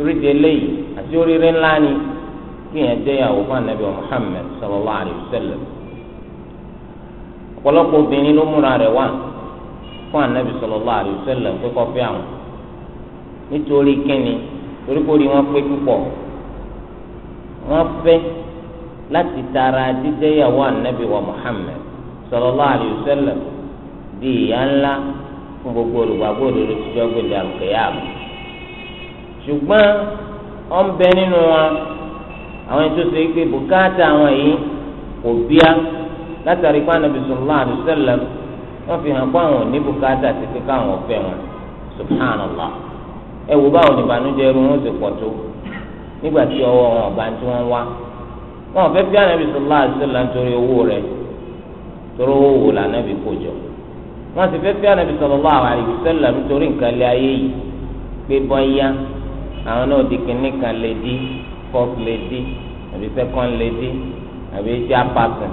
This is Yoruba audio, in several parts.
torí di eléyìí àti oríire ńlá ni kí yẹn jẹ́ ìyàwó fún anabi muhammed sallallahu alayhi wa sallam ọ̀pọ̀lọpọ̀ obìnrin ló múra rẹ̀ wá fún anabi sallallahu alayhi wa sallam àwọn nítorí kíni torí wọn pé púpọ̀ wọn fẹ́ láti tara ìyàwó anabi wa muhammed sallallahu alayhi wa sallam di ìyá ńlá fún gbogbo olùgbàgbọ́ àlùkẹ́yàmù. ṣùgbọ́n wọ́n bẹ nínú wọn àwọn ètò ṣe pé bùkátà àwọn yìí kò bíá látàrí pé anabi sallallahu alaihi wọ́n fi hàn pé àwọn òní bùkátà ti fi káwọn ọ̀fẹ́ wọn subhanallah ẹ wo báwọn wọn ti pọ̀ tó nígbà tí ọwọ́ wọn ọba tí wọ́n wá wọn fẹ́ anabi owó torí owó wò wọn sì anabi nǹkan lé ayé yìí àwọn náà di kínní kan lady first lady àbí second lady àbí chairperson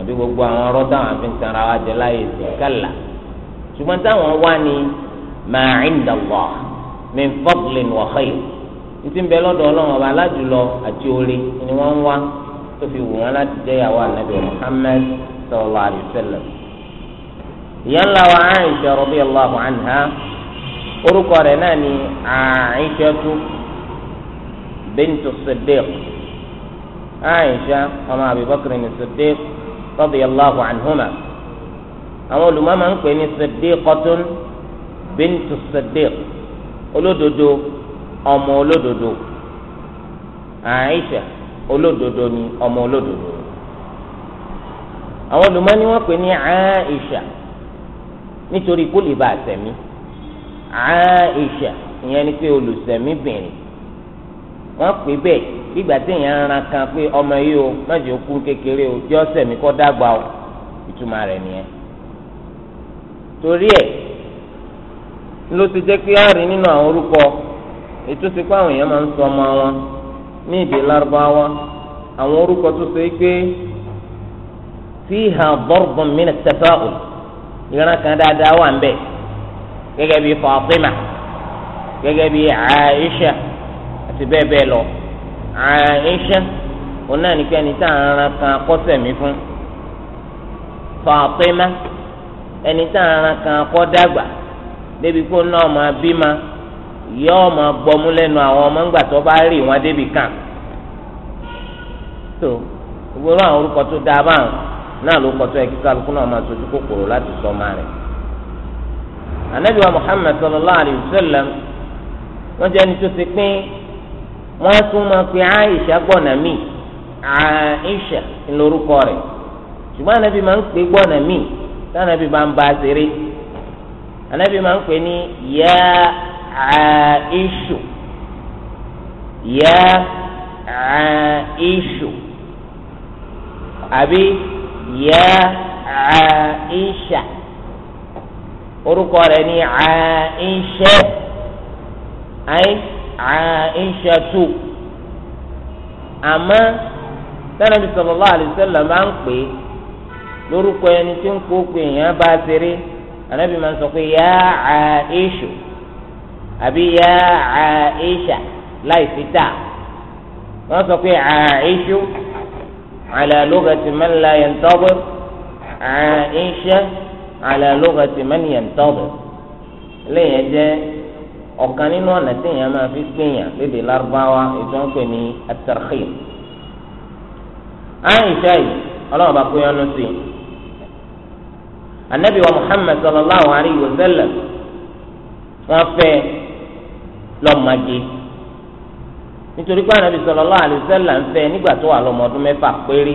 àbí gbogbo àwọn ọ̀rọ̀ táwọn àfi ń tanra wa jẹ láyé sí kálá ṣùgbọ́n táwọn wá ní ma inda Allah min fadlin wa khayr títí ń bẹ lọ́dọ̀ ọlọ́run ọba alájùlọ àti orí ni wọ́n ń wá tó fi wù wọ́n láti jẹ́ ìyàwó ànábì Muhammad sallallahu alayhi wa sallam ìyá ńlá wa Aisha orúkọ rẹ̀ náà ni àìṣẹ́tú bíntu Siddiq àìṣá ọmọ Abubakar radiyallahu anhuma àwọn olùmọ̀ máa ń pè ní Siddiqatun bíntu Siddiq olódodo ọmọ olódodo àìṣá olódodo ni ọmọ olódodo àwọn olùmọ̀ ni wọ́n pè ní nítorí Aisha ìyẹn ni pé olùsẹ̀míbìnrin wọ́n pè bẹ́ẹ̀ gbígbà tí èèyàn ran kan pé ọmọ yìí o mẹ́jọ kún kékeré o jẹ́ ọ̀sẹ̀ mi kọ́ dàgbà o ìtumọ̀ rẹ̀ nìyẹn. torí ẹ̀ ló ti jẹ́ pé àárín nínú àwọn orúkọ ti pé àwọn èèyàn máa ń sọ ọmọ wọn ní èdè lárúbáwá àwọn orúkọ tó ṣe pé bọ́rùbọ̀n mí ìran kan dáadáa wà ń gẹ́gẹ́ bíi Fatima gẹ́gẹ́ bíi Aisha àti bẹ́ẹ̀ lọ Aisha òun náà ní pé ẹni tá à ń ran kan kọ́sẹ̀ mi fún Fatima ẹni tá à kan kọ́ dàgbà débi kó náà máa bí ma yóò máa gbọmú àwọn ọmọ ńgbà tó bá rí wọn débi kàn. tó gbogbo àwọn orúkọ tó náà ló kọ tó ẹ náà máa kòkòrò sọ ọmọ anabi wa muhammed sallallahu alayhi wa sallam wọ́n jẹ́ ẹni tó ti pín wọ́n tún máa pe aisha gbọ́nà mí aisha lórúkọ rẹ̀ ṣùgbọ́n anabi máa ń pè gbọ́nà mí tànàbí máa ń bá a anabi máa ń pè ní ya aishu ya aishu àbí ya aisha. orúkọ a ní Aisha Aisha tu àmọ́ sanabi sallallahu alaihi máa ń pè é lórúkọ ẹni tí ń kó pé èèyàn bá ṣeré anabi máa ń sọ pé yá àbí yá ala lughati man la yantazir ala lughati man yantadhir lẹ́yìn jẹ́ ọ̀kan nínú ọ̀nà tí èèyàn máa fi gbìyàn lédè lárúbáwá ètò ń pè ní at-tarhib. àìsà yìí ọlọ́run bá kóyán ló sí. anabi wa muhammad sallallahu alayhi wa sallam wọ́n fẹ́ lọ́mọdé nítorí pé anabi sallallahu alayhi wa sallam fẹ́ nígbà tó wà lọ́mọ mẹ́fà péré.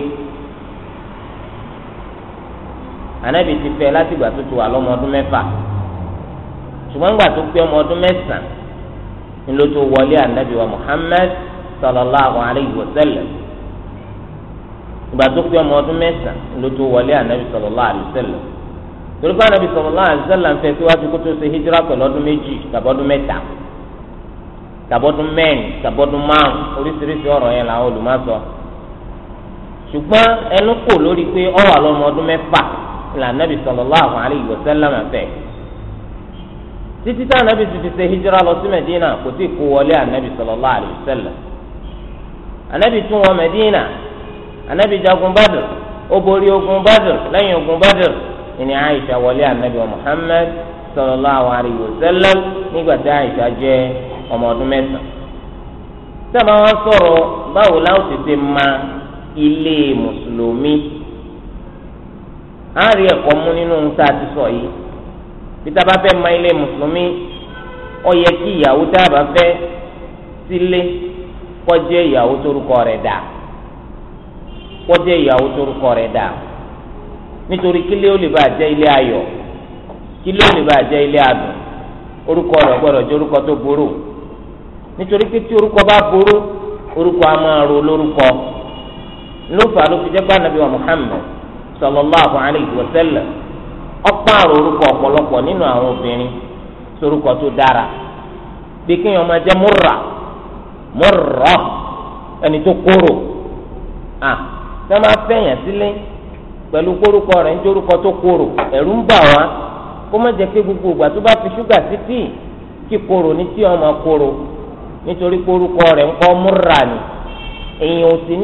anabi ti fẹ́ láti gbà tó ti wà lọ́mọ ọdún mẹ́fà ṣùgbọ́n gbà tó pé ọmọ ọdún mẹ́sàn-án ló tó wọlé anabi wa muhammed sallallahu alayhi wa sallam ìgbà tó pé ọmọ ọdún án anabi sallallahu alayhi wa sallam torí anabi sallallahu alayhi wa sallam fẹ́ síwájú kó tó ṣe hijira pẹ̀lú ọdún méjì márùn oríṣiríṣi yẹn là nàbì sallallahu alayhi wa sallam fẹ́ títí tá ànábì ti fi hijira lọ sí Medina kò tí kó wọlé ànábì sallallahu alayhi wa sallam anabi tún wọ Medina ànábì jagun Badr ó borí ogun Badr lẹ́yìn ogun Badr ìní Aisha wọlé ànábì Muhammad sallallahu alayhi wa sallam nígbà tí Aisha jẹ́ ọmọ ọdún sábà wọn sọ̀rọ̀ báwo láwọn ti ṣe ma ilé mùsùlùmí. a rí ẹ̀kọ́ mú nínú ohun tá ti sọ yìí peter bá fẹ́ mọ ilé mùsùlùmí yẹ kí ìyàwó tá a bá fẹ́ sílé kó ìyàwó torúkọ rẹ̀ dà kó ìyàwó torúkọ rẹ̀ dà nítorí kílé ó boro jẹ́ ilé ayọ̀ kílé jẹ́ ilé a máa ro lórúkọ ló fà fi jẹ́ pé anabi wa sallallahu alayhi wa sallam ọ̀pọ̀ orúkọ ọ̀pọ̀lọpọ̀ nínú àwọn obìnrin sorúkọ tó dára bí kéèyàn máa jẹ́ múra múra ẹni tó kóró à ṣé máa fẹ̀yàn sílé pẹ̀lú kórúkọ tó kóró gbogbo ìgbà fi ṣúgà sí tíì kí kóró ní tí kóró nítorí ni èèyàn ò sì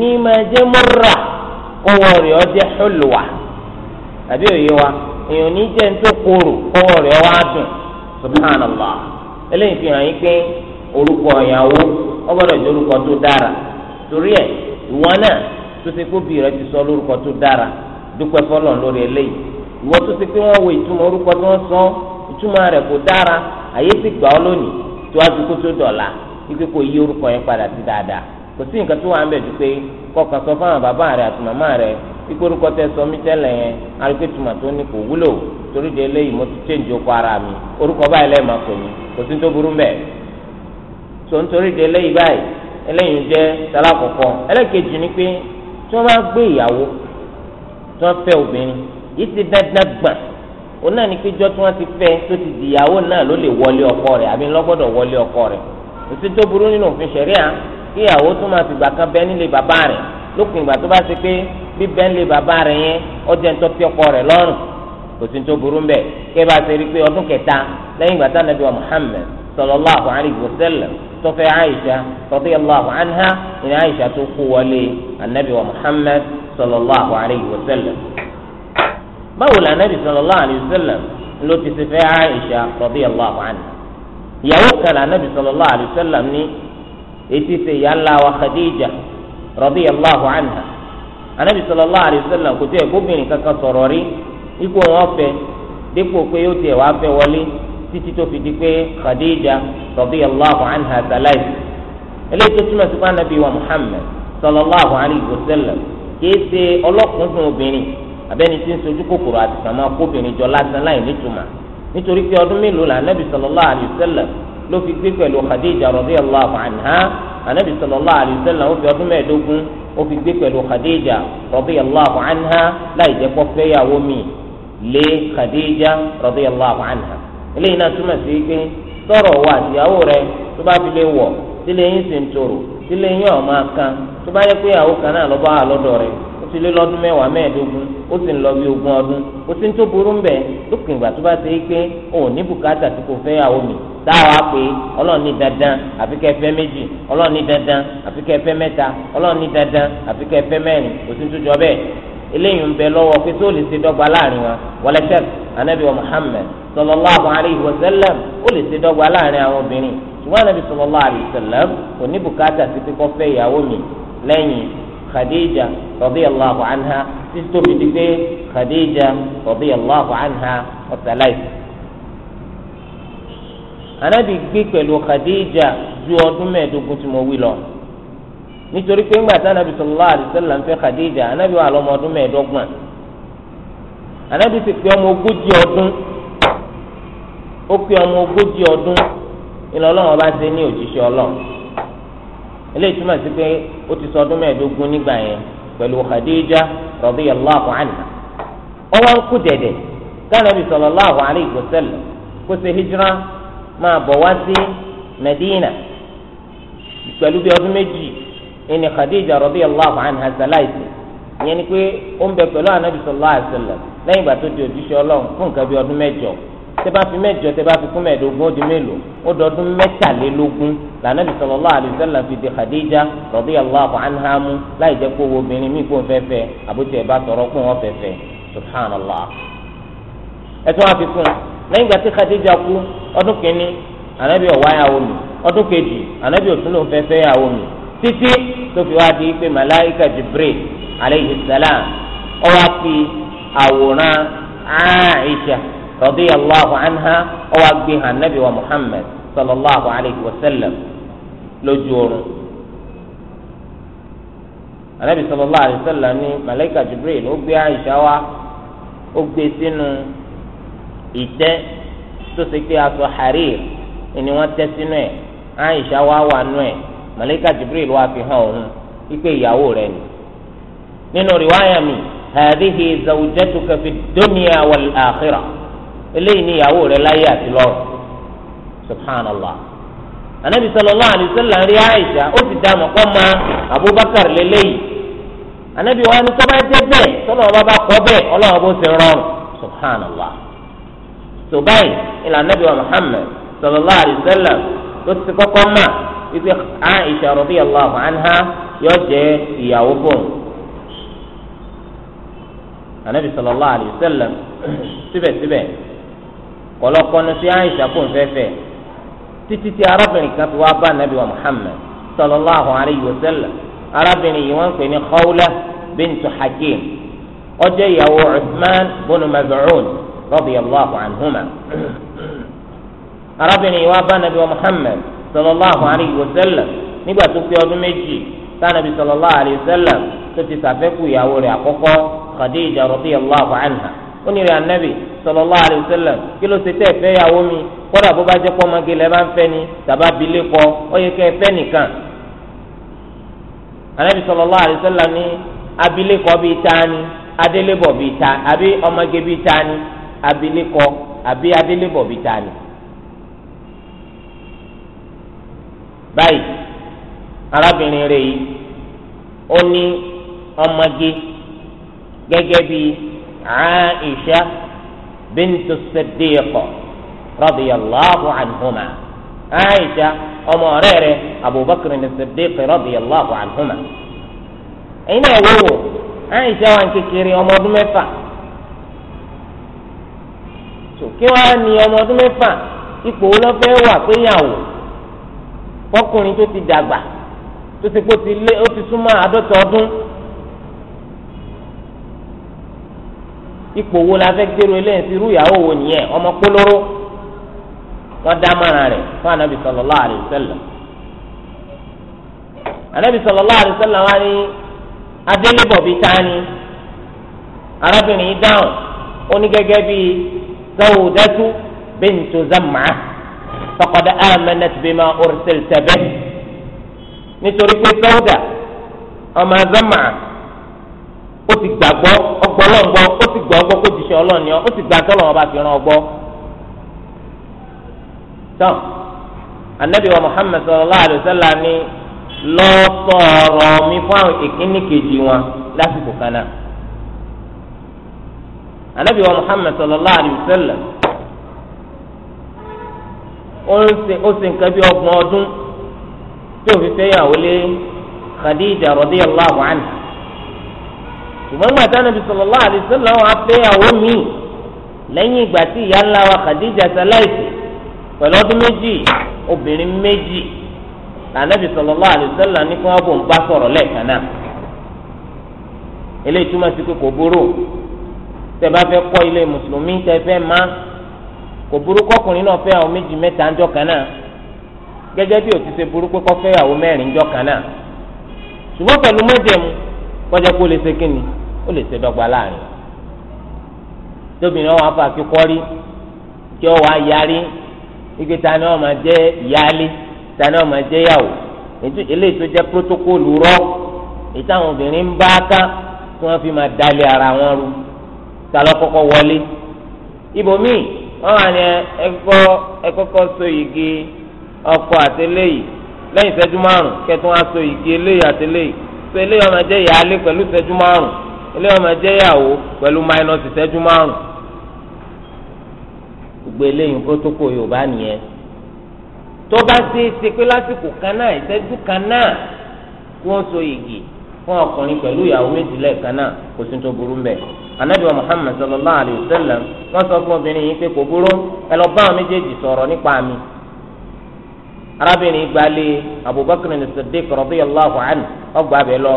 kọ́wọ́ rẹ̀ ọjọọ ṣọlùwà tàbí òye wa èèyàn ní jẹ́ ní tó korò kọ́wọ́ rẹ̀ wá dùn subhanallah eléyìí fi hàn yín pé orúkọ ìyàwó ọgbọ́dọ̀ orúkọ tó dára torí ẹ, ìwọ náà tó ti kó bí rẹ ti sọ lórúkọ tó dára lórí eléyìí ìwọ tó ti pé wo orúkọ sọ kò dára àyè ti gbà kò sí nǹkan tó wà ń bẹ̀ ju pé kọkàn sọ fáwọn bàbá rẹ àti màmá rẹ ìkórúkọ tẹ sọ mí tẹ́lẹ̀ yẹn arúgbétumà tó ní kò wúlò torí de eléyìí mo ti ara mi orúkọ báyìí lẹ́ẹ̀ máa pè kò sí tó burú mbẹ́ tó ń torí de eléyìí báyìí eléyìí jẹ́ sálá kọ̀ọ̀kan ẹlẹ́kejì ni pé tí wọ́n bá gbé ìyàwó tí wọ́n fẹ́ obìnrin ti náà ni pé jọ́ tí ti fẹ́ tó ti di ìyàwó náà ló lè wọlé ọkọ rẹ̀ àbí lọ́gbọ́dọ̀ kí ìyàwó tún máa fìgbà kan bẹ nílé bàbá rẹ̀ lópin ìgbà tó bá ṣe pé bí bẹ nílé bàbá rẹ̀ yẹn ọjọ́ ń tọ́tí ọkọ rẹ̀ lọ́rùn kò sí tó burú mbẹ kí ẹ bá ṣe rí i pé ọdún kẹta lẹ́yìn ìgbà tánàbí wa Muhammad sallallahu alayhi wa sallam tó fẹ́ Aisha radiyallahu anha ìní Aisha tó kú wọlé anabi wa Muhammad sallallahu etí ṣe ìyá ńlá wa Khadija radiyallahu anha anabi sallallahu alayhi wa sallam kò tó yẹ kóbìnrin kankan sọ̀rọ̀ rí ikú wọn fẹ́ dípò pé ó tiẹ̀ wá fẹ́ wọlé títí tó fi di pé Khadija radiyallahu anha sàlàyé eléyìí tó túmọ̀ sí fún anabi wa Muhammad sallallahu alayhi wa sallam kìí ṣe ọlọ́kùnkùn obìnrin abẹ́ni tí ń sojú kòkòrò àti sàmà kóbìnrin jọ lásán láì nítumọ̀ nítorí pé ọdún mélòó la anabi sallallahu alayhi wa sallam ló fi gbé pẹ̀lú khadija radiyallahu anha anabi sallallahu alayhi wa sallam ó fi ọdún mẹ́ẹ̀ẹ́dógún ó fi gbé pẹ̀lú khadija radiyallahu anha láì jẹ́ kó fẹ́yàwó mi lé khadija radiyallahu anha eléyìí náà túmọ̀ sí pé sọ̀rọ̀ wa àtìyàwó rẹ tó bá fi lè wọ̀ sílé yín sì ń tòrò sílé yín ọ̀ máa kan tó bá yẹ pé àwọn kan náà lọ́ bá wà lọ́dọ̀ rẹ̀ ti lé lọ́dún mẹ́wàá mẹ́ẹ̀ẹ́dógún ó sì ń lọ bí ogún ọdún ó sì ń tó burú ń bẹ̀ lópin ìgbà tó bá ṣe é pé ò ní bùkátà tí kò fẹ́ yàwó mi dáwàá pé ọlọ́ọ̀ni dandan àfi kẹ́ fẹ́ méjì ọlọ́ọ̀ni dandan àfi kẹ́ fẹ́ mẹ́ta ọlọ́ọ̀ni dandan àfi kẹ́ mẹ́rin ó sì ń tó bẹ́ẹ̀ eléyìí ń bẹ lọ́wọ́ pé tó lè ṣe dọ́gba láàrin wọn wọlé ṣẹ́ẹ̀kì anabi wa muhammed sallallahu alayhi wa sallam ó lè ṣe dọ́gba láàrin àwọn sallallahu alayhi wa sallam kò ní bùkátà sí pé khadija radiyallahu anha títí tóbi di pé khadija radiyallahu anha ọ̀sálàyé. anabi gbé pẹ̀lú khadija ju ọdún mẹ́ẹ̀ẹ́dógún tí mo lọ anabi sallallahu alaihi wasallam mfe khadija anabi wà lọ́mọ ọdún mẹ́ẹ̀ẹ́dọ́gbọ̀n anabi sì pé ọmọ ogójì ọmọ ogójì ọdún eléyìí túmọ̀ sí pé ó ti sọ ọdún mẹ́ẹ̀ẹ́dógún nígbà yẹn pẹ̀lú Khadija radiyallahu anha ó wá ń kú dẹ̀dẹ̀ kánàbì sallallahu alayhi wa sallam kó ṣe hijira máa bọ̀ wá sí Medina pẹ̀lú bí ọdún méjì ẹni Khadija radiyallahu ìyẹn ni pé ó ń bẹ pẹ̀lú lẹ́yìn tẹ́bá fi mẹ́jọ tẹ́bá fi kún mẹ́ẹ̀ẹ́dógún ó di mélòó ó dọdún mẹ́tàlélógún lànàbì sallallahu fi di Khadija radiyallahu anha mú láì jẹ́ kó wo obìnrin míì kó fẹ́fẹ́ àbútẹ́ ẹ̀ bá tọrọ kó wọn fẹ́fẹ́ subhanallah. ẹ tún wá fi kún lẹ́yìn ìgbà Khadija kú ọdún kìíní ànábì ọ̀wá yàwó mi ọdún kejì ló ń mi títí tó di pé malaika Jibril aleyhi salam ó wá Aisha radiyallahu anha ó wá gbé hàn nabi wa muhammad sallallahu alayhi wa sallam lójú oorun anabi sallallahu alayhi wa sallam ní malayika jibril ó gbé aisha wá ó gbé sínú ìtẹ́ tó ṣe pé aṣọ harir ni wọ́n tẹ́ sínú ẹ̀ aisha wá wà nú ẹ̀ malayika jibril wá fi hàn òun ipe ìyàwó rẹ̀ ni nínú riwaayà mi hadihi zawjatuka fi dunya wal akhirah eléyìí ni ìyàwó rẹ láyé àti lọ́run subhanallah anabi sallallahu alayhi wa sallam rí aisha ó ti dá àmọ́ kọ́ ma abubakar lélẹ́yìí anabi wa ni sábà jẹ́ bẹ́ẹ̀ sọlọ́wọ́ bá bá kọ́ bẹ́ẹ̀ ọlọ́wọ́ bó ti rọrùn subhanallah tó báyìí ilà anabi wa muhammad sallallahu alayhi wa sallam ló ti kọ́kọ́ ma ibi aisha radiyallahu anha yóò jẹ́ ìyàwó fún anabi sallallahu alayhi wa sallam síbẹ̀síbẹ̀ kọlọkọnu sí àyíṣà kò ń fẹ́fẹ́ títí tí arábìnrin kan fi wá bá nàbí wa muhammed sallallahu alayhi wa sallam arábìnrin yìí wọ́n ń pè ní khawla bintu hakim ó jẹ́ ìyàwó usman bunu maz'un radiyallahu anhuma arábìnrin yìí wá bá nàbí wa muhammed sallallahu alayhi wa sallam nígbà tó pé ọdún méjì sanabi sallallahu alayhi wa sallam tó ti ṣàfẹ́kù ìyàwó rẹ̀ àkọ́kọ́ khadija radiyallahu anha ó ní rẹ̀ ànábì sallallahu alaihi wasallam kí ló ṣe tẹ́ ẹ fẹ́ yàwó mi kódà bó bá jẹ́ pọ́ ọmọge lẹ́ ń fẹ́ ni tàbá bilé kọ ó yẹ kẹ́ nìkan. ànábì sallallahu alaihi wasallam ní abilékọ bíi tani adélébọ̀ bíi ta àbí ọmọge bíi tani abilékọ àbí adélébọ̀ bíi tani. báyìí arábìnrin rẹ̀ yìí ó ní ọmọge gẹ́gẹ́ bíi عائشة بنت الصديق رضي الله عنهما عائشة أم أبو بكر الصديق رضي الله عنهما أين هو عائشة وأن كيري أم مفا kí wọn ní ọmọ ọdún mẹ́fà ipò wọn fẹ́ wà péyàwó fọkùnrin tó ti dàgbà tó ti kó ti lé ó ti súnmọ́ àádọ́ta ọdún ipò wo la fẹ́ gbèrò eléyìí sí irú ìyàwó wo nìyẹn ọmọ kólóró wọn dá mọ́ra rẹ̀ fún anabi sallallahu alaihi wasallam anabi sallallahu alaihi wasallam wa ni adélébọ̀ bíi tani arábìnrin yìí dáhùn ó ní gẹ́gẹ́ bíi Sawdatu bintu Zam'ah faqad amanat bima ursilta bihi nítorí pé Sawda ọmọ Zam'ah. ó ti gbàgbọ́ ọgbọ́ lọ́ngbọ́ ó ti gbọ́ ọgbọ́ kó jíṣẹ́ ọlọ́ọ̀ni ó ti gbà tọ́lọ̀ wọn bá fi ràn ọgbọ́. tán anabi wa muhammed sallallahu alayhi ni lọ sọ̀rọ̀ mi fún àwọn ìkíní kejì wọn lásìkò anabi wa muhammed sallallahu alayhi wa sallam ó sì nǹkan bí ọdún tí òfin fẹ́ ṣùgbọ́n gbà tí anabi sallallahu alaihi wasallam wá fẹ́yàwó mi lẹ́yìn ìgbà tí ìyá ńlá wa Khadija sẹlẹ̀sì pẹ̀lú ọdún méjì obìnrin méjì anabi sallallahu alaihi ní kí wọ́n bò ń bá sọ̀rọ̀ lẹ́ẹ̀kan náà sí pé méjì mẹ́ta ńjọ́ kan náà gẹ́gẹ́ bí ṣe burú pé mẹ́rin ńjọ́ kan náà ṣùgbọ́n pẹ̀lú ó lè ṣe dọ́gba láàrin tóbìnrin ọwọ́ afa kíkọ́rí kí ọwọ́ ayarí ike ta ni jẹ máa jẹ́ ìyáálé jẹ yàwó eléyìí tó protokolu rọ ìtàwọn obìnrin ń bá ká tí fi máa ara wọn ru ta ló wọlé wà ní so igi ọkọ márùn igi eléyìí so eléyìí ọmọ ilé ọmọ jẹ́ ìyàwó pẹ̀lú minus ìṣẹ́jú márùn gbogbo eléyìí protocol yorùbá nìyẹn tó bá ṣe é ṣe pé lásìkò kan náà ìṣẹ́jú kan náà kí wọ́n so igi fún ọkùnrin pẹ̀lú ìyàwó méjì lẹ́ẹ̀kan náà kò sí tó burú mbẹ́ anabi sallallahu alayhi wa sallam wọ́n sọ fún obìnrin yìí pé kò anhu ọgbà lọ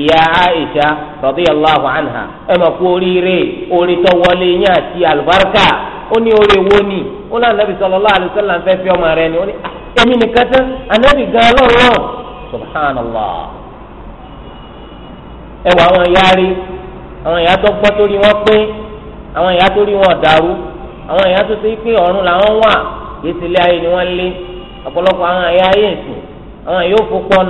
ìyá aisha radiyallahu anha ẹ mọ̀ kú oríire orí tó wọlé yín àti àlùbáríkà ó ní orí wo ni ó náà nàbì sallallahu alaihi wasallam fi ọmọ rẹ ni ó ní ah, èmi nìkan tán ànábì gan subhanallah ẹ wọ àwọn àwọn wọn pé àwọn ìyá tó wọn.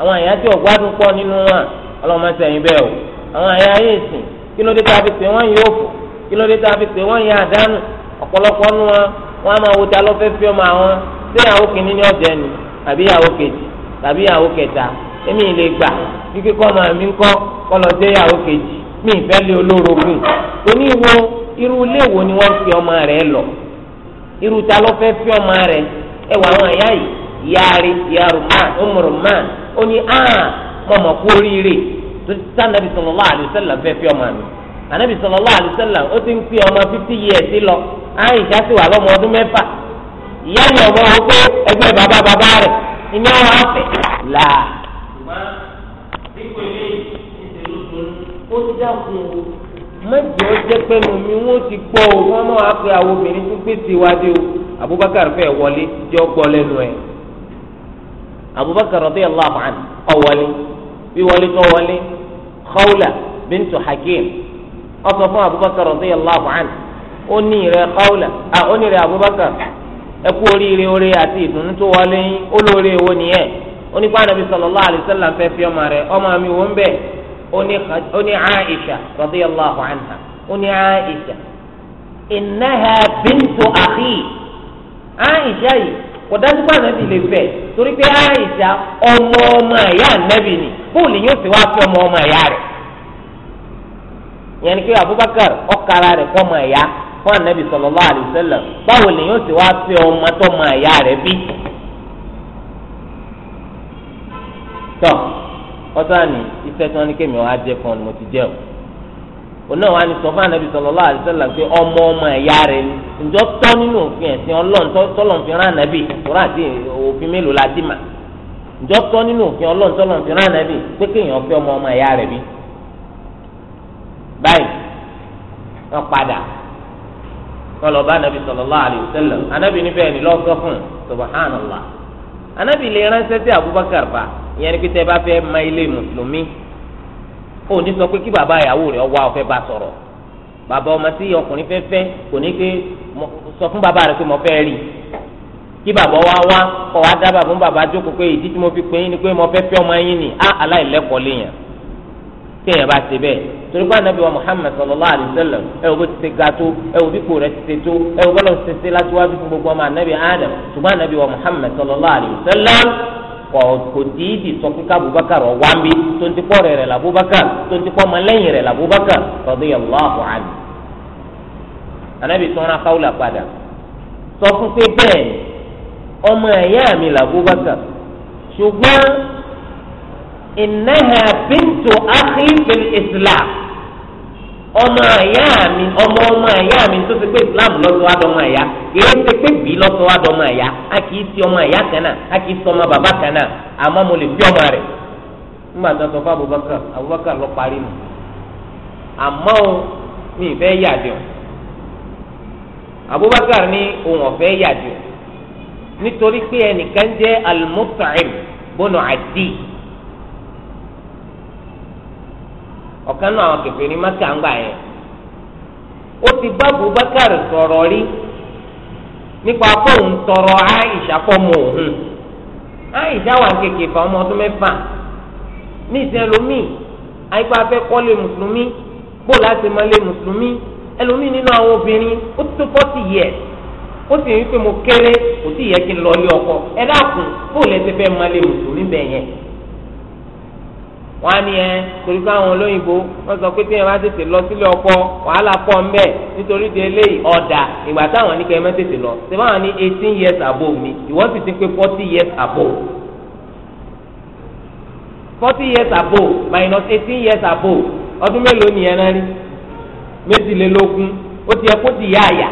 àwọn àyà tí ọ̀gbádùn pọ̀ nínú wọn ọlọ́mọ sẹ́yìn bẹ́ẹ̀ o àwọn àyà ayé ìsìn kí ló dé tá a fi pè wọ́n yìí òfò kí ló dé tá a fi pè yìí àdánù ọ̀pọ̀lọpọ̀ nu wọn wọn a máa wo ta ló fẹ́ fi ọmọ àwọn sí ní ni kejì tàbí kẹta èmi ì lè gbà mi kọ́ mi ì fẹ́ lé oníwo irú ilé wo ni wọ́n fi ọmọ lọ irú yaari ó ní áà ah, mọ̀ mọ̀ kú oríire tó ti sá nàbì sallallahu alaihi wasallam fẹ́ fi ọmọ mi ànàbì sallallahu alaihi wasallam ó ti ń pè ọmọ fifty years lọ Àìṣà sì wà lọ́mọ ọdún mẹ́fà ìyá mi ọ̀gbọ́n wọn pé ẹgbẹ́ bàbá bàbá rẹ̀ ìyá wọn á fẹ̀ là. ó dákun o mẹ́jọ jẹ́ pẹ́nu mi wọ́n ti gbọ́ o wọ́n máa pe àwọn obìnrin tó gbèsè wá dé o Abubakar fẹ́ wọlé jọ́ gbọ́ lẹ́nu ẹ̀ abubakar radiyallahu anhu ọwọlé wíwọlé tó wọlé khawla bintu hakim ọsọ fún abubakar radiyallahu anhu ó ní rẹ khawla à ó ní rẹ abubakar ẹ kú oríire oore àti ìdùnnú tó wọlé yín ó lóore wo nìyẹn ó ní pa Ànábì sallallahu alaihi wasallam fẹ́ fi ọmọ rẹ ọmọ mi wò ń bẹ ó ní aisha radiyallahu anha ó ní aisha innaha bintu akhi aisha yìí. kọ̀dájú pé ànábì lè fẹ́ torí pé àìsà ọmọ ọmọ ẹ̀yà ànábì ni bóòlù yóò fi wá fẹ́ ọmọ ọmọ ẹ̀yà rẹ ìyẹn ni pé Abubakar ọkara rẹ fọmọ ẹ̀yà fún ànábì sallallahu alaihi wasallam báwo lè yóò fi wá fẹ́ ọmọ tọmọ ẹ̀yà rẹ̀ bí. tọ́ ọ̀tọ́ àní iṣẹ́ tí wọ́n ní kémi ọ̀ á jẹ́ fún ọ ni mo ti jẹ́ o. oná wa ni sọfún anabi sallallahu alaihi wasallam pé ọmọ ọmọ ẹ̀yà rẹ̀ ni njọ́ tọ́ nínú òfin ẹ̀sìn ọlọ́ọ̀tọ́ tọ́lọ̀fin rán anabi kúrò àti òfin mélòó la dì mà njọ́ tọ́ nínú òfin ọlọ́ọ̀tọ́ tọ́lọ̀fin rán anabi pé kéèyàn fẹ́ ọmọ ọmọ ẹ̀yà rẹ̀ bí. báyìí wọ́n padà wọ́n lọ bá anabi sallallahu alaihi wasallam anabi níbẹ̀ ni lọ́ọ́ sọ fún subhanallah anabi lè ránṣẹ́ sí Abubakar bá ìyẹn ni pé tẹ́ bá fẹ́ ma ilé mùsùlùmí ó ní sọ pé kí bàbá ìyàwó rẹ̀ wá ọ̀fẹ́ bá sọ̀rọ̀ bàbá ọmọ tí ọkùnrin fẹ́ fẹ́ kò ní pé sọ fún bàbá rẹ̀ pé mo fẹ́ rí kí bàbá wa wá kọ́ wa dábàá fún bàbá jókòó pé ìdí tí mo fi pè é ni pé mo fẹ́ fẹ́ ọmọ yín ni á aláìlẹ́kọ̀ọ́ léèyàn téèyàn bá ṣe bẹ́ẹ̀ torí pé anabi wa muhammed sallallahu alayhi wa sallam ẹ wo bó ti ṣe ga tó ẹ wo bí kò rẹ ti ṣe tó ẹ wo bọ́lá ti ṣe láti wá bí gbogbo ọmọ anabi adam ṣùgbọ́n anabi wa muhammed sallallahu alayhi wa kò dídì sọ pé kábùbákàr ọ̀wá mi tó ń tipọ́ rẹ̀ rẹ̀ làbúbákàr tó ń tipọ́ ọmọlẹ́yìn rẹ̀ làbúbákàr radiyallahu anhu. anábì sọ́nà káwùlà padà sọ fún pé bẹ́ẹ̀ ọmọ ẹ̀yà mi làbúbákàr ṣùgbọ́n innaha bintu akhi islam. ọmọ ẹ̀yà mi ọmọ ọmọ ẹ̀yà mi tó ti pé islam lọ́sọ̀ wá dọ́mọ a kìí ti ọmọ ẹ̀yà kan a kìí sọ baba bàbá kan náà àmọ́ mo lè fi ọmọ rẹ̀ nígbà tó Abubakar Abubakar lọ parí mi àmọ́ o mi fẹ́ yàdì o Abubakar ní òun ọ̀fẹ́ yàdì o nítorí pé ẹnìkan jẹ́ ọ̀kan náà àwọn kẹfẹ́ ní maka ń gbà yẹn ó ti bá Abubakar sọ̀rọ̀ rí nípa fóun tọrọ Aisha fọmọ òun Aisha wà kéèké fa ọmọ ọdún mẹ́fà ní ìsẹ́lómìn àyíká afẹ́ kọ́lé mùsùlùmí bó láti máa lé mùsùlùmí ẹlòmíì nínú àwọn obìnrin ó tó fọ́tì yẹ ó sì ń pè kéré kò yẹ kí n lọ lé ọkọ ẹ dákun lẹsẹ máa lé mùsùlùmí wọ́n á ní ẹ torí káwọn olóyìnbó wọ́n sọ pé téèyàn bá tètè lọ sílé ọkọ wàhálà pọ̀ ń bẹ nítorí de eléyìí ọ̀dà ìgbà táwọn ní kẹ́mẹ́ tètè lọ sèwọ́n àwọn ní eighteen years above mi ìwọ́n sì ti pé forty years above forty years above minus eighteen years above ọdún mélòó nìyẹn náà rí méjìlélógún ó ti yẹ kó ti yá àyà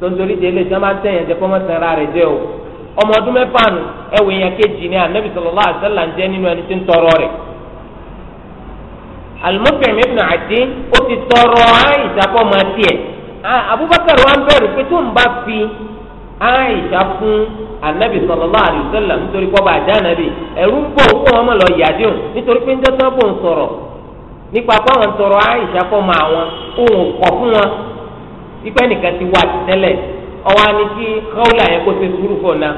tontorí de eléyìí tí wọ́n bá tẹ̀yàn jẹ́ kọ́mọ́tàn ara rẹ̀ jẹ́ o. ọmọ ọdún mẹ́fà nù ya èèyàn kejì ni anabi sallallahu alaihi wasallam jẹ́ nínú ẹni tí ń tọrọ rẹ̀ al ibn Adi ó ti tọrọ Aisha fọ́ máa tiẹ̀ Abubakar wa ń bẹ̀rù pé tó ń bá fi Aisha fún anabi sallallahu alaihi nítorí anabi ń bọ̀ fún ọmọ lọ òun nítorí pé ń ń sọ̀rọ̀ nípa tọrọ Aisha òun ọwọ́ ni kí kọ́ọ̀lá yẹn kó ṣe sùúrù fún ọ̀nà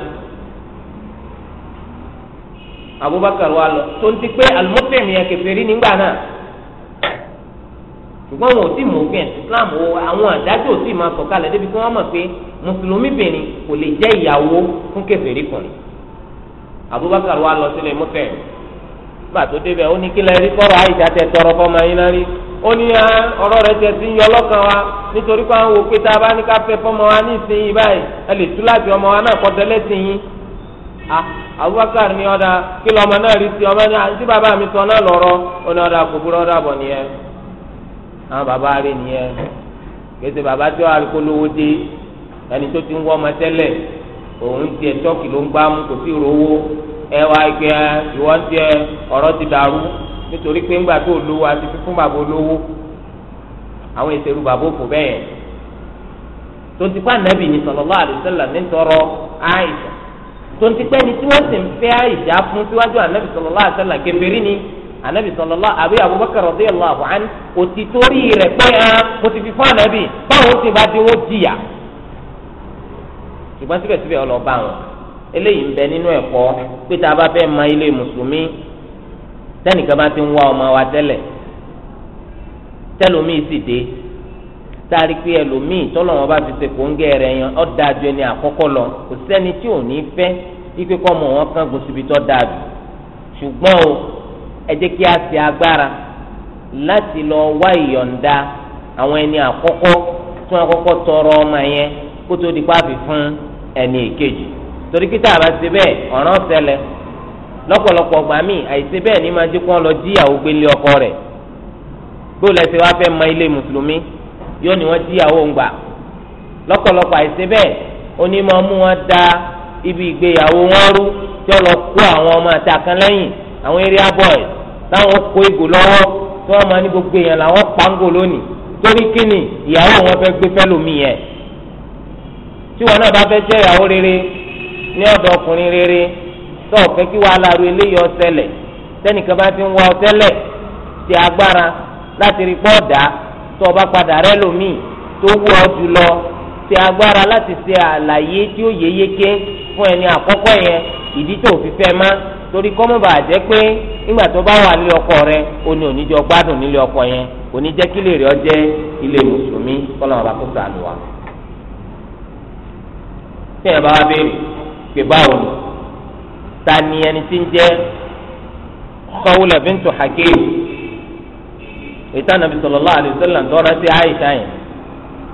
Abubakar wa lọ tó ń ti pé alimọ́tẹ̀mì yẹn kẹfẹ́ rí nígbà náà ṣùgbọ́n wọn ò tí mọ̀ òfin Islam o àwọn àdájọ́ ò tí máa sọ kalẹ̀ débi kí wọ́n mọ̀ pé mùsùlùmí bìnrin kò lè jẹ́ ìyàwó fún kẹfẹ́ rí kùnrin Abubakar wa lọ sílẹ̀ mọ́tẹ̀mì gbà débẹ̀ ó ní kí lẹ́ẹ̀rí kọ́rọ̀ àìjà tẹ tọrọ fọmọ yín lẹ́rìí ó ní ah, ọ̀rọ̀ rẹ̀ tẹ̀ sí yọ lọ́kàn wa nítorí pé àwọn òpè tá bá ní ká fẹ́ fọmọ wa ní ìsinyìí báyìí ẹ lè tú láti ọmọ wa náà kọ́tẹ́ lẹ́sìn yín. Ah, Abubakar ní ọ̀dà kí lọ́mọ náà rí sí ọmọ ní àti ah, bàbá mi sọ náà lọ́rọ́ ó ní ọ̀dà ọ̀dà bọ̀ nìyẹn. àwọn bàbá nìyẹn bàbá tí kó lówó dé ẹni tó ti ń wọ́ òun ń gbámú kò sí ìrówó ọ̀rọ̀ ti nítorí pé ńgbà tó lówó àti fífún bàbá olówó àwọn ìṣerú bàbá òfò bẹ́ẹ̀ tontipa nàbì ní sallallahu alaihi wasallam ní tọrọ Àìṣà tontipa ẹni tí wọ́n sì ń fẹ́ Àìṣà fún síwájú ànábì sallallahu alaihi wasallam kèfèrí ni ànábì sallallahu àbí Abubakar radiyallahu anhu òtítórí rẹ̀ pé hàn mo ti fi fún ànábì báwo ti bá dín wọ́n jìyà ṣùgbọ́n síbẹ̀síbẹ̀ ọlọ́ba wọn eléyìí ń bẹ nínú ẹ̀kọ́ pé tá a bá fẹ́ ma ilé mùsùlùmí tẹ́nìkan bá ti ń wá ọmọ wa tẹ́lẹ̀ tẹ́lòmíì sì dé táàrí pé ẹlòmíì tọ́lọ̀ wọn bá fi ṣe kóńgẹ́ rẹ̀ yan ọ́ dáa ju ẹni àkọ́kọ́ lọ kò sẹ́ni tí ò ní fẹ́ ikú kọ́ mọ̀ wọ́n kángun síbi tó dáa jù ṣùgbọ́n o ẹ kí a ṣe agbára láti lọ wá ìyọ̀ǹda àwọn ẹni àkọ́kọ́ tí wọ́n kọ́kọ́ tọrọ ọmọ yẹn kó tó di pàfi fún ẹni èkejì torí kí tá a bá ṣe bẹ́ẹ̀ ọ̀ràn ṣẹlẹ̀ lọ́pọ̀lọpọ̀ gbà mí àìsí bẹ́ẹ̀ ni máa jẹ́ kó lọ jíyàwó gbélé ọkọ rẹ̀ bó lẹ́sẹ̀ wá fẹ́ mọ ilé mùsùlùmí yóò ní wọ́n jíyàwó ń gbà àìsí bẹ́ẹ̀ onímọ̀ mú wọn da ibi ìgbéyàwó wọn rú tí wọ́n lọ kó àwọn ọmọ àtàkàn lẹ́yìn àwọn area boys táwọn kó ìgò lọ́wọ́ tí wọ́n máa ní gbogbo èèyàn làwọn pàǹgò lónìí torí kíni ìyàwó wọn fẹ́ gbé fẹ́lòmí yẹn tí wọn náà bá fẹ́ jẹ́ ìyàwó rere ní ọ̀dọ̀ ọkùnrin rere tó o fẹ́ kí wàhálà ru eléyìí ọ̀sẹ̀lẹ̀ tẹ́nìkan bá ti ń wá ọ̀sẹ̀lẹ̀ ti agbára láti rí pọ́ ọ̀dà tó o bá padà rẹ́ lòmíì tó wú ọ jùlọ ti agbára láti ṣe àlàyé tí ó yé yéké fún ẹni àkọ́kọ́ yẹn ìdí tó fi fẹ́ má torí kọ́mọ́bà jẹ́ pé nígbà tó bá wà nílé ọkọ rẹ o ní oníjọ gbádùn nílé ọkọ yẹn kò ní jẹ́ kí lè rí ilé mùsùlùmí kọ́lọ́mọ bá kó sàlùwà. tí ẹ bá wá béèrè pé báwo ni ta ni ẹni tí ń jẹ́ Khawla bintu Hakim ìtàn nàbì sallallahu alaihi wasallam tọ́ra sí Aisha yẹn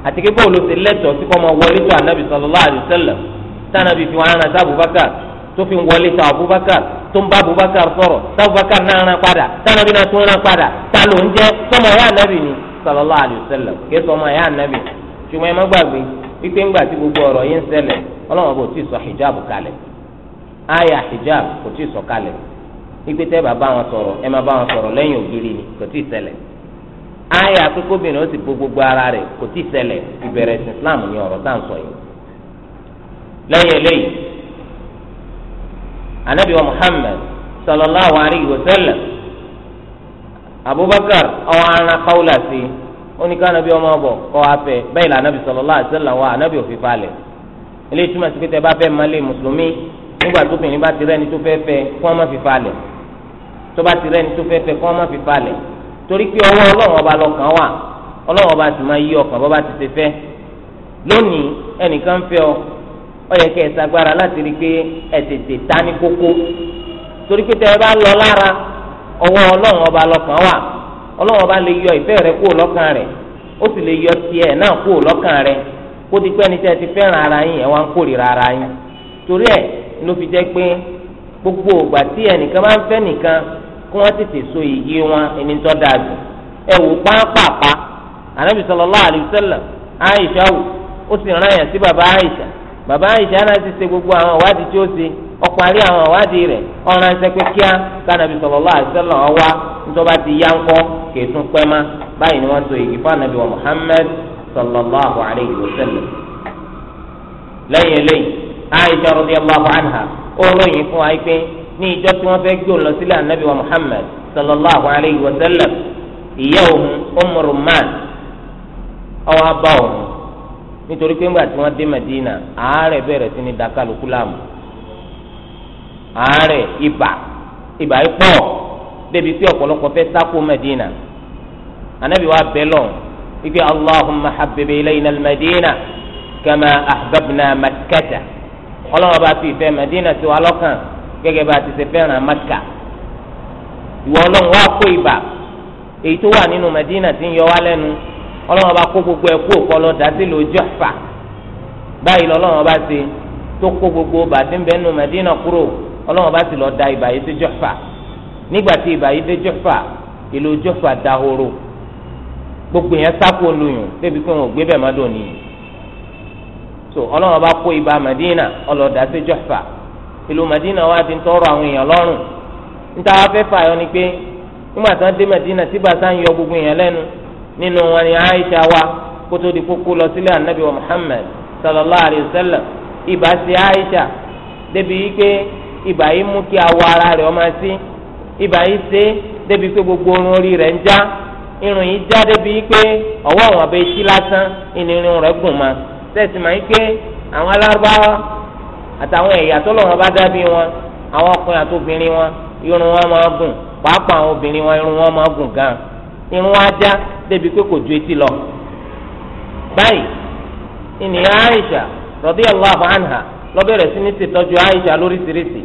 àti kí bóòlù ti lẹ́tọ̀ọ́ sí kọ́mọ wọlé tó ànábì sallallahu alaihi wasallam tànàbì fi wọn aràn sí Abubakar tó fi wọlé tó Abubakar tó ń bá Abubakar sọ̀rọ̀ tá Abubakar náà rán padà tànàbì náà tó rán padà tá ló ń jẹ́ sọmọ ẹ̀yà ànábì ni sallallahu alaihi wasallam kí ẹ̀yà ànábì ṣùgbọ́n ẹ má gbàgbé wípé ńgbà tí gbogbo ọ̀rọ̀ yín ṣẹlẹ̀ Ọlọ́run bò tí ì sọ hijab kalẹ̀ aya hijab kò tí ì sọ̀kalẹ̀ ipe tẹ́ bá wọn sọ̀rọ̀ ẹ máa bá wọn sọ̀rọ̀ lẹ́yìn ògiri ni kò tí ì aya ó gbogbo ara rẹ̀ kò tí ì ṣẹlẹ̀ sí islam ní ọ̀rọ̀ tá à ń sọ yìí eléyìí anabi wa muhammed sallallahu alayhi wa sallam abubakar ọwọ́ ara kawla sí oníkà anabi ọmọ ọbọ afẹ anabi sallallahu alayhi wa sallam anabi eléyìí túmọ̀ sí pé bá nígbà tó bìnrin bá ti rẹ́ni tó fẹ́ fẹ́ kó wọ́n má fi falẹ̀ tó bá ti rẹ́ni tó fẹ́ fẹ́ kó wọ́n má fi falẹ̀ torí pé ọwọ́ ọlọ́run ọba lọ́kàn wà ọlọ́run ọba sì máa yí ọkàn bọ́ ti ṣe fẹ́ lónìí ẹnìkan fẹ́ ọ ọ yẹ kẹ́ ẹ sagbára láti rí ta ní kókó torí pé tẹ ẹ bá lọ lára ọwọ́ ọlọ́run ọba lọ́kàn wà ọlọ́run ọba lè yọ ìfẹ́ rẹ kúrò lọ́kàn rẹ ó sì lè yọ tiẹ̀ náà kúrò lọ́kàn rẹ kó ti pẹ́ ni ti fẹ́ràn ara yín wá ara yín ló fi jẹ́ pé gbogbo ògbà tí ẹnìkan bá ń fẹ́ nìkan kí wọ́n tètè so iyì wọn ẹni tó dáa jù ẹ wò pápápá anabi sallallahu alayhi wa sallam aisha wò ó sì rán yàn sí baba aisha baba aisha náà ti ṣe gbogbo àwọn ìwádìí tí ó ṣe ọparí àwọn ìwádìí rẹ̀ ọ̀ràn ẹsẹ̀ kíá kánàbí sallallahu alayhi ọwá nítorí ti aisha radiyallahu anha ó ròyìn fún wa pé ní ìjọ tí wọ́n fẹ́ gbé òun lọ sílé anabi wa muhammad sallallahu alayhi wa sallam ìyá òun Umm Rumman ọwọ́ abá òun nítorí pé ńgbà tí wọ́n dé Madina àárẹ̀ bẹ̀rẹ̀ sí ní dakaluku láàmú àárẹ̀ ibà ibà yìí pọ̀ débi pé ọ̀pọ̀lọpọ̀ fẹ́ sáko Madina anabi wa bẹ̀ lọ allahumma habbib ilayna al kama ahbabna makkata ọlọ́run bá fi ìfẹ́ Madina sí wa lọ́kàn gẹ́gẹ́ bá ti ṣe fẹ́ràn Maka ìwọ ọlọ́run wá kó ibà èyí tó wà nínú Madina ti ń yọ wá lẹ́nu ọlọ́run bá kó gbogbo ẹ̀ kú òkọ lọ dá sí lò Jaffa báyìí lọ́lọ́run bá ṣe tó kó gbogbo bàtí nínú Madina kúrò ọlọ́run bá sì lọ da ibà yìí sí Jaffa nígbà tí ibà yìí dé Jaffa ìlú Jaffa dahoro gbogbo yẹn sáko lóyún débi pé wọn ò gbé bẹ́ẹ̀ má dòní yìí so ọlọ́run ọba kó ibà Madina ọlọ́dà sí Juhfa ìlú Madina wa ti ń tọrọ àwọn èèyàn lọ́rùn níta wá fẹ́ fààyàn ni pé nígbà tí wọ́n dé Madina ń yọ gbogbo èèyàn lẹ́nu nínú wọn ni Aisha wa kótó di kókó lọ sílẹ̀ anabi wa Muhammad sallallahu alayhi wa sallam ibà sí Aisha débi ibà yìí mú kí awọ ara ọmọ gbogbo orun orí rẹ̀ ń já irun yìí já débi yìí ọwọ́ àwọn abẹ́ tẹ̀sí máa ń pé àwọn alárúbáwá àtàwọn ẹ̀yà tó lọ́wọ́ bá dábí wọn àwọn ọkùnrin àti obìnrin wọn irun wọn máa gùn pàápàá àwọn obìnrin wọn irun wọn máa gùn gan irun wọn ajá débi pé kò ju etí lọ. báyìí ìnìyàn Aisha radiyallahu anha ló bẹ̀rẹ̀ sí ní ṣètọ́jú Aisha lóríṣiríṣi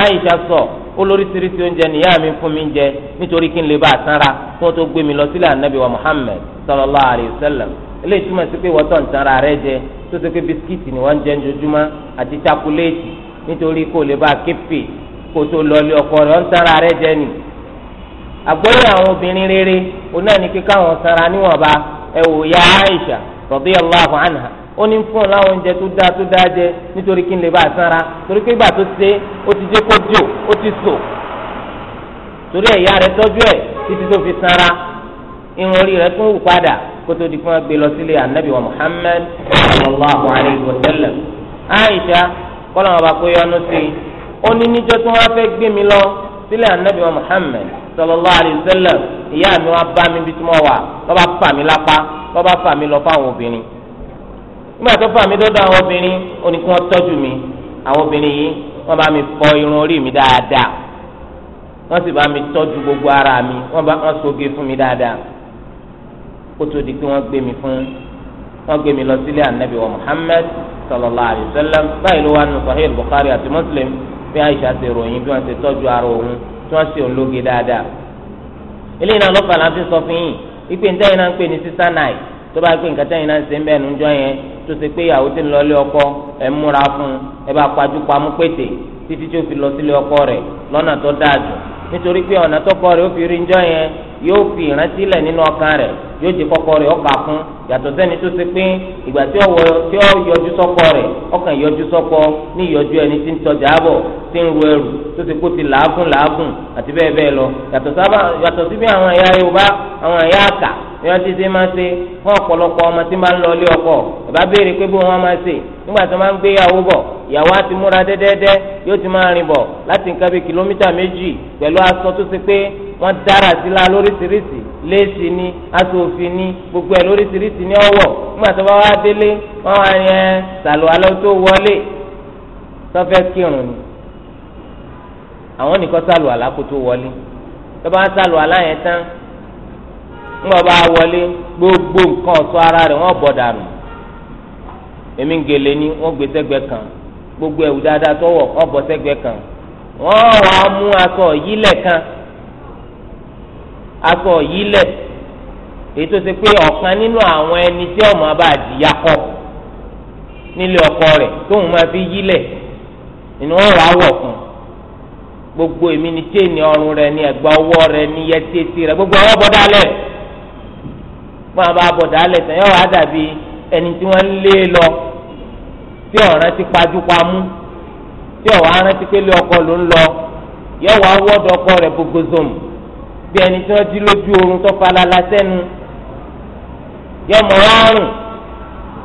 Aisha sọ ó lóríṣiríṣi oúnjẹ nìyá mi fún mi jẹ nítorí kí n lè bá a sanra kí wọ́n tó gbé mi lọ sílẹ̀ anabi wa Muhammad sallallahu alayhi wa sallam eléyìí túmọ̀ sí pé wọ́n tọ̀ ń tanra rẹ jẹ tó ṣe pé bisikíìtì ni wọ́n ń jẹ àti chakuléètì nítorí kó lè bá képe kó tó lọlé ọkọ rẹ ń tanra rẹ jẹ ni. àgbọ́yé àwọn obìnrin rere oná ní kí káwọn sanra níwọ̀nba ẹ wò ya Aisha radiyallahu anha ó ní fún láwọn oúnjẹ tó dáa tó dáa jẹ nítorí kí n lè bá a sanra torí pé ìgbà tó ṣe ó ti jẹ́ kó jò ó ti sò torí ẹ̀yà rẹ tọ́jú ẹ̀ títí tó fi sanra irun orí rẹ tún wù padà kótó di fún agbè lọ sílé anabi wa muhammed sallallahu alayhi wa sallam aisha kọ́lọ́mù ọba kó yọnu sí i ó ní níjọ́ tí wọ́n fẹ́ gbé mi lọ sílé anabi wa muhammed sallallahu alayhi wa sallam ìyá mi wá bá mi bí tí mo wà lọ́ba fà mí lápá lọ́ba fà mí lọ fáwọn obìnrin nígbà tó fà mí dọ́dọ̀ àwọn obìnrin ó ní kí wọ́n tọ́jú mi àwọn obìnrin yìí wọ́n bá mi fọ irun orí mi dáadáa wọ́n sì bá mi tọ́jú gbogbo ara mi wọ́n bá wọ́n soge fún mi dáadáa kótó di pé wọ́n gbé mi fún wọ́n gbé mi lọ sílé anabi wa muhammed sallallahu alayhi wa sallam báyìí ló wà nù sahih bukhari àti muslim bí aisha ti ròyìn bí wọ́n ti tọ́jú ara òun tí wọ́n sì ń lóge dáadáa. eléyìí náà láti sọ fún yìí ipe náà ń pè ní tó bá nǹkan náà ń ń bẹ́ẹ̀ jọ yẹn ilé ọkọ ẹ̀ múra fún ẹ bá pajú pamú pété nítorí pé ọ̀nà tọkọ rẹ̀ ó fi rí ń jọ yẹn yóò fi ìrántí lẹ̀ nínú ọkàn rẹ̀ yóò di kọkọ rẹ̀ ó kà fún yàtọ̀ sẹ́ni tó ṣe pé ìgbà tí ó yọjú sọ́kọ rẹ̀ ọkàn yọjú sọ́kọ ní ìyọjú ẹni tí ń tọjà bọ̀ tí ń ru ẹrù tó ṣe kó ti làágùn làágùn àti bẹ́ẹ̀ bẹ́ẹ̀ lọ yàtọ̀ sí bí àwọn ẹ̀yà Yorùbá àwọn ẹ̀yà àkà bí wọ́n ti ṣe máa ṣe fún ọ̀pọ̀lọpọ̀ ọmọ tí máa ń lọ ilé ọkọ bàbá béèrè pé bí wọ́n máa ṣe nígbà tí wọ́n máa ń gbé ìyàwó bọ̀ ìyàwó á ti múra dẹ́dẹ́dẹ́ yóò ti máa rìn bọ̀ láti nǹkan bíi kìlómítà méjì pẹ̀lú aṣọ tó ṣe pé wọ́n dára sí la lóríṣiríṣi léèsì ni aṣọ òfì ni gbogbo ẹ̀ lóríṣiríṣi ní ọwọ́ nígbà tó bá wá délé wọ́n wá yẹn sàlù alọ́ tó wọlé tọ́fẹ́ kírun ni àwọn nìkan sàlù àlá kó tó wọlé tó bá sàlù àlá yẹn tán ńgbà bá wọlé gbogbo nǹkan ọ̀ṣọ́ ara rẹ̀ wọ́n bọ̀ dànù èmi gèlè ni wọ́n gbé sẹ́gbẹ́ kan gbogbo ẹ̀wù dáadáa tọ́wọ̀ wọ́n bọ̀ sẹ́gbẹ́ kan wọ́n wàá mú aṣọ yílẹ̀ kan aṣọ yilẹ lẹ̀ èyí tó ṣe pé ọ̀kan nínú àwọn ẹni tí ọmọ bá jìyà kọ nílé ọkọ rẹ tóun máa fi yilẹ nínú gbogbo èmi ni chain ọrùn rẹ ni ẹ̀gbà ọwọ́ rẹ ni yẹtí rẹ gbogbo fún tán yọ dàbí ẹni tí wọn lé lọ tí ti pajú pamú tí lọ yọ wọdọ ọkọ rẹ gbogbo zomu. bí ẹni tí wọ́n jí lójú oorun tó falala sẹ́nu yọmọ ọrùn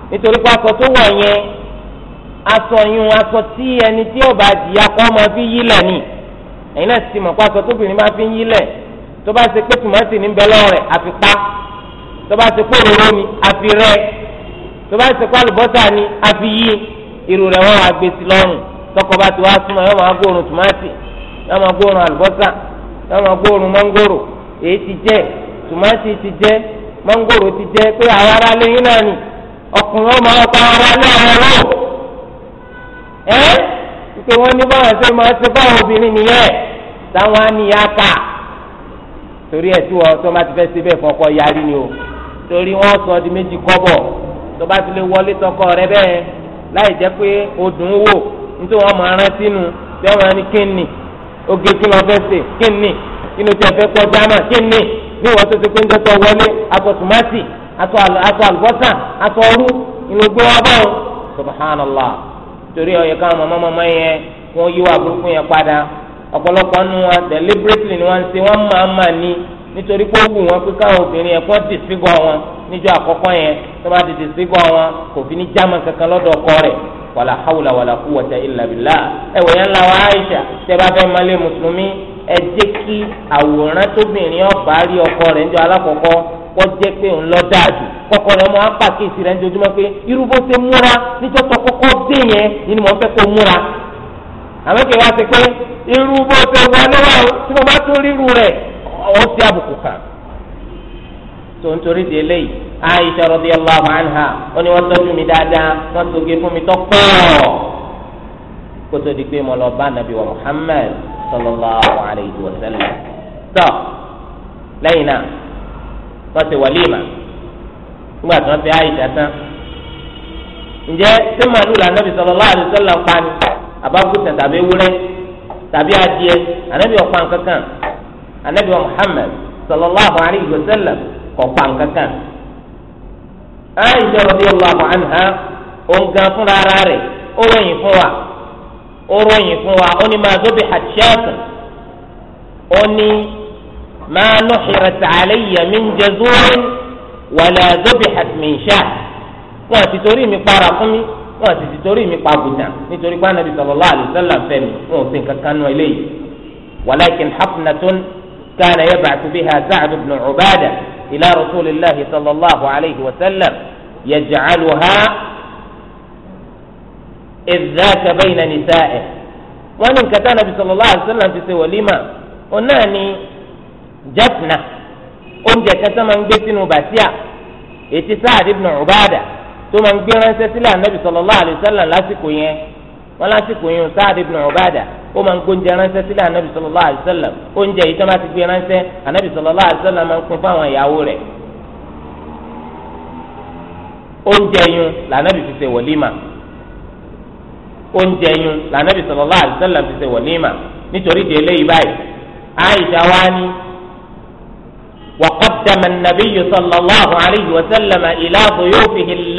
nítorí pé aṣọ tó wọ̀ yẹn aṣọ yun aṣọ tí ẹni tí ó bá jìyà kọ́ máa fi yílẹ̀ ni ẹ̀yin náà ti mọ̀ pé aṣọ tóbìnrin máa fi ń yílẹ̀ tó bá ṣe pé tòmátì ní bẹ́ẹ̀ lọ́rẹ̀ àfi pa tó bá ṣe pé òróró ni àfi rẹ̀ tó bá ṣe pé àlùbọ́sà ni àfi yí irú rẹ̀ wọ́n wá gbèsè lọ́rùn tọkọ bá ti wá súnmọ́ yọ máa tòmátì yọ máa gbóòórùn na agbóòrùn mọ́ngòrò èyí ti jẹ́ tòmátì ti jẹ́ mọ́ngòrò ti jẹ́ pé àwọn ará lẹ́yìn náà ni ọkùnrin ọmọ ọkọ ara náà rò ẹ́ pé wọ́n ní báwọn ṣe máa ṣe báwọn obìnrin nìyẹn táwọn á níyà ká torí ẹ̀ tí wọ́n tó ti fẹ́ ṣe fọkọ yarí ni o torí wọ́n sọ di méjì kọ́bọ̀ tó bá tọkọ rẹ bẹ́ẹ̀ láì jẹ́ pé wò nítorí wọ́n máa rántí nu oge kí lọ́ọ́ fẹ́ ṣe kí ni inú tí a fẹ́ kọ́ jámà kí ni ní wọ́n tó ti pé ń tẹ́tọ̀ wọlé aṣọ tòmátì aṣọ àlùbọ́sà aṣọ ọrú inú gbé wá bọ̀ subhanallah torí ọ̀yẹ̀ káwọn màmá màmá yẹn wọ́n yí yẹn padà ọ̀pọ̀lọpọ̀ nu wọn deliberately ni máa ní wàlà hawla wàlà quwwata illa billah ẹ wòye ńlá wa Aisha tẹ bá fẹ́ malé mùsùlùmí ẹ jẹ́ kí àwòrán tóbìnrin ọba rí ọkọ rẹ̀ ńjọ́ alákọ̀ọ́kọ́ kọ́ jẹ́ pé ń lọ dáàdù kọ́kọ́ rẹ̀ mọ́ á pàkíyèsí rẹ̀ ńjojúmọ́ pé irú bó ṣe múra níjọ́ tó dé yẹn ni mo fẹ́ kó múra àmọ́ kí wá ti pé irú ṣe wọlé wà tí mo bá tún ríru rẹ̀ ọ̀ tó ń torí di eléyìí Aisha radiyallahu anha ó ní wọ́n tọ́jú mi dáadáa wọ́n soge fún mi tọ́pọ̀ kótó di pé mo lọ bá nàbí wa Muhammad sallallahu alayhi wa sallam tó lẹ́yìn náà wọ́n ti wàlíìmà nígbà tí wọ́n fi Aisha tán ǹjẹ́ ṣé màálù la nàbí sallallahu alayhi wa sallam pa ni àbábùtàn tàbí ewúrẹ́ tàbí adìẹ ànábì ọ̀pá nǹkan kan wa Muhammad sallallahu alayhi wa sallam ọ̀pàm kankan. Aisha radiyallahu anha òǹkà fúnra ara rẹ̀ ó ròyìn fún wa ó ròyìn fún wa ó ní máa dóbi àṣẹ́kù ó ní máa nuhirat alayya min jazurin wala dubihat min shah wọn àti torí mi para fún mi wọn àti torí mi pa gùdàn nítorí pé anabi sallallahu alayhi wa sallam fẹ́ mi wọn ò sí nǹkan kan nù walakin hafnatun kana yab'athu biha Sa'd ibn Ubadah. إلى رسول الله صلى الله عليه وسلم يجعلها إذ ذاك بين نسائه ومن كتان النبي صلى الله عليه وسلم في سوليما وناني جفنة oúnjẹ kan tó máa ń gbé sínú bàtíà ètí sáàdì ibn Ubada tó máa ń gbé ránṣẹ́ sílẹ̀ ànábì sallallahu alaihi wasallam lásìkò yẹn wọn lásìkò yìí Sa'ad ibn Ubadah ó máa ń gbóúnjẹ ránṣẹ́ sílẹ̀ anabi sallallahu alaihi wasallam oúnjẹ yìí tó máa ti gbé ránṣẹ́ anabi sallallahu alaihi wasallam máa ń kún fáwọn ìyàwó rẹ̀ oúnjẹ yìí lànàbì fi ṣe wọlímà oúnjẹ yìí lànàbì sallallahu alaihi wasallam fi ṣe wọlímà nítorí di eléyìí báyìí Aisha wa ni wa qaddama an-nabiyyu sallallahu alaihi wasallam ila duyufihi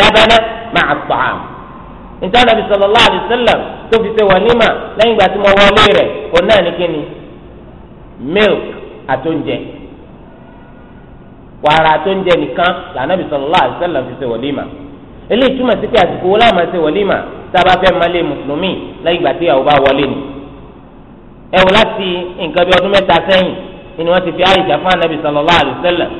níta nàbì sallallahu alaihi wasallam tó fi ṣe wàlímà lẹ́yìn ìgbà tí mo wọlé rẹ̀ kò náà ní kíni milk àtóúnjẹ wàrà àtóúnjẹ nìkan lànàbì sallallahu alaihi wasallam fi ṣe wàlímà eléyìí túmọ̀ sí pé àsìkò wo láwọn máa ṣe wàlímà tá a bá fẹ́ máa lé mùsùlùmí lẹ́yìn ìgbà tí ìyàwó bá wọlé ni ẹ wò láti nǹkan bí ọdún mẹ́ta sẹ́yìn ni wọ́n ti fi àyíjà fún ànàbì sallallahu alaihi wasallam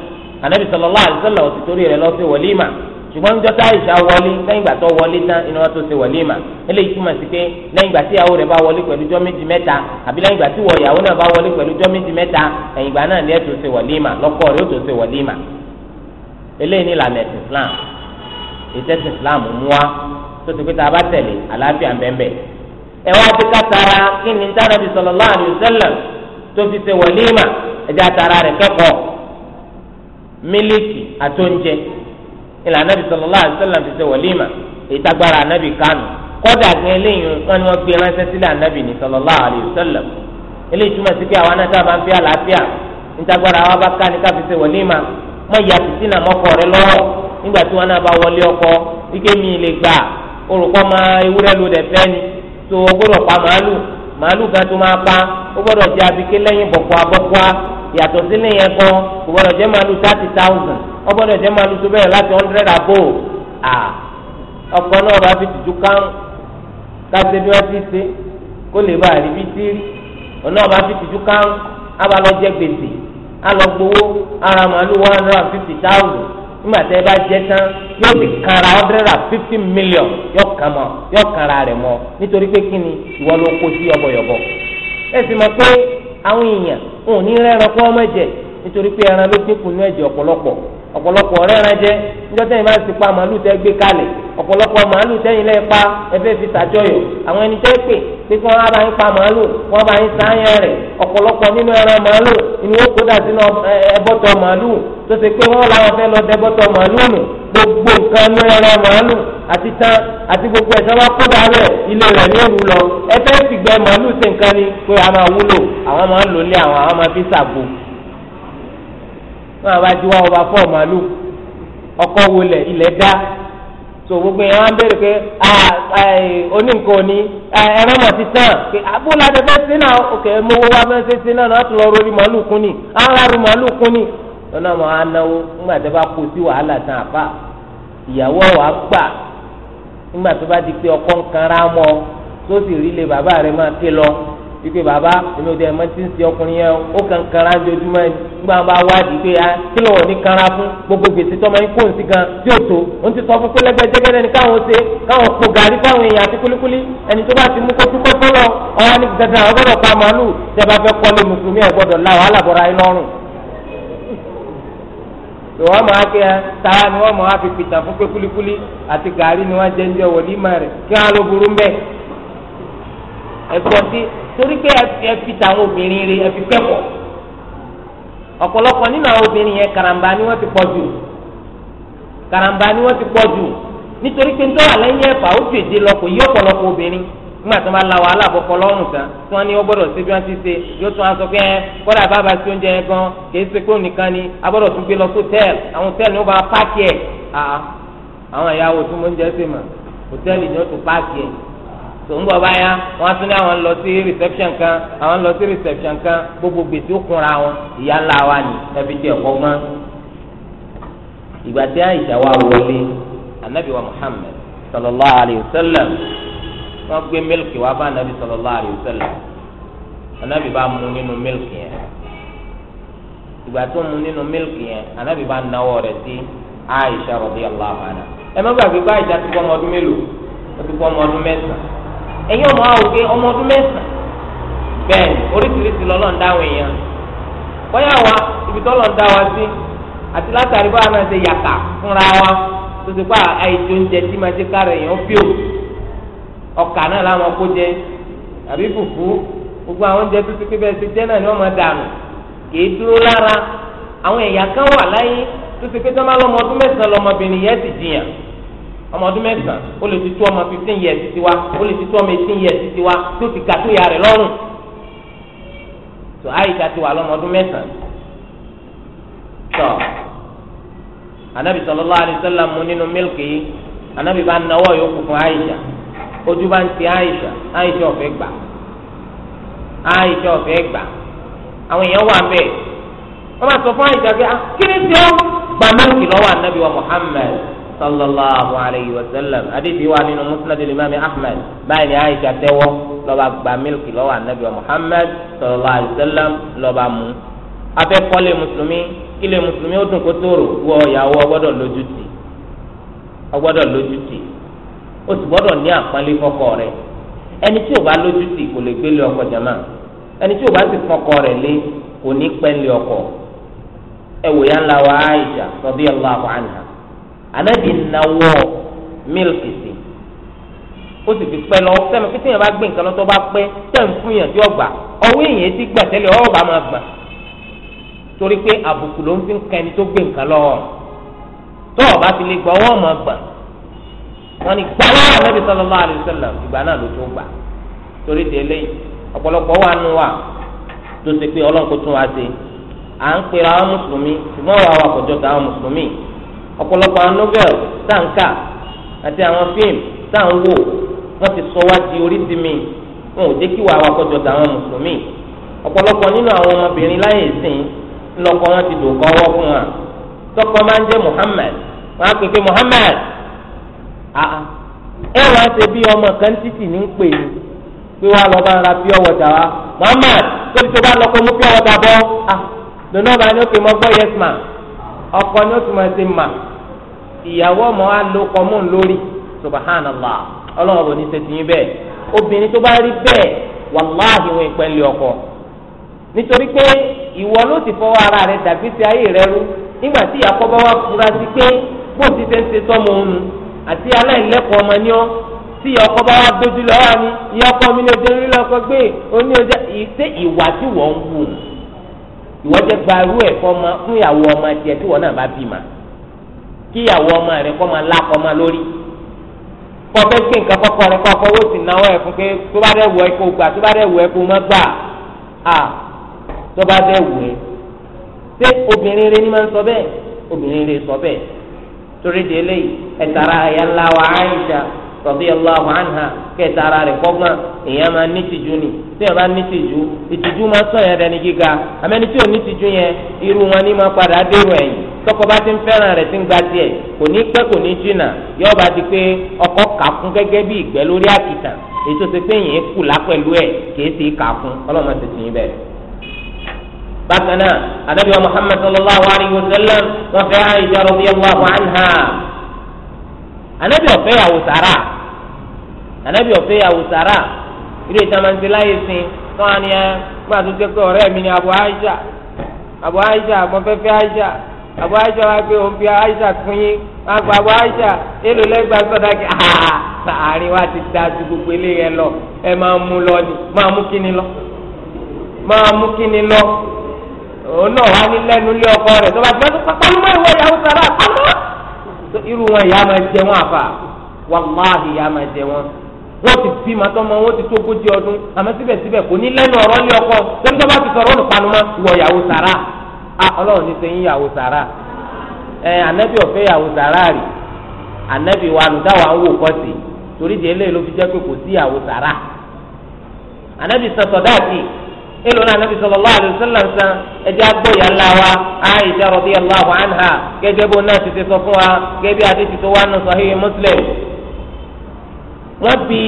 ànàbì sallallahu alaihi wasallam ó ti torí rẹ̀ lọ ṣe wàlímà ṣùgbọ́n níjọ́ tá àìsà wọlé lẹ́yìn ìgbà tó wọlé tán iná tó ṣe walima eléyìí túmọ̀ sí pé lẹ́yìn ìgbà tí ìyàwó rẹ̀ bá wọlé pẹ̀lú jọ́ méjì mẹ́ta àbí lẹ́yìn ìgbà tí wọ ìyàwó náà bá wọlé pẹ̀lú jọ́ méjì mẹ́ta ẹ̀yìn ìgbà náà ni ẹ̀ tó ṣe walima lọ́kọ rẹ̀ ó tó ṣe walima eléyìí ni ìlànà ẹ̀sìn Islam ìtẹ́sìn Islam mú wa tó sallallahu alaihi wasallam tó walima ẹ̀jẹ̀ àtàrà rẹ̀ kẹ́kọ̀ọ́ mílíkì àtóúnjẹ ìlànà Ànábì sallallahu alaihi wasallam fi ṣe wàlímà èyí tágbára Ànábì kánú kọ́dà gan eléyìí wọn ni wọ́n gbé ránṣẹ́ sílẹ̀ Ànábì ní sallallahu alaihi wasallam eléyìí túmọ̀ sí pé àwọn anáta máa ń fi àlàáfíà nítagbára wa bá ká ní ká fi ṣe wàlímà mọ ìyá fìtínà mọ́kọ rẹ lọ́wọ́ nígbà tí wọn náà bá wọlé ọkọ wíkẹ́ mi lè gbà orúkọ máa ewúrẹ́ ló dẹ̀ fẹ́ ni tó o gbọ́dọ̀ pa màálù màálù gan tó máa pa ó gbọ́dọ̀ jẹ́ abike lẹ́yìn bọ̀kọ́ abọ́kọ́ yàtọ̀ sílẹ̀ yẹn gan kò gbọ́dọ̀ jẹ́ màálù thirty thousand ọgbọ́dọ̀ jẹ́ máa lùsọ bẹ́ẹ̀ láti hundred abo ọkọ náà bá fi tìjú kán káṣe bí wọ́n ti ṣe kó lè bá àríbí sí òun náà bá fi tìjú kán abalọ gbèsè ara màálù one hundred and fifty thousand nígbà tẹ bá jẹ tán yóò ti hundred and fifty million yóò kàn mọ yóò rẹ mọ nítorí ọ̀pọ̀lọpọ̀ ọ̀rẹ́ rẹ jẹ́ níjọ́ tẹ́yìn bá ti pa màálù tẹ́ gbé kalẹ̀ ọ̀pọ̀lọpọ̀ màálù tẹ́yìn lẹ́ẹ̀ pa ẹfẹ́ fi sàjọyọ̀ àwọn ẹni tẹ́ pè pé kí wọ́n bá yín pa màálù wọ́n bá yín sáyẹn rẹ̀ ọ̀pọ̀lọpọ̀ nínú ẹran màálù ni wọ́n kó dà sínú ẹbọ́tọ̀ màálù tó ṣe pé wọ́n làwọn fẹ́ lọ dẹbọ́tọ̀ màálù nù gbogbo nǹkan nú ẹran màálù àti tán àti gbogbo ẹ̀sán wá kó dà rẹ̀ ilé rẹ̀ ní òru lọ ẹfẹ́ fìgbẹ́ màálù a máa wúlò àwọn náà bá jí wá ọba fọ́ màálù ọkọ̀ wọlé ilẹ̀ dá so gbogbo yẹn wọn béèrè pé onínkóni ẹ̀rọ mọ̀ ti tán pé abúlé adé fẹ́ sí náà òkè mowó wá fẹ́ sí sí náà náà tún lọ rori màálù kún ni àwọn arú màálù kún ni lọ́nà mọ̀ anáwó ńgbà tó bá kó sí wàhálà tán àbá ìyàwó wa gbà ńgbà tó bá di pé ọkọ ń kanra mọ́ tó sì rí lé bàbá rẹ̀ máa ké lọ wípé bàbá èmi ò dé ẹ̀mọ́ tí ń ṣe ọkùnrin yẹn ó kàn kanra jojúmọ́ ẹni nígbà wọn bá wádìí pé a ah, kí lóun ní kanra fún gbogbo gbèsè tọmọ yín kó nsí gan tí ó tó òun ti sọ fún pé lẹ́gbẹ́ jẹ́gẹ́rẹ́ ni káwọn ṣe káwọn kó gàrí fáwọn èèyàn àti kúlíkúlí ẹni tó bá ti mú kó dúpẹ́ fọlọ́ ọ̀hán ní dandan ọgbọ́dọ̀ pa màálù tẹ́ bá fẹ́ kọ́lé mùsùlùmí ọgbọ́dọ̀ la wàhálà bọ̀ra yín lọ́rùn wọ́n máa kẹ́ ẹ́ tara ni wọ́n máa fi pìtà fún pé kúlíkúlí àti gàrí ni wọ́n jẹ́ ń jẹ́ wọ̀límà rẹ̀ kí torí pé ẹ fi tàwọn obìnrin rẹ ẹ fi kẹ́kọ̀ọ́ ọ̀pọ̀lọpọ̀ nínú àwọn obìnrin yẹn karamba ni wọ́n ti pọ̀ jù karamba ni wọ́n ti pọ̀ jù nítorí pé nítorí àlẹ́yìn ẹ̀fà ó fèdè lọ kò yí ọ̀pọ̀lọpọ̀ obìnrin nígbà tí wọ́n bá la wàhálà àbọ̀kọ lọ́rùn tán tí wọ́n ní wọ́n gbọ́dọ̀ ṣe bí wọ́n ti ṣe yóò tún aṣọ pé kọ́dà bàbá sí oúnjẹ yẹn gan kìí ṣe pé ònìkan ni agbọ́dọ̀ tún gbé lọ sí hòtẹ́ẹ̀lì àwọn hòtẹ́ẹ̀lì ni wọ́n bá páàkì ẹ̀ àwọn ìyàwó tún mọ́ oúnjẹ ṣe mọ̀ hòtẹ́ẹ̀lì ni wọ́n tún páàkì ẹ̀ tó ń bọ̀ báyà wọ́n á tún ní àwọn lọ sí reception kan àwọn lọ sí reception kan gbogbo gbèsè ó kunra wọn ìyá ńlá wa ni ẹbí tí ẹ̀kọ́ gbọ́n. ìgbà tí àyíṣà wa wọlé anabi wa muhammed sallallahu alayhi wa sallam wọ́n gbé mílìkì wá bá anabi sallallahu alayhi sallam anabi bá mu nínú mílìkì yẹn ìgbà tó mu nínú mílìkì yẹn anabi bá nawọ́ rẹ̀ sí àyíṣà radiyallahu anha ẹ má gbàgbé bá àyíṣà ti kọ́ ọmọ mélòó ó ti kọ́ ọmọ mẹ́sàn-án. ẹ̀yin ọmọ àwọn òkè ọmọ ọdún mẹ́sàn-án bẹ́ẹ̀ oríṣiríṣi lọ́lọ́ ń èèyàn wa ibi tọ́lọ̀ ń dá wa sí àti látàrí báwa náà ṣe wa tó ti pa àìjó oúnjẹ tí máa ṣe kára èèyàn fíò ọkà náà kó jẹ àbí fùfú gbogbo àwọn oúnjẹ tó ti pé bẹ́ẹ̀ ṣe jẹ́ náà ni wọ́n máa dànù kì í dúró lára àwọn ẹ̀yà kan wà láyé tó ti pé lọ́mọ ọmọ ọdún mẹ́sàn ó lè ti ọmọ fifteen years ti wa ó lè ti ọmọ eighteen years ti wa tó ti ga tó ya rẹ̀ tó ti wà lọmọ ọdún tó anabi mu nínú mílkì yìí anabi bá nawọ yòókù fún àyíṣà ojú bá ń ti àyíṣà àyíṣà ọ̀fẹ́ gbà ọ̀fẹ́ gbà àwọn sọ fún pé ah, kí ni tí ó muhammed. sallallahu alayhi wa sallam hadithi wa nínú musnad imam ahmed báyìí ni aisha lọba gba mílíkì lọ́wọ́ anabi wa muhammad sallallahu alayhi wa lọba lọ́ba mú afẹ́ kílé mùsùlùmí ó dùn kó tóòrò wọ ẹni tí bá kò lè gbélé ọkọ jama ẹni tí bá sì anabi nawọ mílìkì sí ó sì fi pẹ́ lọ sẹ́mi pé tíyẹn bá gbé nǹkan lọ tó bá pẹ́ tẹ̀ ń fún yàn tí ọgbà ọwọ́ èèyàn ti gbà tẹ́lẹ̀ ọwọ́ bá máa gbà torí pé àbùkù ló ń fi ka ẹni tó gbé nǹkan lọ́wọ́ tó ọba ti lè gbà ọwọ́ máa gbà wọn ni gbà lọ́wọ́ anabi sallallahu alaihi wasallam ìgbà náà ló tó gbà torí délé ọ̀pọ̀lọpọ̀ wà nù wà tó ṣe pé ọlọ́run tún wá ṣe à ń pera àwọn mùsùlùmí ṣùgbọ́n wà wà kọjọ́ àwọn mùsùlùmí ọ̀pọ̀lọpọ̀ àwọn novel tá à ń kà àti àwọn fíìmù tá à ń wò wọ́n ti sọ wá di oríṣi mi wọn ò jẹ́ kí wàá wakọjọ tàwọn mùsùlùmí ọ̀pọ̀lọpọ̀ nínú àwọn ọmọbìnrin láyé ìsìn ńlọkọ wọn ti dùn kọ́wọ́ fún wa tọkọ máa ń jẹ́ Muhammad wọn á pè pé Muhammad ẹ wá ṣe bí ọmọ kan títì ní ń pè é pé wàá lọ bá ń ra pure water wa Muhammad tó ti tó bá lọkọ mú pure water bọ́ ah lónà bá ní ó pè mọ́ gbọ́ yes ma. ọkọ ni ó tún máa ṣe mà ìyàwó ọmọ wa ló kọ mọ́ lórí subahánàlá ọlọ́wọ́ ní sẹ́tìyín bẹ́ẹ̀ obìnrin tó bá rí bẹ́ẹ̀ wàláhì wọn ìpẹ́ ọkọ nítorí pé ìwọ ara rẹ dàbí ti ayé rẹ rú nígbà tí ìyàkọ́ bá wá fura sí pé bó ti ṣe sọ́mọ òun àti aláìlẹ́kọ̀ọ́ ọmọ ni ọ́ tí mi ojú orí gbé ojú ìṣe ìwà tí wọ́n ìwọ́jẹ́ gba irú ẹ̀ fọ́mọ fún ìyàwó ọmọ tiẹ̀ tí wọ́n náà bá bímọ kí ìyàwó ọmọ rẹ̀ kọ́ máa lákọ́ máa lórí kọ́ fẹ́ gbé nǹkan kọ́kọ́ rẹ̀ kọ́ fọwọ́ sí náwó ẹ̀ fún pé tó bá dẹ̀ wù ẹ́ kó gbà tó bá dẹ̀ wù ẹ́ kó má gbà à tó bá dẹ̀ wù ẹ́ ṣé obìnrin rẹ ni máa ń sọ bẹ́ẹ̀ obìnrin rẹ sọ bẹ́ẹ̀ torí de eléyìí ẹ̀ tara ẹ̀yà ńlá wa Aisha radiyallahu anha kẹta ara rẹ̀ kọ́gbọ́n èèyàn máa ní tìjú ni tí èèyàn bá ní tìjú ìtìjú máa sọ yẹn dẹni gíga àmẹ́ni tí ò ní tìjú yẹn irú wọn ní máa padà dérò ẹ̀yìn tọkọ bá ti ń fẹ́ràn rẹ̀ ti ń gba tiẹ̀ kò ní pẹ́ kò ní jìnnà yóò bá di pé ọkọ kàkún gẹ́gẹ́ bí ìgbẹ́ lórí àkìtàn èyí ti pé yẹn kù lá ẹ̀ kìí kàkún ọlọ́run anabi ọ̀fẹ́ yàwó sàrà anabi ọ̀fẹ́ yàwó sàrà ilé ìtàmàǹtì láyé sin náà ni ẹ tó jẹ́ pé ọ̀rẹ́ mi ni Abu Aisha Abu Aisha mọ̀fẹ́fẹ́ Aisha Abu Aisha wa pé òun fi Aisha fún yín wọn gba Abu Aisha èlò lẹ́gbà sọ́dá kí ah, àárín wa ti da ju gbogbo eléyẹ lọ ẹ máa mú lọ ni máa mú kíni lọ máa mú kíni lọ òun náà wà ní lẹ́nu ilé ọkọ rẹ̀ tó bá ti bá tó pàpàlùmọ́ ìwọ ìyàwó sàrà pàl iru irú wọn ìyá máa jẹ wọn àfà wàláhì ìyá máa jẹ wọn wọ́n ti ma màtọ́mọ wọ́n ti tó ọdún àmọ́ síbẹ̀síbẹ̀ kò ní lẹ́nu ọ̀rọ̀ lé ọkọ lẹ́nu bá ti sọ̀rọ̀ olùpanumọ́ ìwọ ìyàwó sàrà a ọlọ́run ní sẹ́yìn ìyàwó sàrà ẹ ànábì ọ̀fẹ́ ìyàwó sàrà rì wa nùdáwà ń wò kọ́sì torí ló fi pé kò sí elo na anabi sallallahu alayhi wa sallam san ẹdi agbóya ńlá wa aisha radiyallahu anha gẹ́gẹ́ bó náà ti ti sọ fún wa gẹ́gẹ́ bí adé ti tó wà nù sahihi muslim wọ́n bi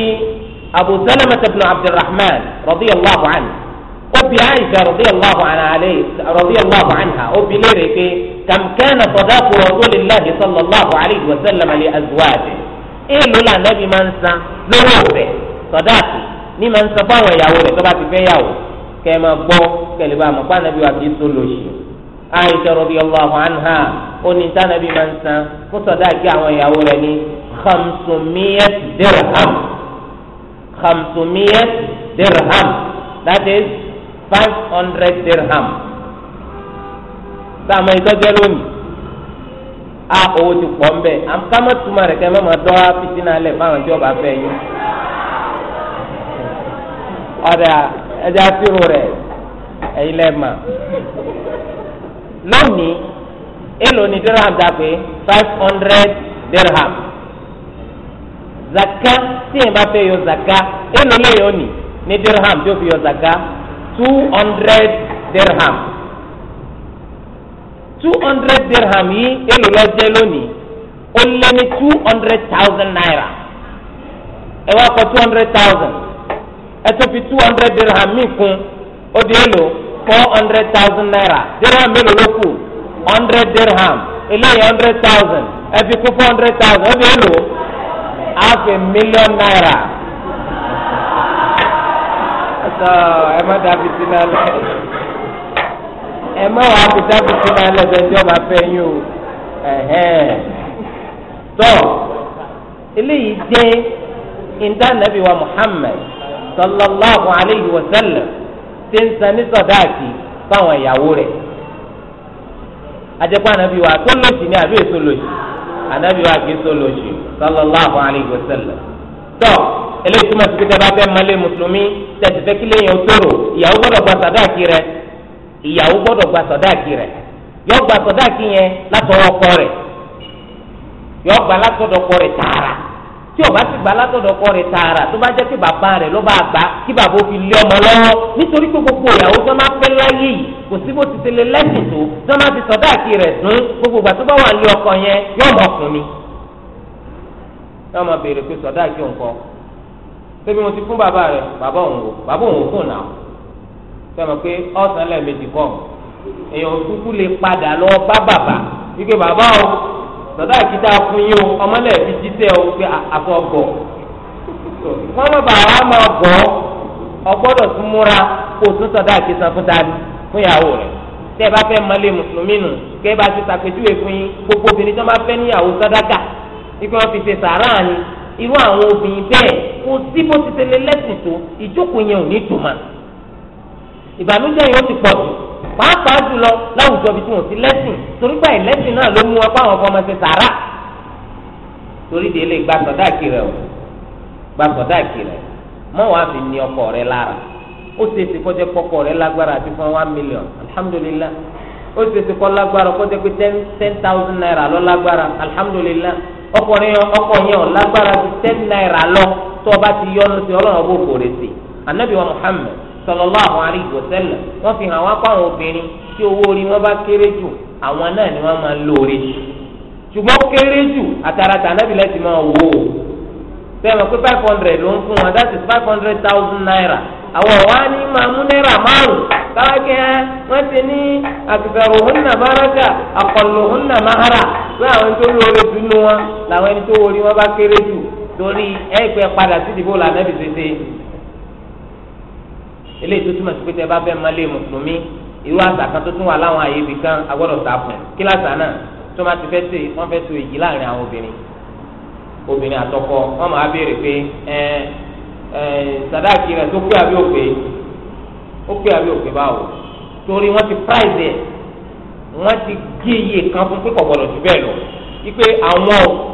abu salama ibn abdulrahman radiyallahu anhu ó bi aisha radiyallahu anha radiyallahu anha ó bi léèrè pé kam kana sadaqu rasulillahi sallallahu alayhi wa sallam li azwaji elo na anabi máa ń san lówó ọ̀fẹ́ sọdáàkì ní máa ń san fáwọn ìyàwó rẹ̀ tó bá ti fẹ́ yàwó kẹ́ ẹ máa gbọ́ kẹ́lẹ́ bá mọ̀ pàànàbí wa kì í so lòṣì. Aisha radiyallahu anha ó ní tànàbí máa ń san fún sàdáàkì àwọn ìyàwó rẹ̀ ní khamsumiyat dirham khamsumiyat dirham that is five hundred dirham. sáà mọ ìtọ́jẹ́ lónìí a owó ti pọ̀ nbẹ àmọ́ túmọ̀ rẹ̀ kẹ́ ẹ mọ̀ dọ́ fitinalẹ̀ fáwọn ìjọba fẹ́ yín. ọ̀dà ẹja sírù rẹ̀ ẹ̀yin lẹ́ mà. lónìí èlò ni dirham dàgbé five hundred dirham zaka tí yẹn bá fẹ́ yọ zaka èlò lẹ́yìn òní ní dirham tó fi yọ zaka two hundred dirham two hundred dirham yìí èlò lọ jẹ́ lónìí ó lé ní two hundred thousand naira ẹ wá kọ two hundred thousand ẹtún fi two hundred dirham mi kun ó di èlò four hundred thousand naira dirham mélòó ló kù hundred dirham eléyìí hundred thousand ẹ fi kún four hundred thousand ó di èlò half a million naira. ẹ má dàbí sí náà lẹ ẹ má wàá fi dàbí sí náà lẹ bẹ́ẹ̀ tí ọba fẹ́ yín o tọ eléyìí jẹ́ ìdánilẹ́bí wa Muhammad sallallahu alayhi wa sallam ṣe ń san ní sọdáàkì fáwọn ìyàwó rẹ̀ ajẹ́pọ̀ anabi wa tó lòsì ní àbí èso lòsì anabi wa kì í so lòsì sallallahu alayhi wa sallam tọ́ eléyìí túmọ̀ sí pé tẹ́ bá fẹ́ mọ́lé mùsùlùmí tẹ̀sí fẹ́ kílé yẹn tóró ìyàwó gbọ́dọ̀ gba sọdáàkì rẹ̀ ìyàwó gbọ́dọ̀ gba sọdáàkì rẹ̀ yọ gba sọdáàkì yẹn látọwọ́ ọkọ rẹ̀ yọ gba látọ̀dọ̀ ọkọ rẹ̀ tààrà tí o bá ti gbà látọ̀dọ̀ ọkọ rẹ̀ tààrà tó bá jẹ́ pé bàbá rẹ̀ ló bá gbà kí bàbá ó fi lé ọmọ lọ́wọ́ nítorí pé gbogbo ìyàwó tó máa fẹ́ láyé yìí kò sí bó ti ṣe lè lẹ́sìn tó tó máa ti sọ̀dá àti rẹ̀ sún gbogbo ìgbà tó bá wà lé ọkọ yẹn yóò mọ̀ fún mi. yóò máa béèrè pé sọ̀dá àti òǹkọ ṣébi mo ti fún bàbá rẹ̀ bàbá òun wò bàbá òun fún nà bàbá àkìtà fún yín o ọmọlẹ̀ fi jíṣẹ́ o pé àfọ bọ̀ wọ́n má bàa wá máa bọ̀ ọgbọ́dọ̀ tún múra kó o tún sọ̀dá àkìtà fún dání fún ìyàwó rẹ̀ tẹ́ ẹ bá fẹ́ mọ́lẹ̀ mùsùlùmí nù kẹ́ ẹ bá ti ṣàpèjúwe fún yín gbogbo obìnrin tó bá fẹ́ níyàwó sàdákà ikú wọn fi ṣe sàárà ni irú àwọn obìnrin bẹ́ẹ̀ kò sí bó ti ṣe lé lẹ́sìn tó ìjókòó yẹn ò ní tòmá ìbànújẹ́ pàápàá jùlọ láwùjọ bíi tí wọn ti lẹ́sìn torí pé àìlẹ́sìn náà ló mú wọn fáwọn ọmọ ṣe sàrà torí de lè gba sọdáàkì rẹ o gba sọdáàkì rẹ mọ wàá fi ní ọkọ rẹ lára ó ṣe é ṣe kọjá kọkọ rẹ lágbára àti fún one million alhamdulillah ó ṣe é ṣe kọ lágbára kọjá pé ten ten thousand naira lọ lágbára alhamdulillah ọkọ yẹn ọkọ yẹn ọ lágbára ju ten naira lọ tó o bá ti yọ ọ́nù sí ọlọ́run ọgbọ́n kò rè sí anabi wa muhammed. sallallahu alaihi wasallam wọ́n fi hàn wá pa àwọn obìnrin tí owó orí wọn bá kéré jù àwọn náà ni wọn máa ń lóore jù kéré jù àtàràtà anábìlẹ̀ ti máa wò ó bẹ́ẹ̀ pé five hundred is five naira àwọn ọ̀wá ní máa mú náírà márùn-ún ẹ ti ní àkọlù pé àwọn tó wọn làwọn ẹni tó wọlé wọn eléyìí tó túmọ̀ sí pé tẹ bá fẹ́ máa lé mùsùlùmí irú àṣà kan tó tún wà láwọn àyè ibì kan agbọ́dọ̀ sá fún kíláàsì náà tó máa ti fẹ́ ṣe wọ́n fẹ́ so èyí láàrin àwọn obìnrin obìnrin àtọkọ wọ́n máa béèrè pé ẹ ẹ sàdáàkì rẹ̀ tó pé àbí òpè ó pé àbí òpè báwo torí wọ́n ti price ẹ̀ wọ́n ti gé iye kan fún pípọ̀ gbọ́dọ̀ jù bẹ́ẹ̀ lọ wípé àwọn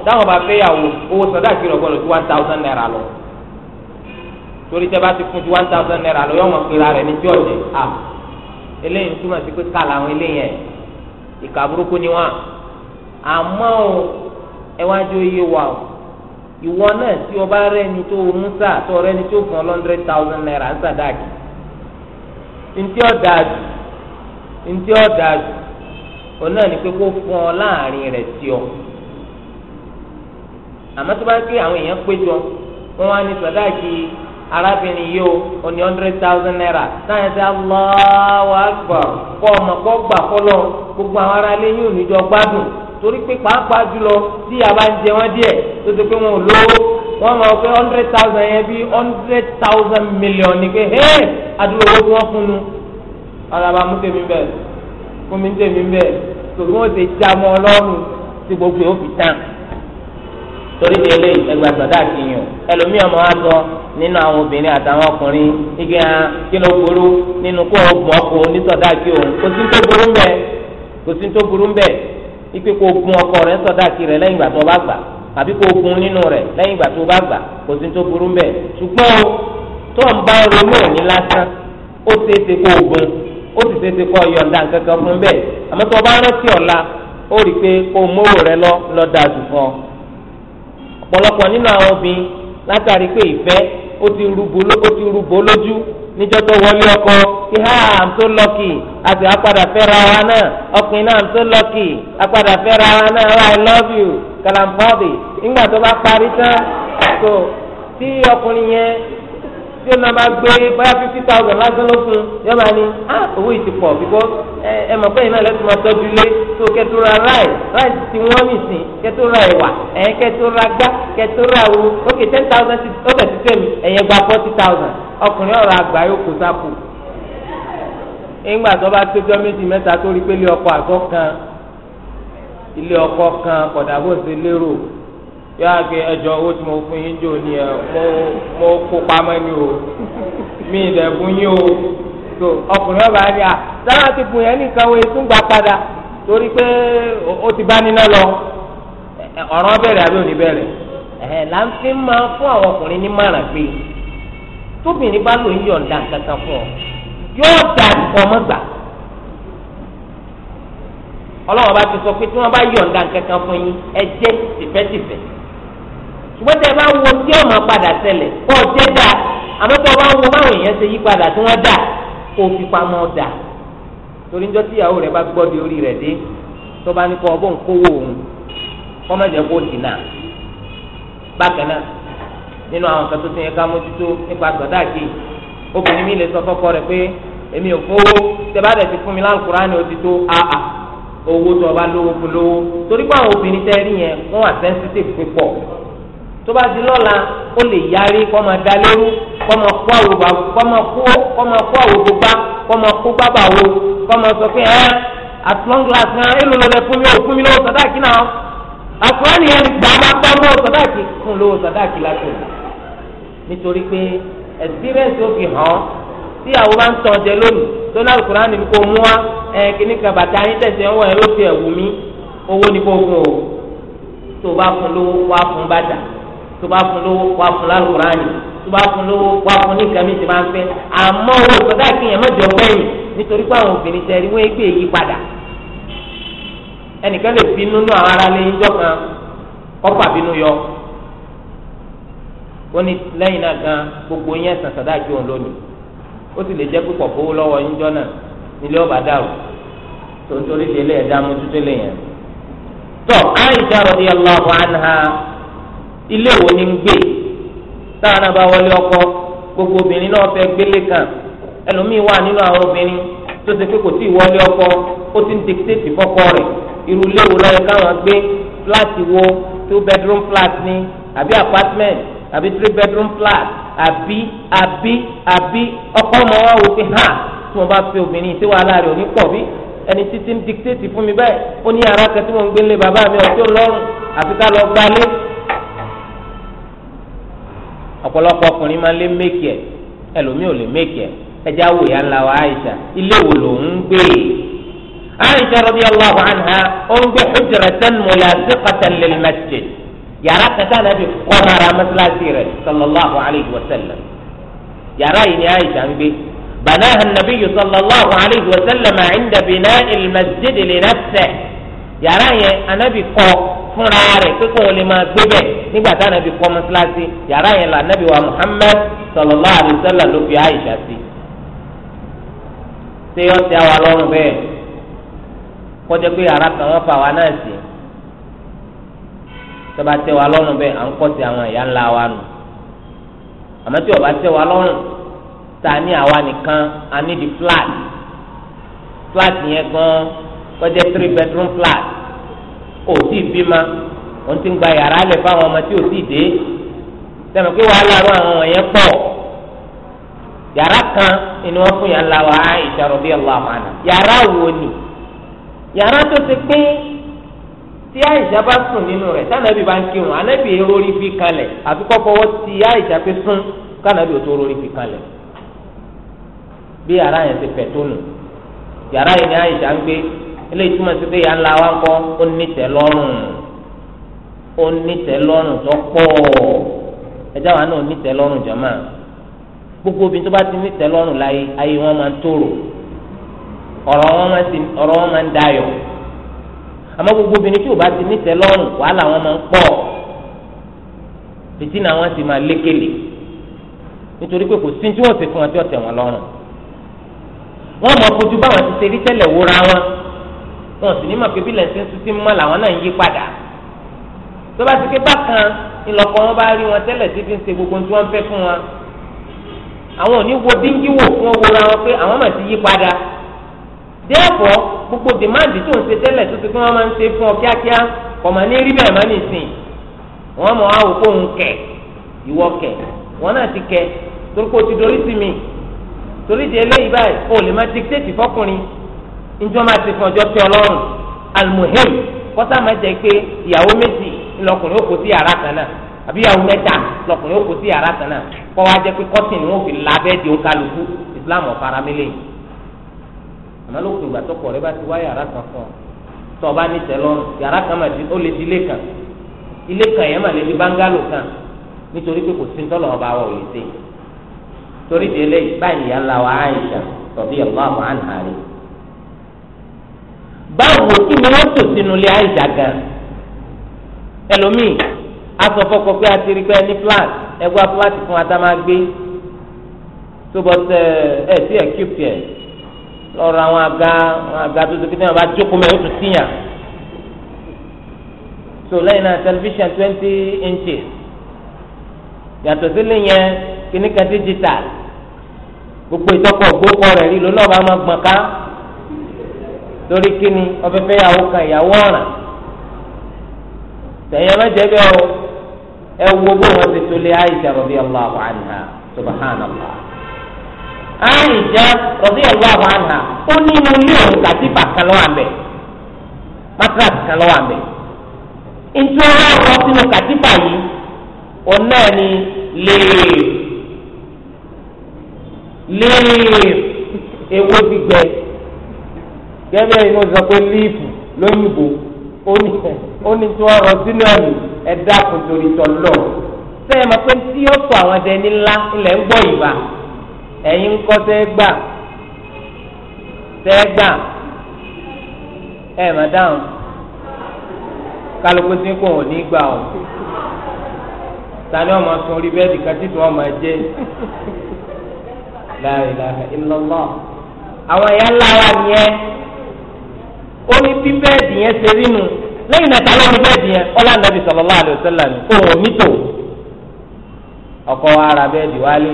táwọn bá fẹ́ yàwó owó sàdáàkì rẹ̀ gbọ́dọ̀ ju one thousand naira lọ torí tẹ bá ti fún ti one thousand naira lọ yọ̀wọ̀n pera rẹ̀ ní jọ́ọ̀jì à eléyìí túmọ̀ sí pé ká làwọn eléyìí ẹ̀ ìkà burúkú ni wọ́n àmọ́ o ẹwájú iye wà o ìwọ náà tí o bá rẹ ni tó musa tó rẹ ni tó fún ọ hundred thousand naira ń sàdáàkì ntí ọ dáàjù ntí ọ dáàjù òun náà ní pé kó fún ọ láàrin rẹ̀ sí ọ àmọ́ tó bá ké àwọn èèyàn péjọ wọ́n wá ní sàdáàkì arábìnrin yìí o oní hundred thousand naira náà yẹn sẹ Allahu Akbar kọ́ ọmọ kọ́ gbà fọlọ́ gbogbo àwọn ará ilé yìí ò ní jọ gbádùn torí pé pàápàá jùlọ tí yàrá ń jẹ wọn díẹ̀ tó ti pé wọn ò lówó wọn máa pé hundred thousand yẹn bí hundred thousand million ni pé ẹ adúlọ owó tí wọn fún nu ọlọmọ amútẹmí bẹ́ẹ̀ fún mi tẹmí bẹ́ẹ̀ tòun ó ti já mọ Ọlọ́run tí gbogbo yóò fi tán. torí de ilé ẹgbẹ́ sọ̀dá kìíyàn ẹlòmíì ọmọ wa sọ nínú àwọn obìnrin àtàwọn ọkùnrin igi hàn kí ló burú nínú kó o gun ọkọ onísọ̀dá kí òun kò sí tó burú mbẹ kò sí tó burú mbẹ kó o gun ọkọ rẹ sọ̀dá kí rẹ lẹ́yìn ìgbà tó bá gbà àbí kó gun nínú rẹ lẹ́yìn ìgbà tó bá gbà kò sí tó burú mbẹ ṣùgbọ́n o tó ń bá ronú ẹ̀ ní lásán ó kó gun ó sì kó yọ̀ǹda tó bá ọ̀pọ̀lọpọ̀ nínú àwọn obìnrin látàrí pé ìfẹ́ ó ti rúbọ lójú níjọ́ tó wọlé ọkọ kí ha i'm so lucky àti apàdà fẹ́ra wa náà ọkùnrin náà i'm so lucky apàdà fẹ́ra wa náà oh, i love you kàlàmbọ́ọ̀dì nígbà tó bá parí tán so tí ọkùnrin yẹn tí ó náà bá gbé bóyá fifty thousand lásán ló fún yóò máa ní ah owó yìí ti pọ̀ Because ẹ ẹ mọ̀ pé ìnáwó lẹ́tọ́ máa tọ́jú lé tó kẹ́tó ra ráì ráì ti wọ́n mì sí kẹ́tó ra ẹ̀wà ẹ̀yìn kẹ́tó ra gbá kẹ́tó ra wo ok ten thousand ti ó bẹ̀ ti fẹ́ mi ẹ̀yìn gba forty thousand ọkùnrin ọ̀rọ̀ àgbà yóò kó sápò ìgbà tó bá tójọ́ méjì mẹ́ta tó rí pé ilé ọkọ àgọ́ kan ilé ọkọ kan kọ̀dà yóò gbé ẹjọ́ owó tí mo fún yín jò ní ẹ mo kó pamọ́ ni o mi ì dẹ̀kun yín o tó ọkùnrin ọba ni à sáwọn ti bùn yẹn nìkan wo ètò ń gbà padà torí pé ó ti bá níná lọ ọ̀rọ̀ bẹ̀rẹ̀ àbí òní bẹ̀rẹ̀ ẹ̀hẹ̀ là ń fi máa fún àwọn ọkùnrin ní márùn pé tóbìnrin bá lò ń yọ̀ǹda kankan fún ọ yóò dà nǹkan ọlọ́wọ́n bá ti sọ pé tí wọ́n bá yọ̀ǹda kankan fún yín ẹ jẹ́ tìfẹ́tìfẹ́ ṣùgbọ́n tẹ bá wo tí ọmọ padà ṣẹlẹ̀ kọ́ ọ jẹ́ dà àmọ́ tẹ bá wo báwọn èèyàn ṣe yí padà tí wọ́n dà kó o fi pamọ́ dà torí ń jọ́ tí ìyàwó rẹ̀ bá gbọ́ di orí rẹ̀ dé tó bá ní kọ́ ọbọ̀ nkówó òun kọ́ má jẹ́ kó o dìnnà bákan náà nínú àwọn kan tó ti yẹ ká mójútó nípa sọ̀dáàkì obìnrin mi lè sọ fọ́kọ rẹ̀ pé èmi ò fowó tẹ bá dẹ̀ ti fún mi lálùkùránì ó ti tó àà owó tó o bá lówó fún lówó torí pé àwọn obìnrin tẹ́ rí yẹn wọ́n wà sensitive púpọ̀ tó bá di lọ́la ó lè yarí kọ́ máa da lérú kọ́ máa kó àwòbá kọ́ máa kó kọ́ máa kó àwòbó gbá kọ́ máa kó gbábà wo kọ́ máa sọ pé ẹ́ at long last náà èlò ló lẹ fún mi ò fún mi lówó sàdáàkì náà àkùránì yẹn gbà máa gbà lówó sàdáàkì fún lówó sàdáàkì látò nítorí pé experience ó fi hàn tí àwọn máa ń tàn jẹ lónìí tó ní àkùránì kò mú wa ẹ kíní kan bàtà yín tẹ̀sí ọwọ́ ẹ ló fi ẹ̀wù mí owó ni kò fún o tó bá fún lówó wá fún bàtà. tó bá fún lówó wà fún lálùkùránì tó bá fún lówó wà fún nìkan mi ti máa ń fẹ́ àmọ́ owó sọdá kìnyẹn mọ́jọ gbẹ̀yìn nítorí pé àwọn obìnrin tẹ ẹni wọ́n gbé padà ẹnìkan lè fi nínú àwọn lé yọ ó ní lẹ́yìn gbogbo yẹn sàn sàdá ju òun lónìí ó sì lè jẹ́ pípọ̀ fowó lọ́wọ́ ńjọ náà nílé ọba dàrú ẹ̀dá lè yẹn. tó ilé wo ni ń gbé táwọn náà bá wọlé ọkọ gbogbo obìnrin náà fẹ́ gbélé kan ẹlòmíín wà nínú àwọn obìnrin tó ṣe pé kò tí ì wọlé ọkọ ó ti ń dikiteeti fọkọ rẹ̀ irú ilé wo lọ́yẹ káwọn gbé fúláàtì wo two bedroom flat ni àbí apartment àbí three bedroom flat àbí àbí àbí ọkọ ọmọ wa wò pé hàn tí mo bá fi obìnrin tí wàhálà rẹ̀ ò ní pọ̀ bí ẹni títí ń dikiteeti fún mi báyìí ó ní yàrá kẹtí mo ń gbélé bàbá mi ọtí Ọlọ́run àfi ká lọ gbalé ọ̀pọ̀lọpọ̀ ọkùnrin máa lé méèkì ẹ̀ ẹlòmíì ò lè méèkì ẹ̀ ẹjẹ́ àwò ìyá ńlá wa Aisha ilé wo ló ń gbé Aisha radiyallahu anha ó ń gbé hujratan mulaziqatan lil masjid yàrá kẹta nàbí kọ́mara mọ́sálásí rẹ̀ sallallahu alayhi wa sallam yàrá yìí ni Aisha ń gbé banaha nabiyyu sallallahu alayhi wa sallam 'inda bina'i al-masjid yàrá yẹn anabi kọ́ fúnra rẹ̀ pé kó o lè máa gbé bẹ̀ nígbà tí anabi kọ́ mọ́sálásí yàrá yẹn la anabi wa Muhammad sallallahu alaihi wasallam ló fi Aisha sí. ṣé yọ sí àwa lọ́rùn bẹ́ẹ̀ kọjá pé yàrá kan wọ́n fa àwa náà sí tọba tẹ wa lọ́rùn bẹ́ẹ̀ à ń kọ́ sí àwọn ìyá ńlá wa nù àmọ́ tí ọba tẹ wa lọ́rùn ta ni àwa nìkan a ní di flat flat yẹn gan-an kọjá three bedroom flat kò tí ì bímọ wọ́n ti ń gba yàrá lẹ̀ fáwọn ọmọ tí ò tí ì dé sẹ́mi pé wàhálà àwọn àwọn wọ̀nyẹn pọ̀ yàrá kan ni wọ́n fún yàrá wa Aisha radiyallahu anha yàrá wo ni yàrá tó ti pín tí Aisha bá sùn nínú rẹ̀ sànàbí bá ń kírun ànábì rórí fi kalẹ̀ àfi kọ́kọ́wọ́ ti Aisha fi sùn kànàbí ò tó rórí fi kalẹ̀ bí yàrá yẹn ti fẹ̀ tó nù yàrá yẹn ni Aisha ń gbé eléyìí túmọ̀ sí pé ìyá ńlá wa kọ́ ó ní tẹ́ lọ́rùn ó ní tẹ́ lọ́rùn tó pọ̀ ẹjá wa náà ní tẹ́ lọ́rùn jọ̀mọ́ gbogbo obìnrin tó bá ti ní tẹ́ lọ́rùn láyé ayé wọn máa ń tòrò ọ̀rọ̀ wọn máa ń dayọ̀ àmọ́ gbogbo obìnrin tí ò bá ti ní tẹ́ lọ́rùn wàhálà wọn máa ń pọ̀ fìtínà wọn sì máa lékele nítorí pé kò sí tí wọ́n ti fún wọn tí wọ́n tẹ̀ wọ́n lọ́rùn wọ́n mọ̀ fojú báwọn ti ṣe rí tẹ́lẹ̀ wúra wọn wọn sì ní mọ̀ pé bí lẹ́sìn tuntun mọ́ làwọn náà ń yí padà tó bá ti ké bákan ìlọ́kọ̀ wọn bá rí wọn tẹ́lẹ̀ tí fi ń ṣe gbogbo tí wọ́n fẹ́ fún wọn àwọn òní wo díngí wò fún owó ra wọn pé àwọn mà ti yí padà dẹ́ẹ̀bọ̀ gbogbo dèmáàdì tó ń ṣe tẹ́lẹ̀ tó ti fún wọn máa ń ṣe fún ọ kíákíá kò mà ní rí bẹ́ẹ̀ má nìsín wọn mọ̀ àwọn òkú òun kẹ̀ ìwọ kẹ̀ wọn náà ti kẹ̀ torí kò ti dorí sí mi torí di eléyìí báyìí o lè má fọkùnrin njọ́ máa ti fún ọjọ́ tẹ ọlọ́run almuhim kọ́sá máa jẹ́ pé ìyàwó méjì lọkùnrin ó kó sí yàrá kan náà àbí ìyàwó mẹ́ta lọkùnrin ó kó sí yàrá kan náà kọ́ wa jẹ́ pé kọ́tìn ni wọ́n fi lábẹ́ di òǹkàlùkù Islam ọ̀faramílẹ̀ àmọ́ lókùn ìgbà tó kọ̀ rẹ bá ti wá yàrá kan fún ọ tó o bá ní tẹ́lọ́rùn yàrá kan ó lè di ilé kan ilé kan yẹn máa lè di báńgálò kan nítorí pé kò sí tọ́lọ̀ ọba wa ò lè ṣe torí délé báyìí yàrá wa Àìṣà báwo kí ni wọ́n tò sínú ilé àìsà gan ẹlòmíì aṣọ fọkọ pé a ti rí pé ní flat ẹgbẹ́ fúláàtì fún ata máa gbé tó bọ́ tẹ ẹ sí ẹ kí pẹ́ lọ́rọ̀ àwọn àga àwọn àga tó tóbi náà bá jókòó mẹ́rin ó tún síyàn so lẹ́yìn náà tẹlifíṣàn twenty inches yàtọ̀ sílé yẹn kíníkà digital gbogbo ìtọ́kọ̀ gbókọ̀ rẹ̀ rí lónà ọba máa gbọ̀n ká torí kíni ọbẹ̀ fẹ́ yàwó kan ìyàwó ọ̀ràn tẹ̀yìn ọlọ́jẹ́ bẹ́ẹ̀ o ẹ wo bó wọn ti tolé Aisha radiyallahu anha subhanallah Aisha radiyallahu anha ó ní inú ilé òun kàtífà kan lọ́wọ́ àbẹ̀ matras kan lọ́wọ́ àbẹ̀ ntí wọn wá lọ sínú yìí òun náà ni léèrè léèrè ewo gbígbẹ. gẹ́gẹ́ inú sọ pé líìpù lóyìnbó ó ní tí wọ́n sínú ẹ̀mí ẹ̀dá kòtòrí mọ̀ pé tí yóò àwọn ilẹ̀ ń gbọ́ ìbá ẹ̀yin ń kọ́ ẹ̀ kálukú sí kò wọ́n ní gbà ọ́ ọmọ sun ó ní bí bẹ́ẹ̀dì yẹn ṣe rí nu lẹ́yìn náà táwọn ní bẹ́ẹ̀dì yẹn ọlá nàbì sallallahu alaihi wasallam òun òmí tò ọkọ ara bẹ́ẹ̀dì wálé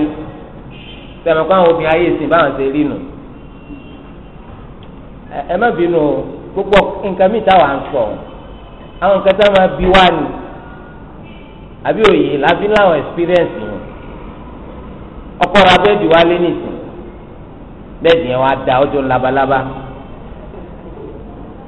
sẹ̀mọ̀ kó àwọn obìnrin ayé ìsìn báwọn ṣe rí nu ẹ má bínú o gbogbo nǹkan mi táwa ń sọ àwọn nǹkan tá máa bí wá ni àbí òye làbí láwọn experience yẹn ọkọ ra bẹ́ẹ̀dì wálé nìsín bẹ́ẹ̀dì yẹn wá da ọjọ́ labalábá. Laba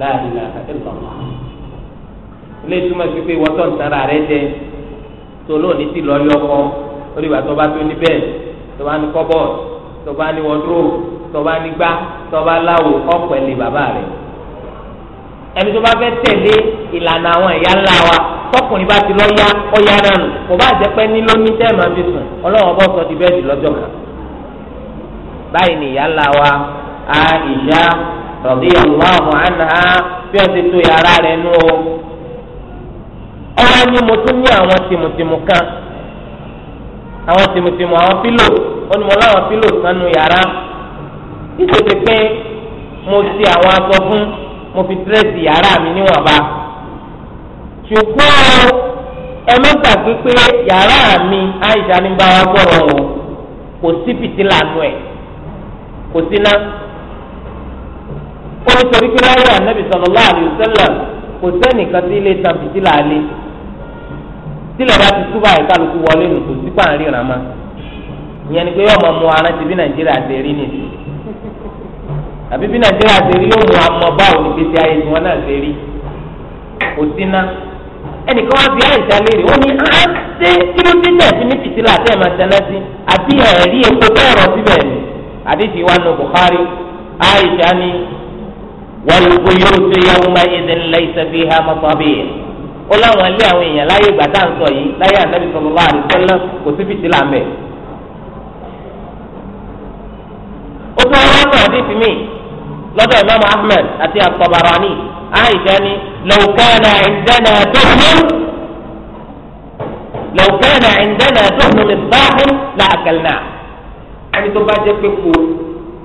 la ilaha illallah ilé ìtumọ̀ sí pé wọ́tọ̀ ń tara rẹ jẹ tó lónìí ti lọ yọ ọkọ lórí ìgbà tó bá tó ní bẹ́ẹ̀ tó bá ní kọ́bọ̀d tó bá ní wọ́dúró tó bá ní gbá tó bá láwo ọ̀pẹ̀ lè bàbá rẹ̀ ẹni tó bá fẹ́ tẹ̀lé ìlànà àwọn ìyá ńlá wa tọkùnrin bá ti lọ yá ọ̀yá náà nù kò bá jẹ́ pé ní lóní tẹ́ máa fi sùn ọlọ́wọ́n bọ́ sọ ti bẹ́ẹ̀ dì lọ́jọ́ kan báyìí ni ìyá ńlá wa Àìṣà radiyallahu anha bí wọ́n ti tó yàrá rẹ̀ nú o. ọ̀rọ̀ ni mo tún ní àwọn tìmùtìmù kan àwọn tìmùtìmù àwọn pílò onímọ̀lá àwọn pílò kan nú yàrá ìṣèṣe pé mo ti àwọn aṣọ fún mo fi tírẹ́sì yàrá mi níwọ̀nba ṣùgbọ́n ẹ má yàrá mi Àìṣà ní bá wa gbọ́rọ̀ o kò sí fìtílà nù ẹ̀ kò sí náà ó ní torí pé láyé ànábì sallallahu alaihi wasallam kò sẹ́nìkan tí ilé tàbí tí là á lé tílẹ̀ bá ti túbà yìí kálukú wọlé nù kò sí pàǹrí ràn má ìyẹn ni pé yóò mọ mu ara ti bí nàìjíríà ti rí nìyí àbí bí nàìjíríà ti rí yóò mú amọ báwo ní gbèsè ayé tí wọn náà ti rí kò sí ná ẹnìkan wá bí àyíṣà léèrè ó ní á ṣe kí ló náà sí ní fìtílà àti ẹ̀ma tẹ̀lé sí àti ẹ̀rí epo tó ọ̀rọ̀ síbẹ̀ ni àdéhìí wa nù Bukhari àyíṣà ni. والبيوت يومئذ ليس فيها مصابيح ó láwọn ilé àwọn èèyàn láyé ìgbà tá à ń sọ yìí láyé ànábì sallallahu alaihi wasallam kò sí fìtílà mẹ. ó tún wọn náà dé fi mí lọ́dọ̀ imam ahmed àti at-Tabarani ni law kana indana tuhnun law kana indana tuhnun lè ẹni tó bá jẹ́ pé kú.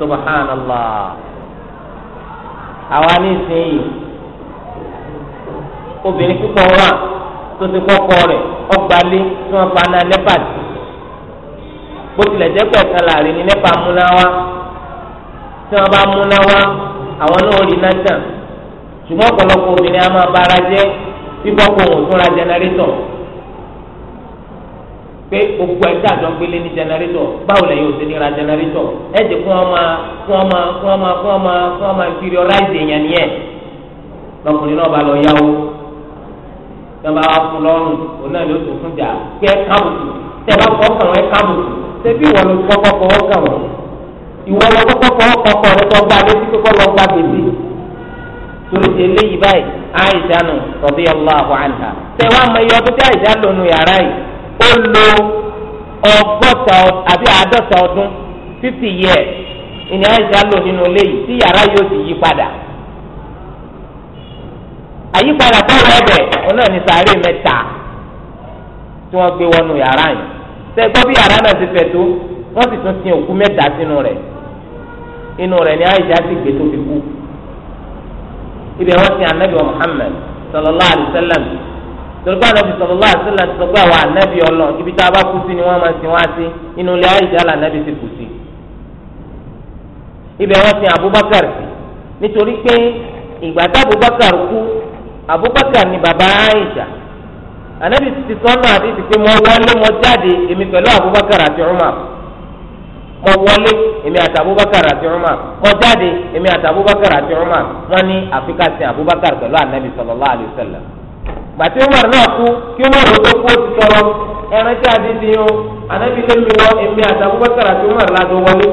subhanallah àwa nísìnyí obìnrin púpọ̀ wà tó ti kọ́kọ́ rẹ̀ ọgbàlé tí wọ́n fa náà nẹ́pà tì bó tilẹ̀ jẹ́ pẹ̀ kan láàrin ní nẹ́pà múná wá tí wọ́n bá múná wá àwọn náà rí náà tàn ṣùgbọ́n ọ̀pọ̀lọpọ̀ obìnrin a máa bára jẹ́ bíbọ́ kò wọ́n tún ra jẹnẹrétọ̀ pé gbogbo ẹ̀dá àjọ gbélé ní jẹnẹrétọ̀ báwo lẹ yóò ṣe ní ra jẹnẹrétọ̀ ẹ jẹ́ kí wọ́n máa kí wọ́n máa kí wọ́n máa kí wọ́n máa kí wọ́n máa inferiorize èèyàn nìyẹn lọkùnrin náà bá lọ yáwó tẹ́lá wa fún lọ́rùn òun náà yóò tó fún jà kí ẹ kábùtù tẹ́lá kọ́ kàn wọ́n ẹ kábùtù tẹ́bí ìwọ ló kọ́kọ́ fọwọ́ kàn wọ́n ìwọ ló kọ́kọ́ fọwọ́ kàn kọ́ ọ̀rẹ́ tó gba létí kókó lọ gba gbèsè torí ti eléyìí báyìí àìsàn nù radiyallahu anha tẹ́wọ́ àmọ́ iye ọdún tí àìsàn lò nù yàrá yìí ó lo ọgọ́ta àbí àádọ́ta ọdún fifty years ìní àìsàn lò nínú ilé yìí tí yàrá yóò sì yí padà àyípadà tọrọ ẹbẹ ọ̀nà ní sàárè mẹ́ta tí wọ́n gbé wọnú yàrá yìí sẹ́gbọ́n bí yàrá náà ti fẹ̀ tó wọ́n sì tún sin òkú mẹ́ta sínú rẹ̀ inú rẹ̀ ní àyíṣà ti gbé tó fi kú ibẹ̀ wọ́n sin anabi wa sallallahu alayhi tolukọ́ àti sọlọ́lá àtúnlá ti sọ pé àwọn ànábì ọlọ́ ibi tá a bá kú sí ni wọ́n máa sin wá sí inú ilé àyíjà là ànábì ti kù sí. ibẹ̀ wọ́n sin Abubakar sí nítorí pé ìgbà tá Abubakar kú Abubakar ni bàbá àyíjà ànábì ti sọ́nà àti ti pé mo wọlé mo jáde èmi pẹ̀lú Abubakar àti Umar mo wọlé èmi àti Abubakar àti Umar mo jáde èmi àti Abubakar àti Umar wọ́n ní àfikà sin Abubakar pẹ̀lú ànábì sọlọ́lá àlùsọ̀lá gbàtí umar náà kú kí umar tó kú ó ti sọ̀rọ̀ ẹran tí a ti di yín o anabi ló mi wọ èmi àtàkùnbọkàrà tí umar lájọ wọlé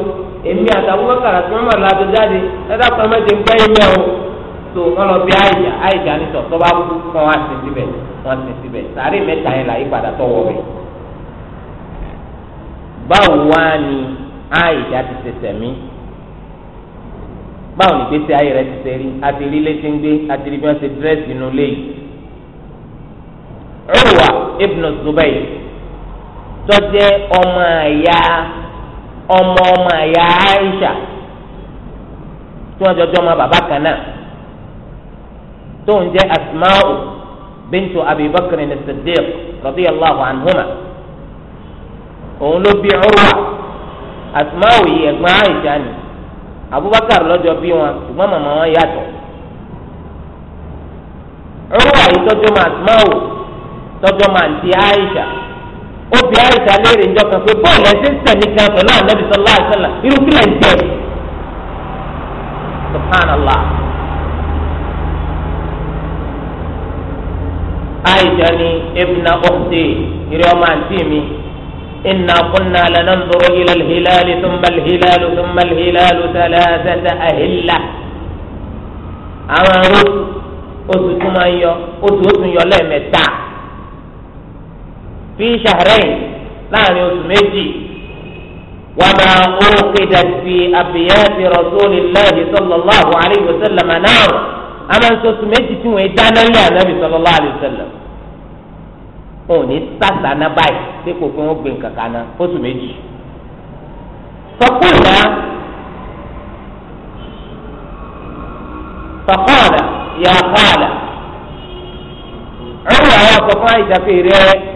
èmi àtàkùnbọkàrà tí umar lájọ jáde ẹ̀dá kan méje ń gbẹ yín mẹ o tó wọn lọ bí àyà àyà ní sọtọ bá kú kàn wá sí síbẹ̀ wọn sì síbẹ̀ sàárè mẹ́ta yẹn là yí padà tọwọ rẹ báwo wá ni àyà ti ṣe sẹmí báwo ni gbèsè ayé rẹ ti ṣe rí àti rí létí ń gbé àti rí wọn ṣe dírẹ́sì nínú léyìí. Urwa ibn zubai tó jẹ́ àyà àyà Aisha tí wọ́n jọjọ́ ọmọ bàbá kan tó bintu Abi Bakr as radiyallahu anhuma òun ló bí Urwa Asma'u yìí ẹ̀gbọ́n Aisha ni Abubakar lọ́jọ́ bí wọn ṣùgbọ́n màmá wọn yàtọ̀ Urwa yìí tọ́jọ́ máa ń ti Aisha ó bi Aisha léèrè ńjọ́ kan pé bọ́ọ̀lù ẹ̀sìn ń tẹ̀mí gan pẹ̀lú ànábì sallallahu alaihi wasallam irú kí lẹ̀ ń jẹ subhanallah Aisha ni ibna ukhti ìrẹ́ ọmọ àǹtí mi inna kunna lananzuru ila al-hilali thumma al-hilalu thumma al-hilalu àwọn arúgbó oṣù tó máa ń yọ oṣù oṣù yọ lẹ́ẹ̀mẹ́ta. fi ṣàrẹ́yìn láàrin oṣù méjì fi alayhi wa sallam náà a ń sọ méjì tí wọ́n dáná lé ànábì alayhi wa sallam wọn ò ní sàṣà ná báyìí dípò pé wọ́n gbé oṣù méjì sọkúnlá sọkúnlá yà kọ́ọ̀lá ọ̀rọ̀ àwọn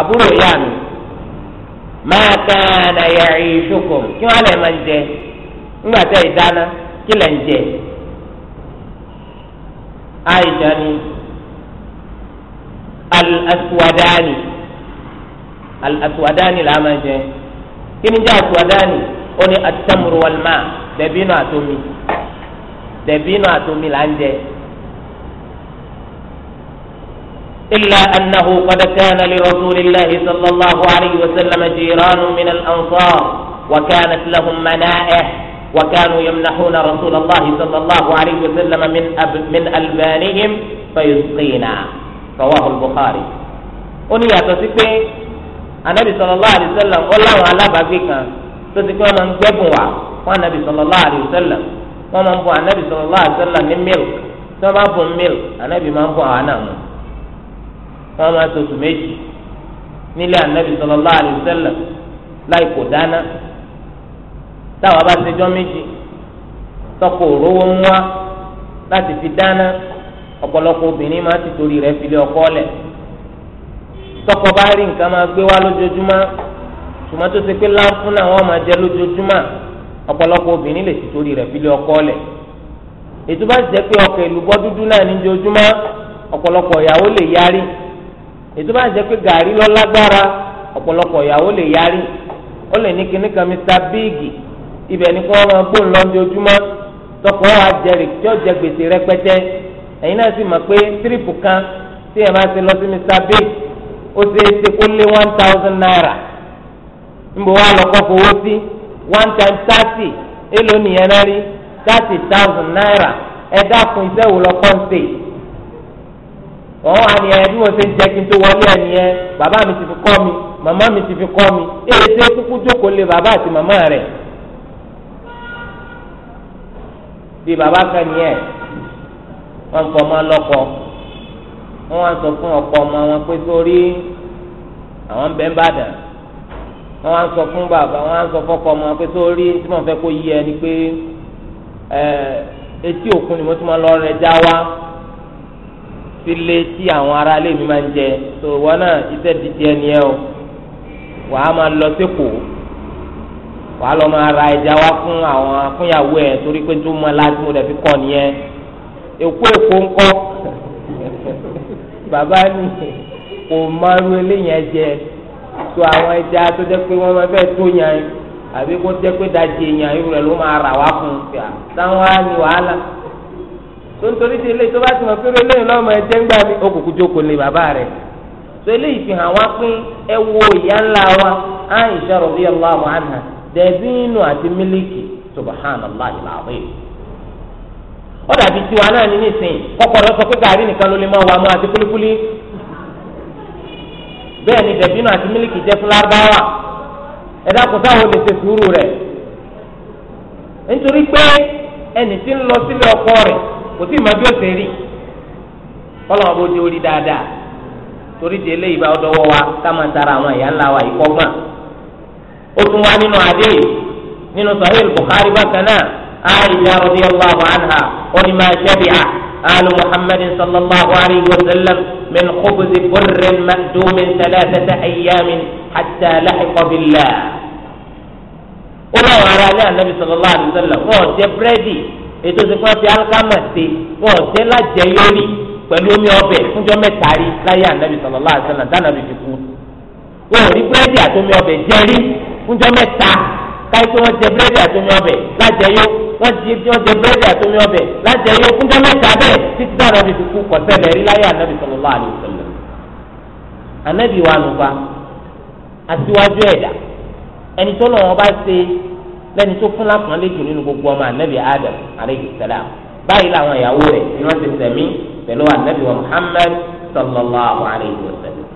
àbúrò ìyá mi máa kàn àyàrí ìṣòkò kí wọ́n lè máa ń jẹ ńgbà tẹ ìdáná kí lè ń jẹ àìjà ni al-aswadani al là máa jẹ kí ni jẹ́ aswadani ó ní atamuru walma dẹ̀bínú àtomi dẹ̀bínú àtomi là ń jẹ. إلا أنه قد كان لرسول الله صلى الله عليه وسلم جيران من الأنصار وكانت لهم منائح وكانوا يمنحون رسول الله صلى الله عليه وسلم من أب من ألبانهم فيسقينا رواه البخاري أني أتسكي النبي صلى الله عليه وسلم والله على بابك تسكي من جبوا والنبي صلى الله عليه وسلم ومن بو النبي صلى الله عليه وسلم من ملك ثم بو ملك النبي من بو أنا wọn máa tó n'ile méjì nílé anabi sallallahu alaihi wasallam láì kò dáná táwa bá ṣe jọ méjì tọkọ òróró ń wá láti fi dáná ọ̀pọ̀lọpọ̀ obìnrin máa ti torí rẹ̀ fi lé ọkọ lẹ̀ tọkọ bá rí nǹkan máa gbé wá lójoojúmọ́ ṣùgbọ́n tó ṣe pé láǹfún náà wọ́n máa jẹ lójoojúmọ́ ọ̀pọ̀lọpọ̀ obìnrin lè ti torí rẹ̀ fi lé ọkọ lẹ̀ ètò bá pé ètò bá jẹ́ pé gàrí lọ lágbára ọ̀pọ̀lọpọ̀ ìyàwó lè yarí ó lè ní kinní kan mr big ibẹ̀ ni kó máa gbóhùn lọ ní ojúmọ́ tọkọ wa jẹrìí tí ó jẹ gbèsè rẹpẹtẹ ẹ̀yin náà sì mọ̀ pé tírípù kan tí ẹ̀ máa lọ sí mr big ó ṣe é kó lé one thousand naira nbọ wa lọkọ fowó sí one time thirty nìyẹn náà rí thirty naira ẹ dákun iṣẹ́ wo lọ́kọ́ wọ́n wà ní ẹ bí mo ṣe ń jẹ́ kí n tó wọlé ẹ̀ nìyẹn bàbá mi ti fi kọ́ mi màmá mi ti fi kọ́ mi èyí ṣe kúkú jókòó lé bàbá àti màmá rẹ̀ bí bàbá kan nìyẹn wọ́n kọ́ ọmọ lọ́kọ wọ́n wá sọ fún ọ̀pọ̀ ọmọ wọn pé sórí àwọn bẹ́ẹ̀ bá dàn wọ́n wá sọ fún bàbá wọ́n wá sọ fọ́kọ ọmọ pé sórí tí mo fẹ́ kó yí ẹ ni pé etí òkun ni mo ti máa lọ rẹ já wá sílé tí àwọn ará ilé mi máa ń jẹ tó wọn náà iṣẹ́ dídí ẹni ẹ o wàá máa lọ sípò wàá lọ máa ra ẹja wá fún àwọn fúnyàwó ẹ torí pé tó mọ láti mo dẹ̀ fi kọ́ nìyẹn èkó èkó ńkọ́ bàbá ni kò máa ru eléyìí ẹjẹ tó àwọn ẹja tó jẹ́ pé wọ́n máa fẹ́ tó yàn àbí kó jẹ́ pé dajì èèyàn irú rẹ̀ ló máa rà wá fún un táwọn á ní wàhálà. so ń ti eléyìí tó ti mọ̀ pé eléyìí lọ́mọ ẹjẹ́ ń gbà mí okùnkùn jókòó lé bàbá rẹ̀ tó eléyìí fi hàn wá pé ẹ ìyá ńlá wa Aisha radiyallahu anha dẹ̀bínú àti mílíkì subhanallah alazim ó dàbí tiwa náà ní nísìnyí kọ́kọ́rọ́ sọ pé gàrí nìkan ló lè àti kúlíkúlí ni àti mílíkì táwọn lè ṣe sùúrù nítorí pé ẹnì kò sí ìmọ̀jú òsè rí kọ́lọ́ wọn bó di orí dáadáa torí di eléyìí bá ọdọ́wọ́ wa ká máa tara àwọn ìyá ńlá wa ìkọ́gbọ́n ó tún wá nínú adé nínú sahih bukhari bákan náà aisha radiyallahu anha wọ́n ní máa ṣẹ́bi à آل محمد صلى الله عليه وسلم من خبز بر مأدوم ثلاثة أيام حتى لحق بالله. ولا على النبي صلى الله عليه وسلم هو بريدي ètò ìsìnkú àti alikama ṣe wọn ṣe lájẹ yọrí pẹ̀lú omi ọbẹ̀ fúnjọ́ mẹ́ta rí láyé ànábì sallallahu alaihi wasallam dáná bìbí kú wọn ò rí búrẹ́dì àti omi ọbẹ̀ jẹ rí fúnjọ́ mẹ́ta káyọ̀ pé wọ́n jẹ búrẹ́dì àti omi ọbẹ̀ lájẹ yó wọ́n jẹ bí wọ́n jẹ búrẹ́dì àti omi ọbẹ̀ lájẹ yó fúnjọ́ mẹ́ta bẹ́ẹ̀ títí dáná bìbí kú kọ̀sẹ́lẹ̀ rí lẹ́ni tó fún lápọ̀nlé jù nínú gbogbo ọmọ anabi adam aleyhi salam báyìí làwọn ìyàwó rẹ̀ ni wọ́n ti sẹ̀mí pẹ̀lú anabi wa muhammad sallallahu alayhi wa sallam.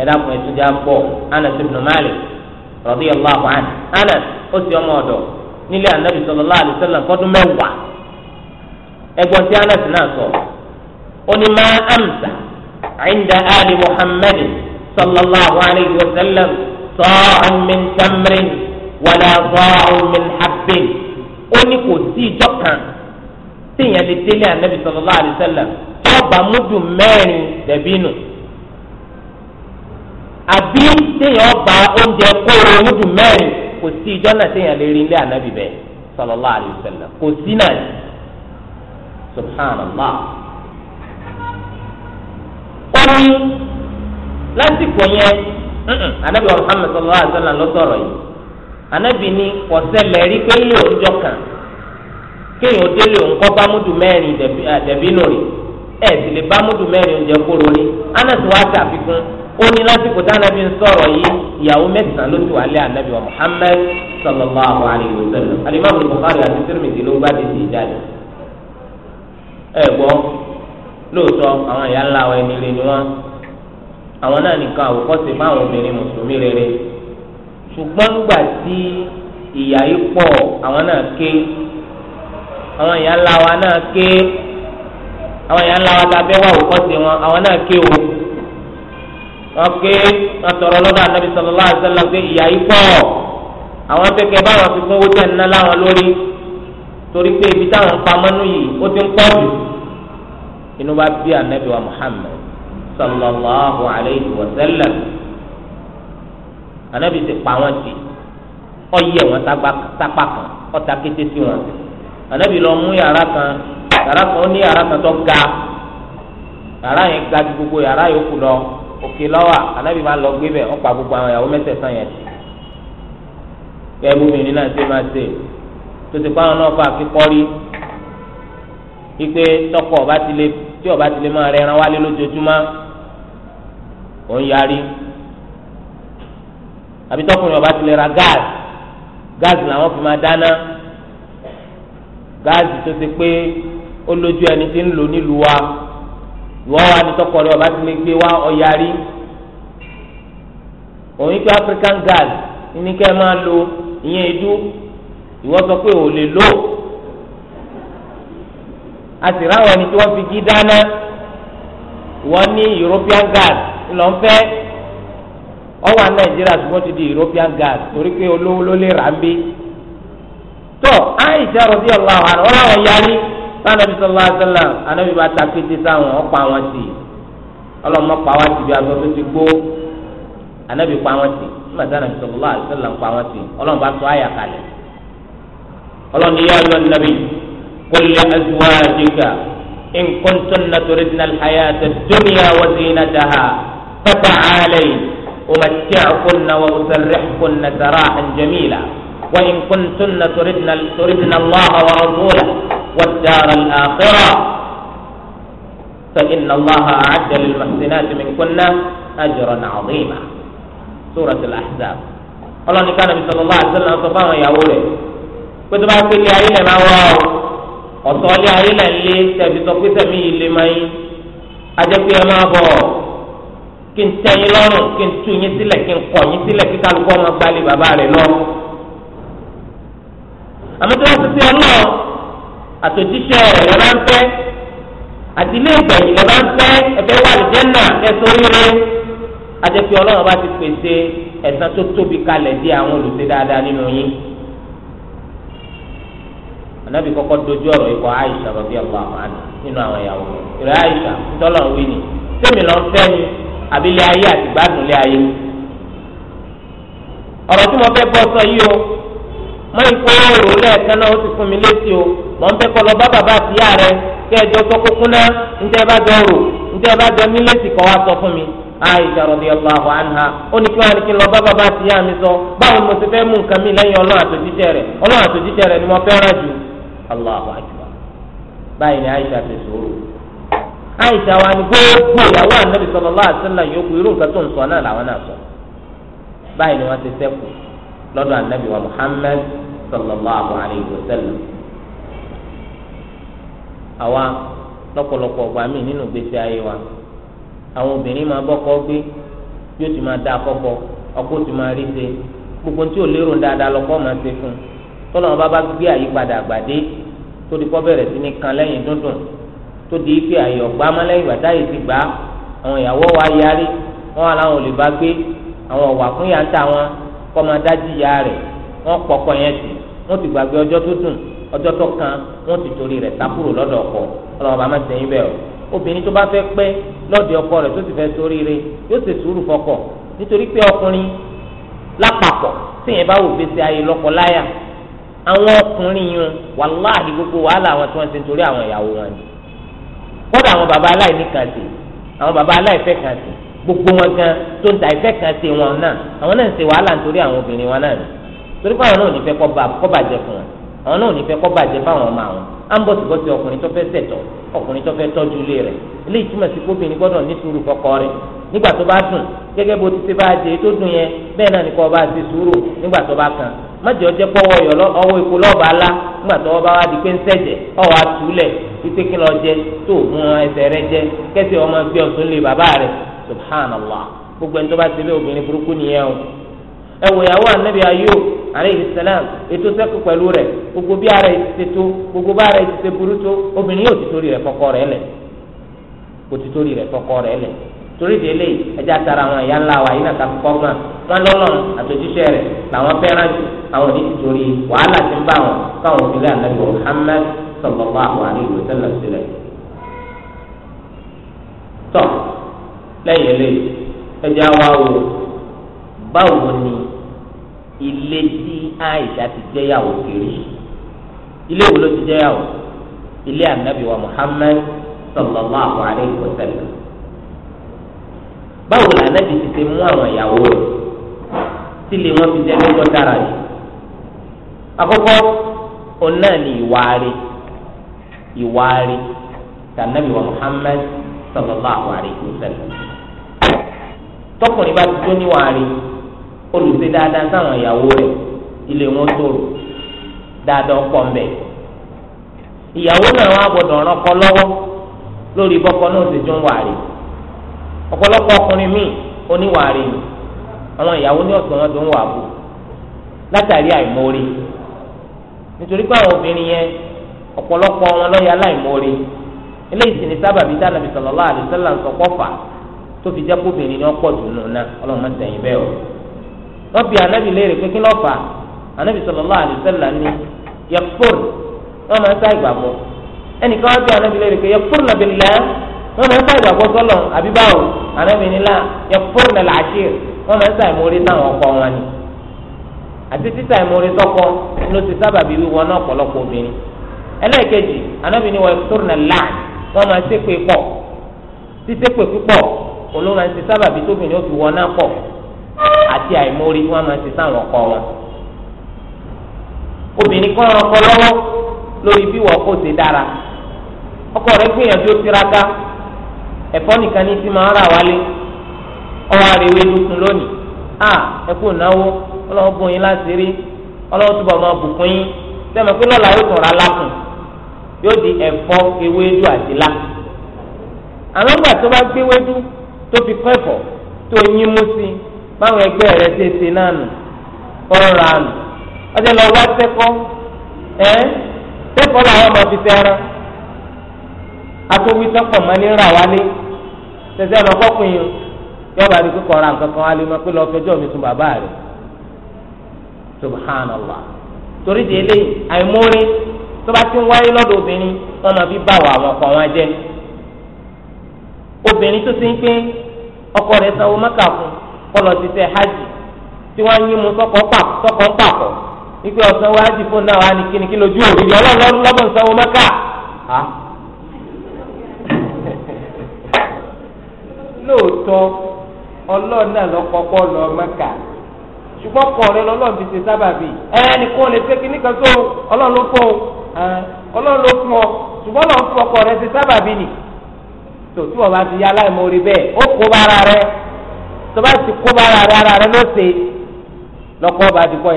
ẹ̀dá kun ẹ̀tún anas ibn malik radiyallahu anas ó sì ọmọ ọ̀dọ̀ nílé anabi sallallahu alayhi wa sallam fọdún tí anas náà sọ máa amsa ali muhammad sallallahu alayhi wa sallam. sọ́ọ̀n mi tamrin wàlá sọ́ọ̀n mi habbin ó ní kò sí ìjọ kan tíyẹn lè délé ànábì sallallahu alaihi wasallam ọba múdù mẹ́rin dẹ̀bínú àbí téèyàn ọba oúnjẹ kóró múdù mẹ́rin kò sí ìjọ náà téèyàn lè rí ilé ànábì bẹ́ẹ̀ sallallahu alaihi kò sí náà subhanallah ó ní lásìkò yẹn anabi muhammed sallallahu alaihi wa sallam ló sọ̀rọ̀ yìí anabi ni kò ṣẹlẹ̀ rí pé ilé òǹjọ kan kéèyàn délé òǹkọ́ bámúdù mẹ́rin dẹ̀bí lórí ẹ̀ sì lè bámúdù mẹ́rin oúnjẹ kóró ní anasi wa ṣàfikún ó ní lásìkò tí anabi ń sọ̀rọ̀ yìí ìyàwó mẹ́sàn-án ló ti wà lé anabi wa muhammed sallallahu alaihi wa sallam alimami bukhari àti tirmidhi ló gbá dídì ìjáde ẹ gbọ́ lóòótọ́ àwọn ìyá ńlá wa ẹni lé ni wọ́n àwọn náà nìkan àwòkọ́ṣe fáwọn obìnrin mùsùlùmí rere ṣùgbọ́n gbà tí ìyá yìí pọ̀ àwọn náà ké àwọn ìyá ńlá wa náà ké àwọn ìyá ńlá wa ta bẹ́ wà àwòkọ́ṣe wọn àwọn náà ké o wọn ké wọn tọrọ lọ́dọ̀ ànábi sallallahu alaihi wasallam pé ìyá yìí pọ̀ àwọn pẹ̀kẹ́ báwọn fi kún owó tẹ̀ ń ná láwọn lórí torí pé ibi táwọn pamọ́ nù yìí ó ti ń pọ̀ jù inú bá bí ànábi wa Muhammad sallallahu alayhi wa sallam anabi ti pa wọn ti ọyẹ wọn sápá kan ọta kété sí wọn anabi lọ mú yàrá kan yàrá kan ó ní yàrá kan tó ga yàrá yẹn ga ju gbogbo yàrá yòókù lọ òkè lọ́wà anabi máa lọ gbé bẹ̀ ọ̀pá gbogbo àwọn ìyàwó mẹ́tẹ̀ẹ̀sán yẹn ti kẹ́ẹ́ bóbìnrin náà ṣe máa ṣe tó ti pààrọ̀ náà fà kíkọ́rí wípé tọkọ ọba ti lè tí ọba ti lè máa rẹran wálé lójoojúmọ́ ó ń yarí àbí tọkùnrin ọba ti lè ra gáàsì gáàsì làwọn fi máa dáná gáàsì tó ṣe pé ó lójú ẹni tí ń lò nílùú wa wọ́n wá ní tọkùnrin ọba ti lè gbé wá ó yarí òun pé African gas ní kẹ́ máa lo ìyẹn idú ìwọ sọ pé ò lè lò a sì ráwọn ẹni tí wọ́n fi jí dáná wọ́n ní European gas ńlọ fẹ́ ọwọ́ nàìjíríà ṣùgbọ́n ti di european gas torí pé olówó ló lè rà ń bí. tó àìsà rọ̀bí ọ̀la ọ̀hánà wọn làwọn yarí sanabi sọlá sọlá anabi bá ta kété sáwọn ọ̀pá wọn sí i ọlọ́mọ pa wọn sí ibi aṣọ tó ti gbó anabi pa wọn sí i nígbà tí anabi sọlá sọlá pa wọn sí i ọlọ́mọ bá sọ àyà kalẹ̀ ọlọ́mọ yíyá ọlọ́ nàbí kólé azuwa àdìgà in kuntunna turidna alhayata dunya wa zinataha. فتعالي أمتعكن وأسرحكن سراحا جميلا وإن كنتن تردن, تردن الله ورسوله والدار الآخرة فإن الله أعد للمحسنات منكن أجرا عظيما سورة الأحزاب الله أني كان صلى الله عليه وسلم صفاما يا أولي كنت ما أقول يا أولي ما هو وصولي أولي اللي تبي تقسمي اللي ما أجب يا ما هو kí n tẹ́ yín lọ́rùn kí n tú yín sílẹ̀ kí n kọ̀ yín sílẹ̀ kí kálukú ọmọ gbalẹ̀ bàbá rẹ̀ lọ. àmọ́ tó yẹ sísè ọlọ́ọ̀ àtòjíṣẹ́ ẹ̀rọ ránpẹ́ àti ilé ìgbẹ̀yìn lọ́ba ń pẹ́ ẹ̀fẹ́ wà lùdẹ́nà ẹ̀sọ́ rírẹ àjẹpí ọlọ́run bá ti pèsè ẹ̀san tó tóbi kalẹ̀ dé àwọn olùṣe dáadáa nínú yín. ànábì kọ́kọ́ dojú ọ̀rọ̀ ikọ̀ Aisha radiyallahu anha nínú àwọn ìyàwó rẹ̀ Aisha tọ́lọ̀ wí ni sẹ́mi lọ́n fẹ́ ni àbílẹ ayé àti gbádùnlé ayé ọrọ tí mo fẹ́ bọ́ sọ yìí o mọ ìkó òòrò lẹ́ẹ̀kan náà ó ti fún mi létí o mọ̀ ń fẹ́ kọ́ lọ bá bàbá àtìyá rẹ kí ẹjọ́ sọ kókó náà ń bá jọ rò ń bá jọ létí sọ fún mi. anha ó ní kí wọn kí n lọ bá bàbá mi sọ báwo ni mo ti mú nǹkan mi ni mo àìsà wa ni gbogbo ìyàwó ànábì sallallahu alaihi wasallam yòókù irú nǹkan tó ń sọ náà làwọn náà sọ báyìí ni wọ́n ti sẹ́kù lọ́dọ̀ ànábì wa Muhammad sallallahu alaihi wasallam àwa lọ́pọ̀lọpọ̀ ọgbà míì nínú ìgbésí ayé wa àwọn obìnrin máa bọ́kọ gbé yóò ti máa dá akọ́kọ́ ọkọ ti máa rí ṣe gbogbo tí ò lérò dáadáa lọ́kọ́ máa ṣe fún un tọ́lọ́mọba bá gbé àyípadà àgbàdé tó di kọ́ bẹ̀rẹ̀ sí ní kan lẹ́yìn dúndùn tó di pé àyè ọ̀gbá mọ́lẹ́yìn ìgbà táyè ti gbà á àwọn ìyàwó wa yarí wọn làwọn ò lè bá gbé àwọn ọ̀wà fún ìyá ń ta wọn kọ́ máa dájú ìyá rẹ̀ wọ́n pọ̀kọ yẹn sí wọ́n ti gbàgbé ọjọ́ tó dùn ọjọ́ tó kan wọ́n ti torí rẹ̀ sákúrò lọ́dọ̀ ọkọ ọlọ́wọ́ bá má sẹ́yìn bẹ́ẹ̀ o obìnrin tó bá fẹ́ pẹ́ lọ́dọ̀ ọkọ rẹ̀ tó ti fẹ́ sórí rẹ̀ yóò ṣe sùúrù fọkọ nítorí pé ọkùnrin lápapọ̀ tíyẹn bá wò gbèsè ayé lọ́kọ láyà àwọn ọkùnrin yun wàláhì gbogbo wàhálà àwọn tí wọ́n ti torí àwọn ìyàwó wọn ni kódà àwọn baba aláìní kan sí àwọn baba aláìfẹ́ kan sí gbogbo wọn gan tó ń ta ìfẹ́ kan sí wọn náà àwọn náà ń ṣe wàhálà nítorí àwọn obìnrin wọn náà ni torí pé àwọn náà ò ní fẹ́ kó bàjẹ́ fún wọn àwọn náà ò ní fẹ́ kó bàjẹ́ fáwọn ọmọ àwọn à ń bọ̀ síbọ̀ sí ọkùnrin tó fẹ́ ṣètọ́ ọkùnrin tó fẹ́ tọ́jú ilé rẹ̀ eléyìí túmọ̀ sí kóbìnrin gbọ́dọ̀ ní sùúrù kọ́kọ́ rẹ̀ nígbà tó bá dùn gẹ́gẹ́ bó ti ṣe bá jẹ tó dùn yẹn bẹ́ẹ̀ náà ni kó bá ṣe sùúrù nígbà tó bá kan mẹjọ jẹ kó ọwọ́ yọlọ ọwọ epo lọba la ńgbà tó ọba wa di pé ń sẹjẹ ọwọ́ atúlẹ wípé kí lọ jẹ tó mú ẹsẹ̀ rẹ̀ jẹ kẹsì ọmọ gbé ọtún lé bàbá rẹ̀ subhanallah gbogbo ẹni tó bá ti bẹ obìnrin burúkú nìyẹn o anabi aleyhi salam ètò sẹkù gbogbo bí ara yìí gbogbo bá ara yìí ti burú tó obìnrin yóò ti torí fọkọ lẹ kò ti torí torí délé ẹja tara àwọn ìyá ńlá wa yìí náà kàfi kọ́gbọ́n wọn lọ́lọ́ àtòjíṣẹ́ rẹ̀ làwọn fẹ́ràn jù àwọn òní tìtorí wàhálà ti ń bá wọn káwọn òfìlẹ̀ ànábì Muhammad sallallahu alaihi wa sallam sílẹ̀. tọ́ lẹ́yìn eléyìí ẹja wa wò báwo ni ilé tí Àìṣà ti jẹ́yàwó kiri ilé wo ló ti jẹ́yàwó ilé ànábì wa Muhammad sallallahu alaihi wa sallam báwo la anabi ti ṣe mú àwọn ìyàwó rẹ̀ tí lè wọn fi jẹ ẹgbẹ́ dára yìí àkọ́kọ́ òun náà ni ìwárí ìwárí tànàbí wa Muhammad sallallahu alayhi wa sallam tọkùnrin bá ti tó níwárí olùṣe dáadáa sáwọn ìyàwó rẹ̀ ilé wọn tòrò dáadáa ọkọ ń bẹ ìyàwó náà wọn á gbọ́dọ̀ ràn kọ lọ́wọ́ lórí bọkọ náà ti tún wárí. ọ̀pọ̀lọpọ̀ ọkùnrin míì oníwàárí ni àwọn ìyàwó ní ọ̀sán wọn tó ń wà bò látàrí àìmórí nítorí pé àwọn obìnrin yẹn ọ̀pọ̀lọpọ̀ wọn lọ́ọ́ yẹ aláìmórí eléyìí sì ni sábàbí ń fà tó fi jẹ́ ọlọ́run bẹ́ẹ̀ o wọ́n bi Ànábì léèrè pé kí ló fà Ànábì wọ́n máa ń sàgbà kó sọ́lọ̀ àbí báwo ànábì nílá yẹ fún mi làásì wọ́n máa ń sàìmórí táwọn ọkọ wọn ni àti títà ìmórí sọ́kọ ló ti sábà bí wíwọ náà ọ̀pọ̀lọpọ̀ obìnrin ẹlẹ́ẹ̀kejì ànábì ní wọ́n fún mi là wọ́n máa ń ṣépè pọ̀ ṣíṣépè púpọ̀ olóńgbà ti sábà bí tóbìnrin ó fi wọ náà pọ̀ àti àìmórí wọ́n máa ń ṣe táwọn ọkọ wọn obìnrin kan ọkọ lọ́wọ́ lórí bí wọ́n kó ṣe dára ọkọ rẹ̀ gbìyànjú tiraka ẹ̀fọ́ nìkan ní ti máa ń rà wálé ọwọ́ àrèwé tuntun lónìí à ẹ kú náwó ọlọ́wọ́ bóyin láti rí ọlọ́wọ́ túbọ̀ máa bùkún yín sẹ́mi pé lọ́la yóò tún ra lákùn yóò di ewédú àti lá àwọn tó bá gbé wédú tó fi kọ́ tó yín mú sí báwọn rẹ ṣe ṣe náà nù lọ atówí tọpọ mọ ní ra wálé tẹsẹ ọmọ kọkùn yìí yọba ni kíkọ ra nǹkan kan wálé mọ pé lọ fẹjọ́ mi sùn bàbá rẹ subhanallah torí di eléyìí àìmúrí tó bá ti ń wáyé lọ́dọ̀ obìnrin ọmọ bí báwọ̀ àwọn ọkọ wọn jẹ obìnrin tó ti ń pín ọkọ rẹ̀ sanwó mẹ́kà fún kọlọ ti tẹ hajj tí wọ́n ń yín mu sọkọ ń pàkọ́ wípé ọ̀sán wájú fún náà wá ní kíni kí lójú òbí ọlọ́run lọ́bọ̀ sanwó mẹ́kà. lóòótọ́ ọlọ́run náà lọ kọ́kọ́ lọ mẹ́kà ṣùgbọ́n kọ́ rẹ lọ́lọ́run ti ṣe sábàbí ẹnì lè ṣe kíní kan tó ọlọ́run ló fọ́ ọlọ́run ló fún ọ ṣùgbọ́n lọ́n fún ọkọ rẹ ṣe sábàbí nì tòtú ọba ti yá láì mórí bẹ́ẹ̀ ó kó bára rẹ tó bá ti kó bára rẹ ara rẹ ló ṣe ọba àdìgbò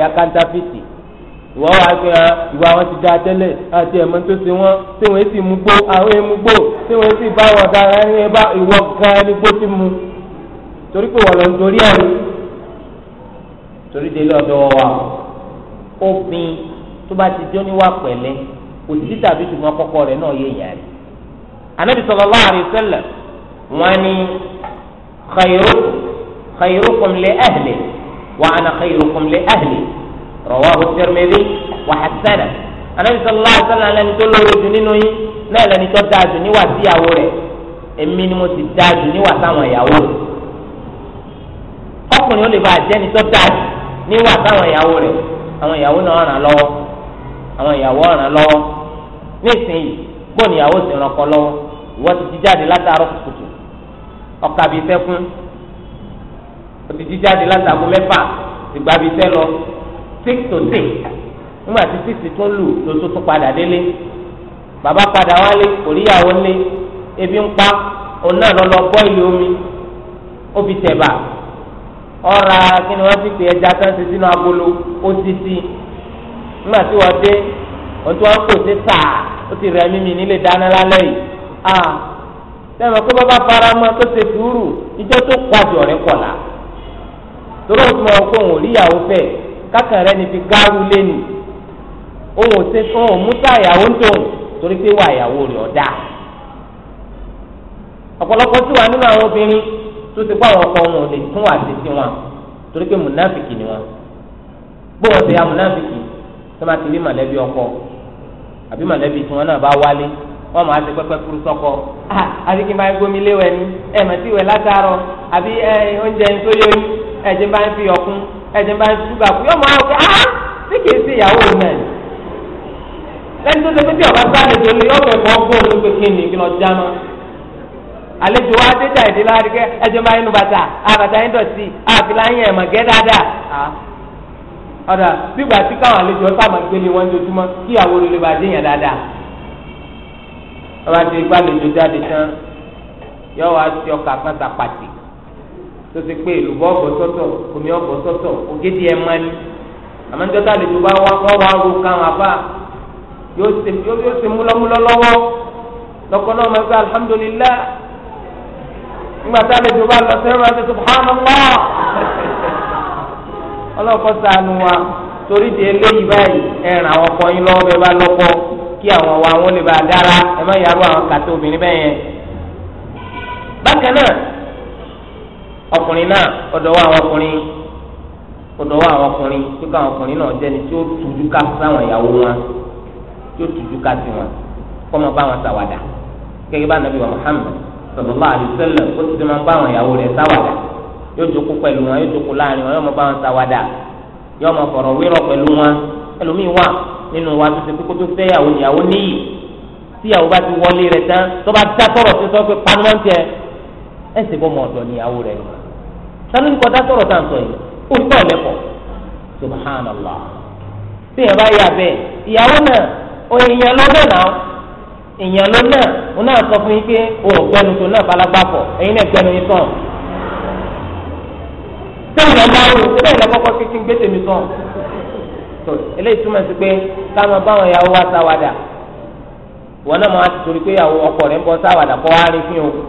ìwọ wa pé ah, ìwọ àwọn ti da tẹ́lẹ̀ àti ẹ̀mọ́ tó ṣe wọ́n tí wọ́n sì mú gbó àwọn èèmú gbó tí wọ́n sì bá wọn dára ẹni bá ìwọ gan ẹni gbó ti mu torí pé wọ́n lọ ń torí ẹ̀rí torí délé ọ̀dọ́ wa obìn tó bá ti jó níwà pẹ̀lẹ́ òtítí tàbí ṣùgbọ́n kọ́kọ́ rẹ̀ náà yé èèyàn rẹ̀ anabi sallallahu alaihi wasallam wọ́n ní khayrukum khayrukum li ahli wa ana khayrukum li rawahu Tirmidhi wa hasana anabi sallallahu alaihi wasallam lẹni tó lóore jù nínú yín náà lẹni tó dáa jù níwà síyàwó rẹ̀ èmi ni mo sì dáa jù níwà sáwọn ìyàwó rẹ̀ ọkùnrin ó lè bá àjẹni tó dáa jù níwà sáwọn ìyàwó rẹ̀ àwọn ìyàwó náà ràn lọ́wọ́ àwọn ìyàwó ràn lọ́wọ́ nísìnyí bóun ìyàwó sì ràn kọ́ lọ́wọ́ ìwọ ti jíjáde látàárọ̀ kùtù ọkà bíi fẹ́ fún o ti jíjáde látàgọ́ six to six nígbà tí six tó lù tó tó tó padà délé bàbá padà wálé kò rí ìyàwó lé ebi ń pa òun náà lọ lọ bọ́ìlì omi ó fi tẹ̀ bà ọ̀ra kí ni wọ́n ti pè ẹja tán ti sínú agolo ó ti sí nígbà tí wọ́n dé wọ́n ti wọ́n kò sí sáà ó ti rẹ̀ mímì nílé dáná lálẹ́ yìí a sẹ́wọ̀n kó bàbá fara mọ́ tó ṣe sùúrù ìjọ tó kọ́ àjọ rẹ̀ kọ̀ la torí òun ti mọ̀ ọ́ kó òun rí fẹ́ẹ́. kákàrẹ́ ni fi gárú lẹ́nu òun ò ṣe fún òun mútà ìyàwó ń tòun torí pé wà ìyàwó rẹ̀ ọ̀dà ọ̀pọ̀lọpọ̀ tí wà nínú àwọn obìnrin tó ti ọkọ wọn ò lè tún àtẹ̀sí wọn torí pé mùnáfìkì ni wọn gbọ́dọ̀ ya mùnáfìkì tó máa ti rí màlẹ́bí ọkọ àbí màlẹ́bí tí wọn náà bá wálé wọn máa sọkọ ah, kí n bá ń ni mà ti látàárọ̀ àbí oúnjẹ ń tó ẹ̀jẹ̀ máa ń ṣúgà kú yọ máa wọ pé ah bí kìí ṣe ìyàwó náà lẹ́ni tó ṣe pé tí ọba sáré tó ní yọ̀ọ̀fẹ́ kọ́ fún òun pé kí ni kí lọ já mọ́ àlejò wa déjà èdè láti kẹ́ ẹ̀jẹ̀ máa ń nu bàtà àbàtà yín dọ̀tí àfìlà yín ẹ̀mọ̀ gẹ́ dáadáa ọ̀dà bígbà tí káwọn àlejò ọ̀sà máa gbélé wọn jojúmọ́ kí ìyàwó rẹ̀ lè bàjẹ́ yẹn dáadáa ọba ti gbàlejò jáde tán yọ wá sí ọkà kan sàpàtì tó ti pé ìlúbọ̀ ọ̀bọ̀ sọ́tọ̀ omi ọ̀bọ̀ sọ́tọ̀ ògidì ẹ̀ máa ní àmọ́jọ́tà lè tó bá wá kọ́ wá ro káwọn afá yóò ṣe múlọ́múlọ́ lọ́wọ́ lọ́kọ́ náà máa ń sọ alhamdulillah nígbà tá a lè tó bá lọ sẹ́wọ́n máa ń sọ subhanallah ọlọ́kọ́ sànù wa torí di eléyìí báyìí ẹ̀ràn àwọn ọkọ yín lọ́wọ́ bẹ́ẹ̀ bá lọ́kọ́ kí àwọn wa wọn lè bá a dára ẹ má yàrá àwọn kàtó obìnrin bẹ́ẹ̀ yẹn. bákan náà ọkùnrin náà ọ̀dọ̀ wa àwọn ọkùnrin ọ̀dọ̀ wa àwọn ọkùnrin kíkọ àwọn ọkùnrin náà jẹni tí ó tuju ká sáwọn ìyàwó wọn tí ó tuju ká sí wọn kọ́ máa bá wọn ṣàwàdà gẹ́gẹ́ bá nàbí wa Muhammad sallallahu alaihi wasallam ó ti ti máa bá àwọn ìyàwó rẹ̀ ṣàwàdà yóò jókòó pẹ̀lú wọn yóò jókòó láàrin wọn yóò máa bá wọn ṣàwàdà yóò máa fọ̀rọ̀ wérọ̀ pẹ̀lú wọn ẹlòmíín wà nínú wa tó ti kókó tó fẹ́ ìyàwó níyì tíyàwó bá ti wọlé rẹ̀ tán tó bá dá tọ̀rọ̀ tó sọ pé panumọ́ntì ẹ ẹ̀ ṣe bọ́ mọ̀ ọ̀dọ̀ níyàwó rẹ̀ nù sanu nìkan dá sọ̀rọ̀ sáà sọ yìí ó ń tọ̀ lẹ́kọ̀ọ́ subhanallah tí ya bá yà bẹ́ẹ̀ ìyàwó náà èèyàn na bẹ́ẹ̀ náà èèyàn lọ náà òun náà sọ o ò gbẹnu tó náà balagba pọ̀ ẹ̀yin náà gbẹnu yín tán sẹ́yìn náà máa wò sẹ́yìn náà kọ́kọ́ kékeré gbé tèmi tán tó eléyìí túmọ̀ sí pé táwọn báwọn ìyàwó wa sáwàdà wọn náà ti torí pé ọkọ rẹ̀ ń bọ́ sáwàdà kọ́ wá rí fún yòókù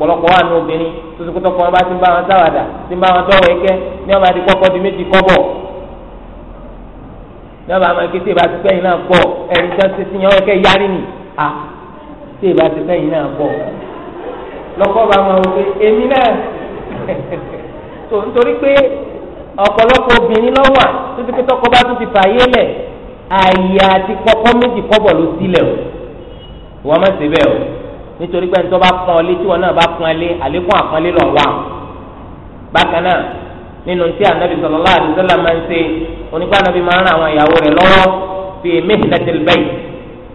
ọ̀pọ̀lọpọ̀ wà ní obìnrin tó ti kótó kan bá ti ń bá wọn sáwàdà ti ń bá wọn dọ́wọ̀ ẹ̀kẹ́ ní ọba àti kọ́kọ́ di méjì kọ́bọ̀ ní ọba àmọ́ kí tèbá ti fẹ́yìn náà pọ̀ ẹ̀rí tí wọ́n ti ti yan ẹ̀kẹ́ yarí nì à tèbá ti fẹ́yìn náà pọ̀ lọ́kọ́ bá wọn wọ pé èmi náà tó nítorí pé ọ̀pọ̀lọpọ̀ obìnrin lọ́wọ́ tó ti kótó kan bá tún ti fààyè lẹ̀ àyè àti kọ́kọ́ méjì kọ́bọ̀ ló sílẹ̀ o wọ́n má ṣe bẹ́ẹ̀ o nítorí pé nítorí bá pọn ọlé tí wọn náà bá pọn ẹlé àlékún àpọnlé lọ wà bákan náà nínú tí anabi sallallahu alaihi wasallam máa ń ṣe onípa anabi máa ń ran àwọn ìyàwó rẹ̀ lọ́wọ́ fi mihnatil bayt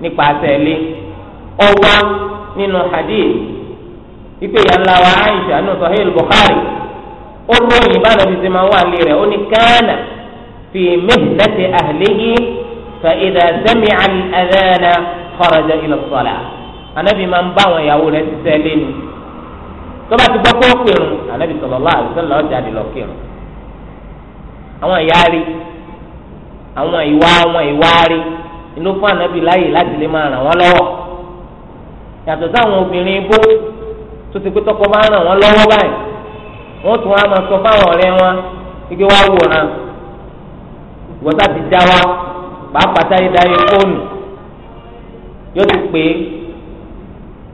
nípa àṣẹ ẹlé ọwá nínú hadith ipe ìyá ńlá wa Aisha nínú Sahih al-Bukhari ó lóyìn bá anabi ṣe máa wà lé rẹ̀ ó ní kánà fi mihnati ahlihi fa idha sami'a al anabi máa ń bá àwọn ìyàwó rẹ ṣiṣẹ́ lé ni ti gbọ́ pé ó anabi lọ kírun àwọn àwọn ìwà àwọn inú fún anabi láàyè láti lè máa ràn sáwọn obìnrin bó tó ti pé tọkọ bá ràn wọ́n lọ́wọ́ báyìí wọ́n tún wá máa sọ fáwọn ọ̀rẹ́ wọn ike wá wòran ti já wa pàápàá táyé dáyé fóònù yóò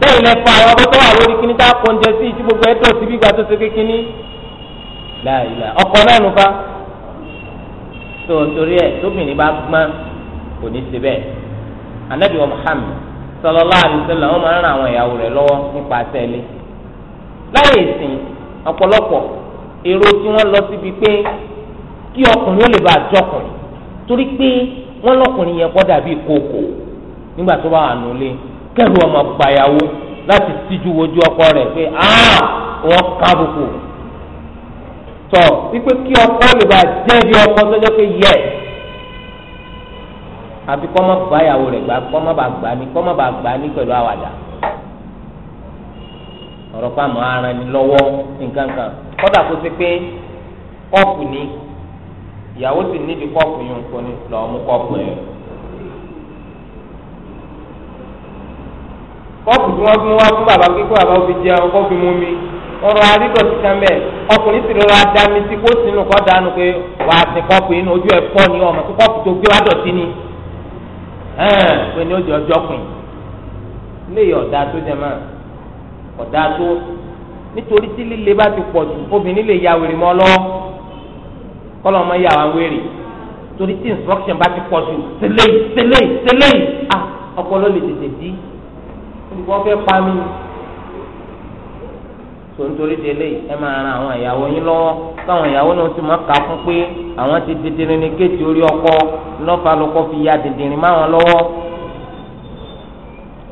bẹ́ẹ̀ lẹ fa àwọn ọkọ tó wà lórí kíní tá a kọ́ oúnjẹ sí ìtí gbogbo ẹ̀ tó sí bí ìgbà tó ṣe kékeré láìla ọkọ náà nù fa tó torí ẹ tóbìnrin bá gbọ́n kò ní ṣe bẹ́ẹ̀ anabi wa Muhammad sallallahu alaihi wasallam wọn máa ń ran àwọn ìyàwó rẹ lọ́wọ́ nípa sẹẹlẹ láyé ìsìn ọ̀pọ̀lọpọ̀ èrò tí wọ́n lọ síbi pé kí ọkùnrin ó lè bá àjọkùnrin torí pé wọ́n lọkùnrin yẹn kọ́ dàbí kòkò nígbà tó bá wà nulẹ̀ kẹrù ọmọ gbàyàwó láti tíjú wojú ọkọ rẹ̀ pé ah, wọn kábùkù tọ wípé kí ọkọ lè bá jẹ́bi ọkọ tó jẹ́ pé yẹ àfi kọ́mọ gbàyàwó rẹ̀ gbà kọ́mọ bá gbà mí kọ́mọ bá gbà mí pẹ̀lú àwàdà ọ̀rọ̀ pa àmọ́ ara ni lọ́wọ́ nǹkan kan kọ́dà kó ṣe pé kọ́ọ̀pù ni ìyàwó sì níbi kọ́ọ̀pù yìí ń kọ́ni lọ́ọ́ mú kọ́ọ̀pù yẹn. kọ́ọ̀pù tí wọ́n fún wá fún bàbá kíkọ́ bàbá ó fi jẹun kó fi mú mi ọrọ̀ arígbọ̀ ti tán bẹ́ẹ̀ ọkùnrin sì rọra da mi sí kó sínú kọ́ dànù pé wà á sin kọ́ọ̀pù inú ojú ẹ̀ pọ́ ni ọmọ tó kọ́ọ̀pù tó gbé wá dọ̀tí ni pé ní ojú ọjọ́ kùn léyìí ọ̀dà tó jẹ máa ọ̀dà tó nítorí tí líle bá ti pọ̀ jù obìnrin lè ya wèrè mọ́ lọ́wọ́ kọ́lọ́ ọmọ yà wá wèrè torí tí instruction bá ti pọ̀ jù tẹ́lẹ̀ tẹ́lẹ̀ tẹ́lẹ̀ ah ọpọlọ lè tètè dí wọ́n fẹ́ pa mí tó ń torí délé ẹ máa ran àwọn ìyàwó yín lọ́wọ́ táwọn ìyàwó náà sì máa kà fún pé àwọn ti dìndìnrín ní kéètì orí ọkọ lọ́fà lọ́kọ́ fi ya dìndìnrín wọn lọ́wọ́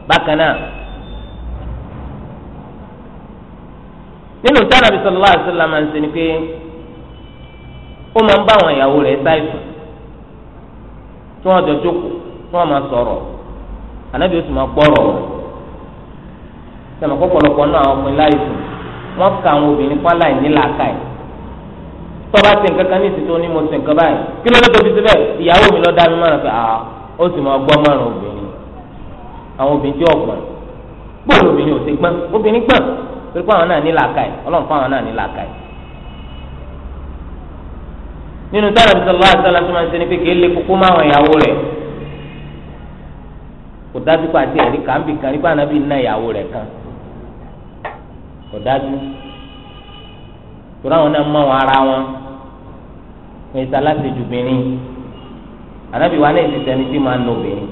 bákan náà nínú tánà bí sallallahu alaihi máa ń ni pé ó máa ń bá àwọn ìyàwó rẹ̀ sáìfù tí wọ́n jọ jókòó tí wọ́n máa sọmọ kọpọlọpọ náà àwọn ọkùnrin láì sùn wọn ka àwọn obìnrin pa láì ní làákà yìí tọ́ba ti nǹkan kan ní ìsìn tó ní mo ti nǹkan báyìí kí ló dé tó fi síbẹ̀ ìyàwó mi lọ́ọ́ dá mi mọ̀ràn pé àá ó sì máa gbọ́ mọ̀ràn obìnrin àwọn obìnrin tí ọ̀gbọ́n gbọ́dọ̀ obìnrin ò sí gbọ́n obìnrin gbọ́n torí pé àwọn náà ní làákà yìí ọlọ́run fún àwọn náà ní làákà yìí. nínú táwọn àbísọ̀ lọ́wọ́ àti tó máa ń ṣe ni pé kì í lè kókó máwọn ìyàwó rẹ̀ kò dájú pé àti ẹ̀rí kàńbì kan nípa ànábì ná ìyàwó rẹ̀ kan ọ̀dájú torí àwọn náà mọ àwọn ara wọn wọn ìta láti ju obìnrin ànábì wa náà ti sẹni tí máa ń lo obìnrin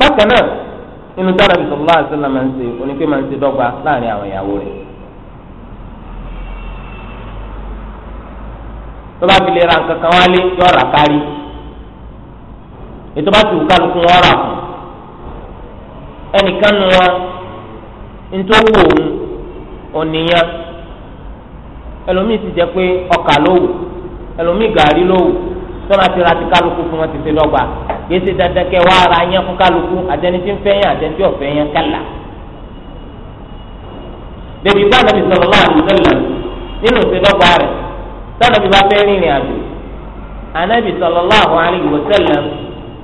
bákan náà nínú tí ànábì sallallahu alaihi wasallam máa ń ṣe onípé máa ń ṣe dọ́gba láàrin àwọn ìyàwó rẹ̀ tó bá fi lè ra nǹkan kan wálé yọ ọ̀rà kárí ètò bá ti wù kálukú wọn rà fún ẹnìkan nu wọn. nítorí òun ònìyàn ẹlòmíì ti jẹ pé ọkà ló wù ẹlòmíì gàrí ló wù tọ́lá ti ra ti kálukú fún wọn ti fi lọ́gbà gbèsè dandan kẹ wá ara yẹn fún kálukú àtẹni tí ń fẹ́ yẹn àtẹni tí ọ̀fẹ́ yẹn kálá. bèbí bá nàbì sọ̀rọ̀ láàrin ìṣẹ̀lẹ̀ nínú ìṣẹ̀lọ́gbà rẹ̀ tọ́lá bí bá fẹ́ rìnrìn àjò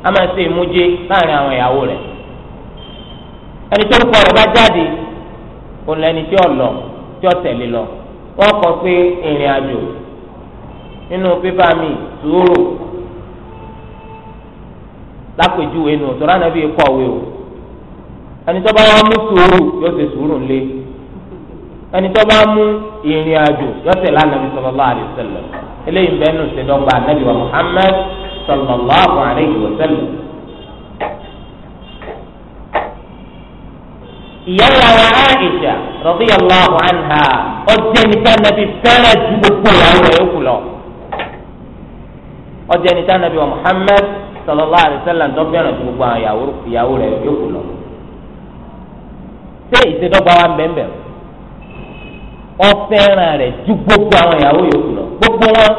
máa ṣe ìmújẹ láàrin àwọn òun lẹni tí ó lọ tí ó tẹ̀lé lọ wọ́n kọ pé ìrìn àjò nínú pépà mi sùúrù lápèjúwe nù tó rán nàbí kọ̀wé o ẹni tó bá wá mú sùúrù yóò ṣe sùúrù ńlẹ̀ ẹni tó bá mú ìrìn àjò yóò tẹ̀lé ànábi sallallahu alaihi wasallam eléyìí ń bẹ́ẹ̀ nù ṣe dọ́gba ànábi wa Muhammad sallallahu alaihi wasallam. ìyàwó àwọn Aisha radiyallahu anha ọjọ́ níta nàbí fẹ́rẹ̀ ju gbogbo ìyàwó rẹ̀ yókù lọ. ọjọ́ níta nàbí wa Muhammad sallallahu alayhi wa sallam tó fẹ́ràn ju gbogbo àwọn ìyàwó rẹ̀ yókù lọ. ṣé ìṣèdọ́gba wa ń bẹ̀ẹ̀ ọfẹ́ràn rẹ̀ ju gbogbo àwọn ìyàwó yòókù lọ gbogbo wọn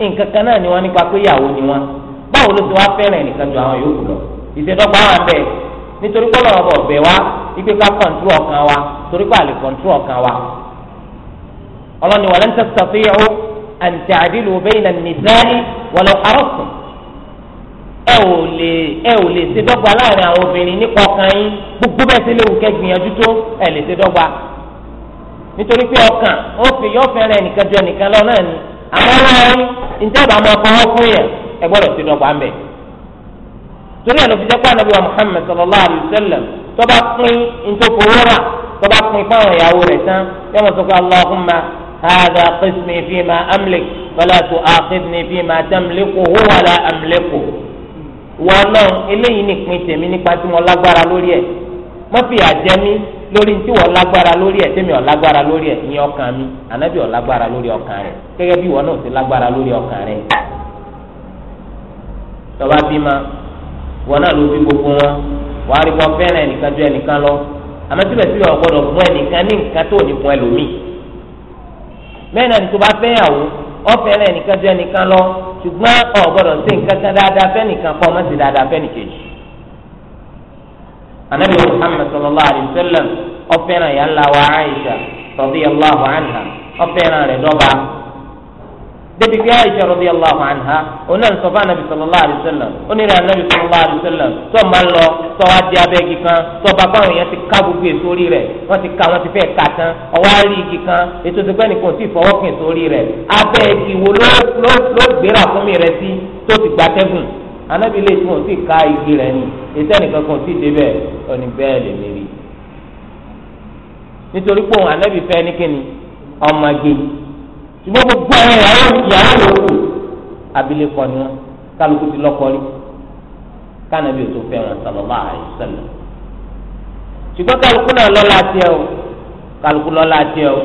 nǹkan kan náà ni wọn nípa pé ìyàwó ni wọn báwo ló ti wá fẹ́ràn ẹnìkan ju àwọn yòókù ipe ká kọ̀ǹtú ọkàn wa torí pé àlè kọ̀ǹtú ọkàn wa. ọlọ́ni wọlé ń tẹ̀sítọ́fẹ́ yẹ̀wò àǹtí àdìlù bẹ́yìn náà nìdáyé wọlé ọ̀rọ̀sùn. ẹ ò lè ẹ ò lè ṣe dọ́gba láàrin àwọn obìnrin nípa ọkàn yín gbogbo bẹ́ẹ̀ sí léwu kẹgbìyànjú tó ẹ lè ṣe dọ́gba. nítorí pé ọkàn ó fi yọ fẹ́rẹ̀ ẹnìkan jọ nìkan lọ náà ni àmọ́ láàrin ìjọba máa fọwọ́ fún yẹn ẹ gbọ́dọ̀ ṣe dọ́gba mẹ́. torí ẹ̀ ló fi jẹ́ pé ànábì wa sallallahu alayhi wa sallam tọ́ba pín ntòkòwò rà tọ́ba pín fáwọn ìyàwó rẹ̀ tán yóò mọ̀ sọ́kọ́ aláhùnmá hàdà qismi fíìmà amlik wàlá tó àkìdìní fíìmà tamliku huwa la amliku. wọ́n náà eléyìí nìpín tèmi nípa tí mo lágbára lórí ẹ̀ má fi àjẹ mi lórí tí wọ́n lágbára lórí ẹ̀ tèmi ò lágbára lórí ẹ̀ ìyẹn ọkàn mi ànábì ò lágbára lórí ọkàn rẹ̀ gẹ́gẹ́ bí wọ́n náà ti lágbára lórí ọkàn rẹ̀. tọ́ba bímọ wọ́n náà ló bí gbogbo wọn wàá rí wọn fẹ́ràn ẹnìkan ju ẹnìkan lọ àmọ́ síbẹ̀síbẹ̀ ọ̀gbọ́dọ̀ fún ẹnìkan ní nǹkan tó ní fún ẹlòmíì bẹ́ẹ̀ náà ní tó bá fẹ́yàwó ọ̀fẹ́ràn ẹnìkan ju ẹnìkan lọ ṣùgbọ́n ọ̀gbọ́dọ̀ sí nǹkan kan dáadáa fẹ́nìkan kọ́ ọmọ sí dáadáa fẹ́nìkejì anabi muhammed sallallahu alayhi wa sallam ọ̀fẹ́ràn yàrá wa aisha radiyallahu anha ọ̀fẹ́ràn rẹ̀ dọ́ba débi pé Aisha radiyallahu anha oní ẹ̀ anabi sallallahu alayhi wa sallam onírẹ̀ anabi sallallahu alayhi wa sallam ma máa lọ tó di abẹ́ igi kan ti ka gbogbo èso orí rẹ̀ wọ́n ti ká ti fe ká tán ọwọ́ á rí igi kan ètò ìsìnkú ẹnìkan sì fọwọ́ kìn èso fún mi ti anabi ka igi ni kan anabi ni ṣùgbọ́n gbogbo àwọn ìyàwó ìyàwó yòókù abilékọ ni wọn kálukú ti lọ́kọ rí kánàbí òtún fẹ́ wọn sallallahu alaihi wasallam ṣùgbọ́n kálukú náà lọ́la tiẹ̀ o kálukú lọ́la tiẹ̀ o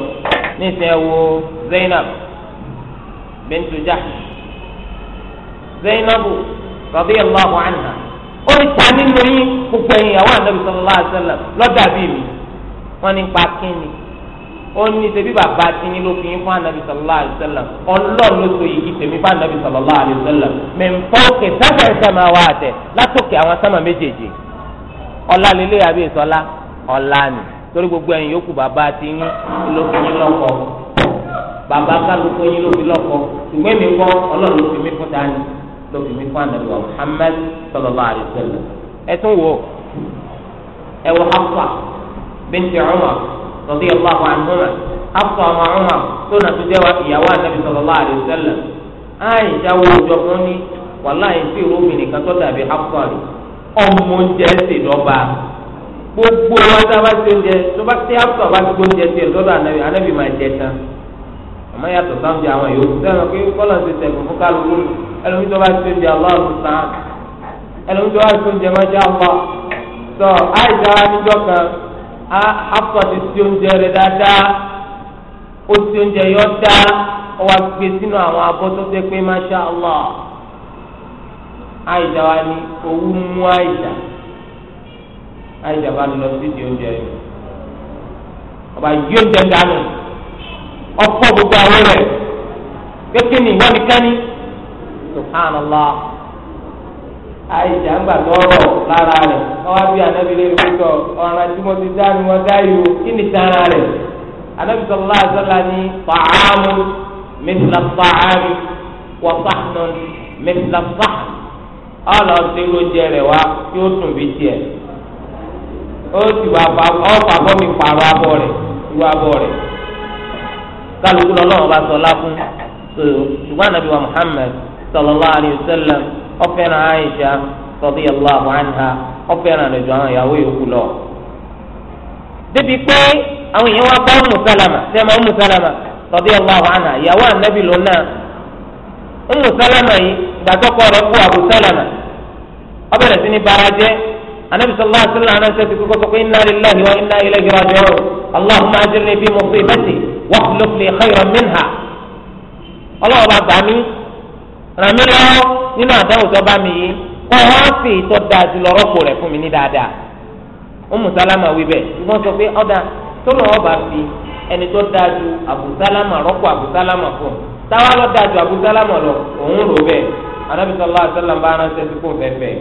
ní ìsìn ẹ̀ wo Zainab bintu Jahsh Zainabu radiyallahu anha ó ní ta nínú yín gbogbo ẹ̀yìn ìyàwó ànábì sallallahu alaihi wasallam lọ́dà bíi mi wọ́n ní pa kí ó ní ṣebí bàbá tiyín ló fi yín fún anabi sallallahu alayhi wa sallam ọlọ́run ló so yìí tèmi fún anabi sallallahu alayhi wa sallam mẹ́nfọ́ọ̀kẹ́ sábà sábà wà tẹ̀ látòkè àwọn sábà méjèèjì ọlá ni torí gbogbo ẹ̀yin yòókù bàbá tiyín ló fi yín lọ́kọ bàbá yín fi kọ́ ló fi mí fún fi mí fún anabi wa Muhammad sallallahu alayhi wa sallam ẹ tún ẹ wọ رضي الله عنهما. ọmọ Umar tó nà tó jẹ́ ìyàwó ànábì sallallahu alaihi wasallam Àìṣà wo òjò fún ni wàláhì sí ìrúbìnrin kan tó dàbí Hafsa rẹ̀ ọmọ oúnjẹ ṣe dọ́gba gbogbo wọn tá a bá ṣe oúnjẹ tó bá ṣe Hafsa bá ti gbóúnjẹ ṣe lọ́dọ̀ ànábì ànábì máa jẹ tán àmọ́ yàtọ̀ sáńdì àwọn yòókù sẹ́wọ̀n pé kọ́lọ̀ ti tẹ̀gùn fún kálukú ẹlòmí tó bá ti oúnjẹ aláàbò sàn ẹlòmí tó bá ti oúnjẹ máa jẹ́ àpá sọ àìsàn níjọ́ kan a afọ ti sí oúnjẹ rẹ̀ dáadáa ó sí oúnjẹ yọ dá ó wá gbé sínú àwọn masha allah àìjà wa ni owó mú àìjà bá lọ sí di oúnjẹ ọba yí oúnjẹ dànù gbogbo àwọn rẹ̀ kékeré ni ìwọ nìkan ni àìsàn àgbà tọrọ lára rẹ̀ ọwọ́ bí anabi lè rí ọ̀ràn tí mo ti dá ni wọ́n dá yìí o kí ni tara rẹ̀ mẹsìlá mẹsìlá ọlọ tí ló rẹ̀ wá tí ó dùn bí tiẹ̀ ó sì wá mi pààrọ̀ rẹ̀ rẹ̀ kálukú lọ́lọ́wọ́ bá ṣùgbọ́n Muhammad ọ̀fẹ́ràn Aisha radiyallahu anha ọ̀fẹ́ràn rẹ̀ ju àwọn ìyàwó yòókù lọ. débi pé àwọn èèyàn wá bá Ummu Salama sẹ́mi Ummu Salama radiyallahu anha ìyàwó ànábì ló náà Ummu Salama yìí ìgbàtọ́kọ rẹ̀ kú Abu Salama ọbẹ̀rẹ̀ sí ní barajẹ́ anabi sallallahu alaihi li gbà mí ràn mí lọ́wọ́ nínú àdáwò tó bá mi yìí kọ́ wá fi ìtọ́ da ju lọ rọ́pò rẹ̀ fún mi ní dáadáa Ummu Salama wí bẹ́ẹ̀ ṣùgbọ́n sọ pé ọ̀dà tó lọ́wọ́ bá fi ẹni tó da ju Abu rọ́pò Abu fún táwa lọ́ da ju Abu lọ òun rò bẹ́ẹ̀ anabi sallallahu alaihi bá ránṣẹ́ sí kó fẹ́fẹ́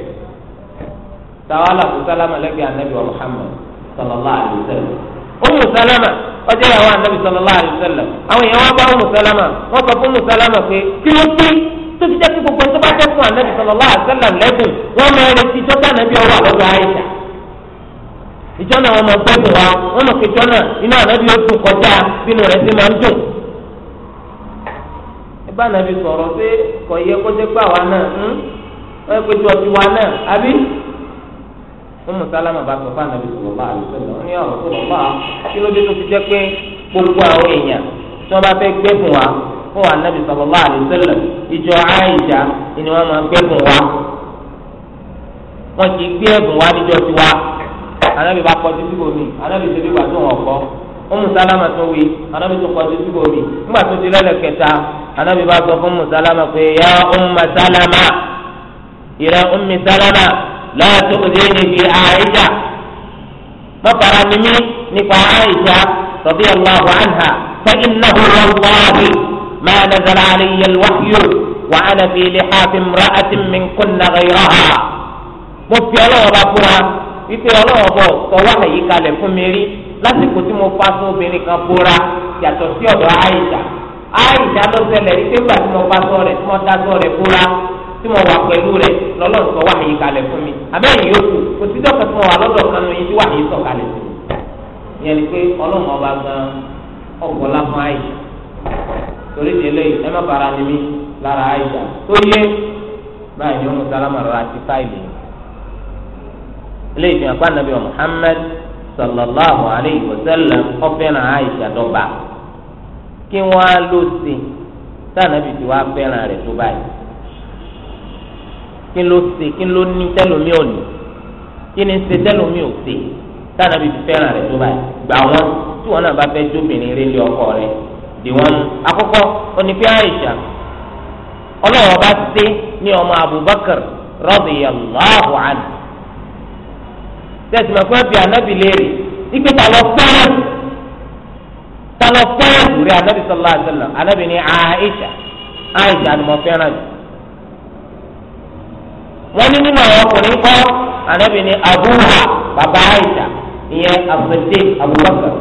táwa lọ́ Abu Salama anabi wa Muhammad sallallahu alaihi wasallam Ummu ọjọ́ ìyàwó wá bá Ummu tó fi jẹ́ pé gbogbo tó bá jẹ́ fún anabi sallallahu alaihi wasallam lẹ́bùn wọ́n máa ń retí ìjọ́ta anabi ọwọ́ àlọ́dọ̀ àyíṣà ìjọ náà wọn máa gbẹ́bùn wa wọn náà anabi yóò kọjá bínú sí anabi sọ̀rọ̀ pé kò yẹ kó jẹ́ pé àwa náà wọ́n hmm? wa náà àbí. wọ́n mú sálámà bá sọ fún anabi ní ọ̀rọ̀ fún anabi sallallahu alayhi wa ìjọ àìjà ni wọ́n máa gbẹ́bùn wa wọ́n kì í tiwa anabi bá kọjú síbò anabi ṣe bí wàá tó wọn kọ́ tó wí anabi tó kọjú síbò mi nígbà tó ti lẹ́lẹ̀ kẹta anabi bá sọ fún pé ya ọmọ ìrẹ ọmọ sálámà òde níbi àìjà mọ́tara ni nípa àìjà ما نزل علي الوحي وأنا في لحاف امرأة من كن غيرها mo fi ọlọ́wọ́ bá búra wípé ọlọ́wọ́ bọ̀ sọ fún mi lásìkò tí mo fa sọ obìnrin kan búra yàtọ̀ sí ọ̀dọ̀ àìsà àìsà ló ṣẹlẹ̀ wípé gbà tí mo fa sọ rẹ̀ tí mo dá sọ fún mi abẹ́yìn yòókù kò sí dọ́kẹ́ tí mo wà lọ́dọ̀ kan tí torí délé ẹ má bàrà ni mí lára àyà tó yé báyìí ni ọmọ sálámà rà ti fáìlì yìí ilé ìfihàn pa nàbí Muhammad sallallahu alayhi wa sallam ọfẹ́ràn Aisha dọ́gba kí wọ́n á lò sí sànàbí tí wọ́n á fẹ́ràn rẹ̀ tó báyìí kí ló ṣe kí ló ní tẹ́lómi ò ní kí ni ṣe tẹ́lómi ò ṣe sànàbí tí fẹ́ràn rẹ̀ tó báyìí gbà wọ́n tí wọ́n náà bá fẹ́ jóbìnrin rẹ̀ lé ọkọ rẹ̀ ìwọ́n àkọ́kọ́ onípe Aisha ọlọ́wọ́ bá ṣe ní ọmọ Abubakar radiyallahu anhu tẹ̀sí ma fún ẹbí anabi léèrè ikpe ta lọ fẹ́ràn ta lọ fẹ́ràn lórí anabi sallallahu alaihi wasallam anabi ní Aisha Aisha ni mo fẹ́ràn jù wọ́n ní nínú àwọn ọkùnrin kọ́ anabi ní abuha baba Aisha ìyẹn as Abubakar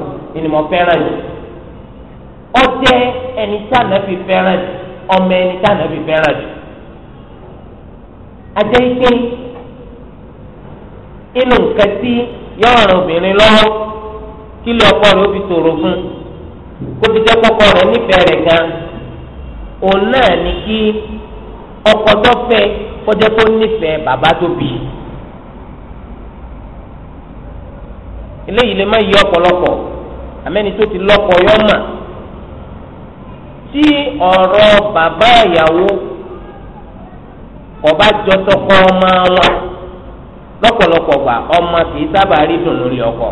ni mo fẹ́ràn jù ọjẹ́ ẹni tí ànábì fẹ́ràn jù ọmọ ẹni tí ànábì fẹ́ràn jù. ajẹ́ ike inú nǹkan tí yọ̀ràn obìnrin lọ́wọ́ kí lè ọkọ rẹ̀ ó fi tòrò fún kó fi jẹ́ kọ́kọ́ rẹ̀ nífẹ̀ẹ́ rẹ̀ gan òun náà ni kí ọkọ tó fẹ́ kọjá kó nífẹ̀ẹ́ bàbá tó bí i. eléyìí lè má yí ọ̀pọ̀lọpọ̀ àmẹ́ni tó ti lọ́kọ yọ mà tí ọ̀rọ̀ bàbá ìyàwó ọba jọ tọkọ ọmọ wọn lọ́pọ̀lọpọ̀ gbà ọmọ kìí sábà rí dùnú lé ọkọ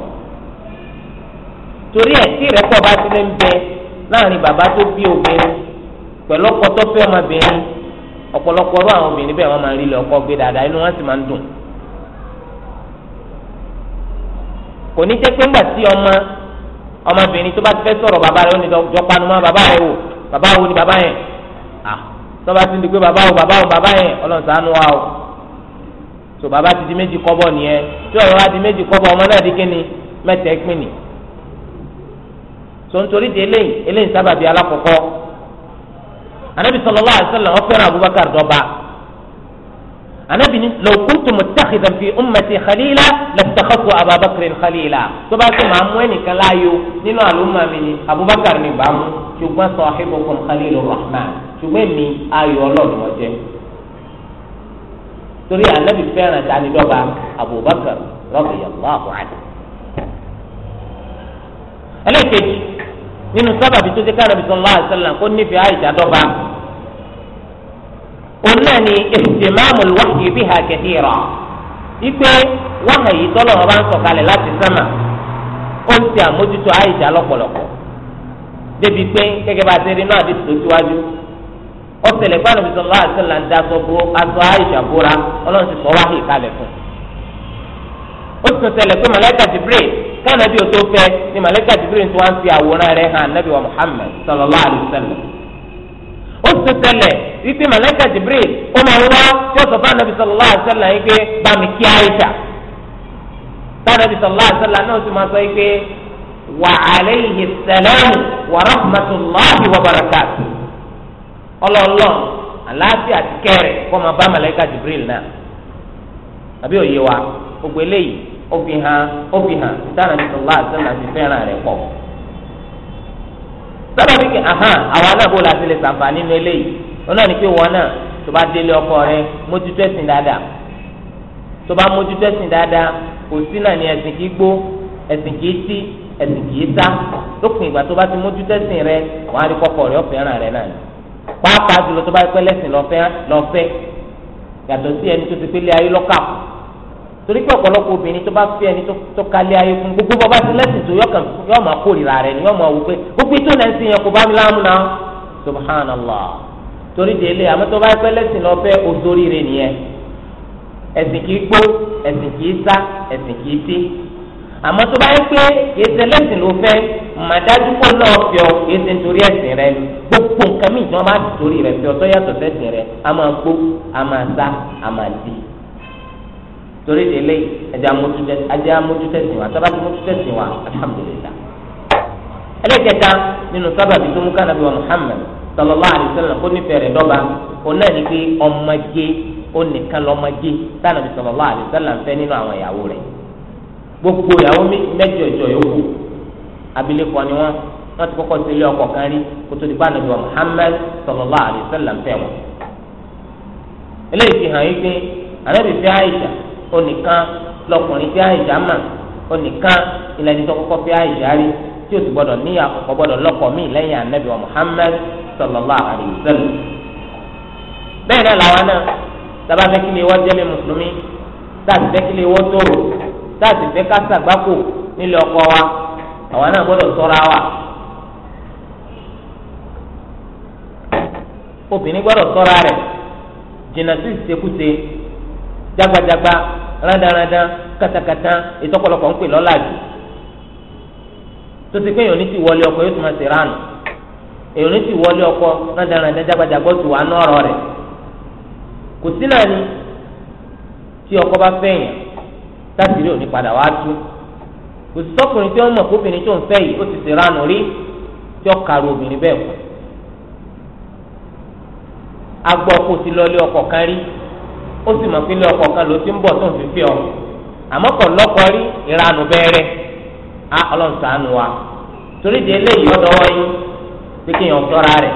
torí ẹ̀ tí ìrẹ́pọ̀ bá ti lé ń bẹ láàrin bàbá tó bí obìnrin pẹ̀lú ọkọ tó fẹ́ ọmọbìnrin ọ̀pọ̀lọpọ̀ ọ̀rọ̀ àwọn obìnrin bẹ́ẹ̀ wọ́n máa ń rí lé ọkọ gbé dáadáa inú wọn sì máa ń dùn kò ní jẹ́ pé ńgbà tí ọmọ ọmọbìnrin tó bá ti fẹ́ sọ̀rọ̀ bàbá rẹ̀ ó ní jọ panu mọ́ bàbá rẹ̀ wò bàbá wo ni bàbá yẹn à ah, tọ́ba ti ń di pé bàbá wo bàbá wo bàbá yẹn ọlọ́run ṣàánú wa o so bàbá ti di méjì kọ́bọ̀ nìyẹn tí ọ̀rọ̀ wa di méjì kọ́bọ̀ ọmọ náà di kíni mẹ́tẹ̀ẹ́ pín ni so nítorí di eléyìí eléyìí sábàbí alákọ̀ọ́kọ́ anabi sallallahu alaihi wasallam ó fẹ́ràn Abubakar dọ́ba anabi ni law kuntu muttakhidan fi ummati khalila lattakhadtu ababakar khalila tó bá tó máa mú ẹnìkan láàyò nínú àlùmọ́ mi ni abubakar ni bá mú ṣùgbọ́n sahibukum khalilu rahman ṣùgbọ́n mi ayò ọlọ́run wọ́n jẹ́ torí anabi fẹ́ràn tani dọ́gba abubakar radiyallahu anhu. ẹlẹ́kẹ̀jì nínú sábàbí tó ti ká anabi sallallahu alaihi wasallam kó nífẹ̀ẹ́ àìsà dọ́gba. onáà ni ihtimamu al-wahyi biha kathira ipe wáhà yìí tọ́lọ̀ wọn bá ń sọ̀kalẹ̀ láti sánmà ó ti àmójútó àyíṣà lọ́pọ̀lọpọ̀ débi pé gẹ́gẹ́ bá ti rí náà àdìsí tó síwájú ó ṣẹlẹ̀ pé Ànábì sallallahu alaihi wasallam ń bó aṣọ bóra ti sọ Jibril tó ni tó wá ń fi àwòrán hàn Muhammad ó sì ṣẹlẹ̀ ibi màláíkà jibril ó máa ń wá tí ó sọ fún anabi sallallahu alaihi wasallam yìí pé bá mi kí náà sì máa sọ yìí pé wa alayhi salamu wa rahmatulahi wa barakatu ọlọ́ọ̀lọ́ aláàfíà ti kẹ́rẹ̀ kó máa bá màláíkà jibril náà àbí òye wa gbogbo eléyìí ó fi hàn ó fi hàn ti fẹ́ràn pọ̀. sábà bí ahàn àwa náà bó la ti lè sàǹfààní nínú eléyìí wọn náà ní pé wọn náà tó bá délé ọkọ rẹ mójútó ẹ̀sìn dáadáa tó bá mójútó ẹ̀sìn dáadáa kò sí náà ní ẹ̀sìn kì í gbó ẹ̀sìn kì í tí ẹ̀sìn kì í lópin ìgbà tó bá ti mójútó ẹ̀sìn rẹ wọn á rí kọkọ rẹ ọ̀fẹ́ràn rẹ náà pàápàá jùlọ tó bá pẹ́ lẹ́sìn lọ́fẹ́ yàtọ̀ sí ẹni tó ti pélé ayé lọ́kàkùn torí pé ọ̀pọ̀lọpọ̀ obìnrin tó bá fẹ́ ẹni tó kálé ayé fún gbogbo bọ́ bá ti lẹ́sìn tó yọkàn yọ máa kórìíra rẹ̀ ni yọ máa wò pé gbogbo ètò lẹ́sìn yẹn kò bá mi láàmú náà subhanallah torí délé àmọ́ tó bá pẹ́ lẹ́sìn lọ fẹ́ òtórí rẹ̀ nìyẹn ẹ̀sìn kìí gbó ẹ̀sìn kìí sá ẹ̀sìn kìí dé àmọ́ tó bá yẹ pé ètò ẹlẹ́sìn ló fẹ́ màdájú kó náà fi ọ ètò ẹ̀sìn rẹ gbogbo nǹkan mìíràn bá torí rẹ fi tó yàtọ̀ sẹ́sìn rẹ a gbó a sá a máa torí délé ajá mójútẹ́sìn wa sábà mójútẹ́sìn wa alhamdulilah. ẹlẹ́kẹta nínú sábàbí tó wa Muhammad sallallahu alayhi kó nífẹ̀ẹ́ rẹ̀ dọ́ba náà ní pé ó nìkan fẹ́ nínú àwọn ìyàwó rẹ̀ gbogbo ìyàwó mẹ́jọ ìjọ abilékọ ni wọ́n wọ́n ti kọ́kọ́ sílé ọkọ kan rí kótó di sallallahu onìkan lọkùnrin fi àìjà mà onìkan ìlànà tó kọ́kọ́ fi àìjà rí tí o sì gbọ́dọ̀ ní àkọ́kọ́ gbọ́dọ̀ lọ́kọ mi lẹ́yìn anabi wa muhammed sallallahu alayhi wa sallam bẹ́ẹ̀ náà làwọn náà sábà fẹ́ kí lè wọ́n jẹ́ mi mùsùlùmí táàtì fẹ́ kí lè wọ́n tóòrò táàtì fẹ́ ká sàgbákò nílé ọkọ wa àwọn náà gbọ́dọ̀ ṣọ́ra wa obìnrin gbọ́dọ̀ ṣọ́ra rẹ̀ jìnnà sí ìṣekúṣe jagbajagba rádaràdá katakata ìtọ́pọ̀lọpọ̀ ń pè lọ́làjú tó ti pé èèyàn ní ti wọlé ọkọ yóò tún máa ṣe ránù èèyàn ní ti wọlé ọkọ rádaràdá jagbajagba ó ti wà ní ọ̀rọ̀ rẹ̀ kò sí náà ni tí ọkọ bá fẹ̀yìn tásìrì òní padà wá tú kò sí sọkùnrin tí wọ́n mọ̀ kóbìnrin tó ń fẹ́ yìí ó ti ṣe ránù rí tí ó kàrò obìnrin bẹ́ẹ̀ kù agbọ́ kò sí lọ́lé ọkọ kan rí ó sì mọ̀ pé ilé ọkọ̀ kan ló ti ń bọ̀ tó ń fi fi ọ àmọ́ kò lọ́kọ rí ìranù bẹ́ẹ̀rẹ̀ á ọlọ́run ṣàánú wa torí di eléyìí ọ̀dọ́wọ́ yín pé kéèyàn ṣọ́ra rẹ̀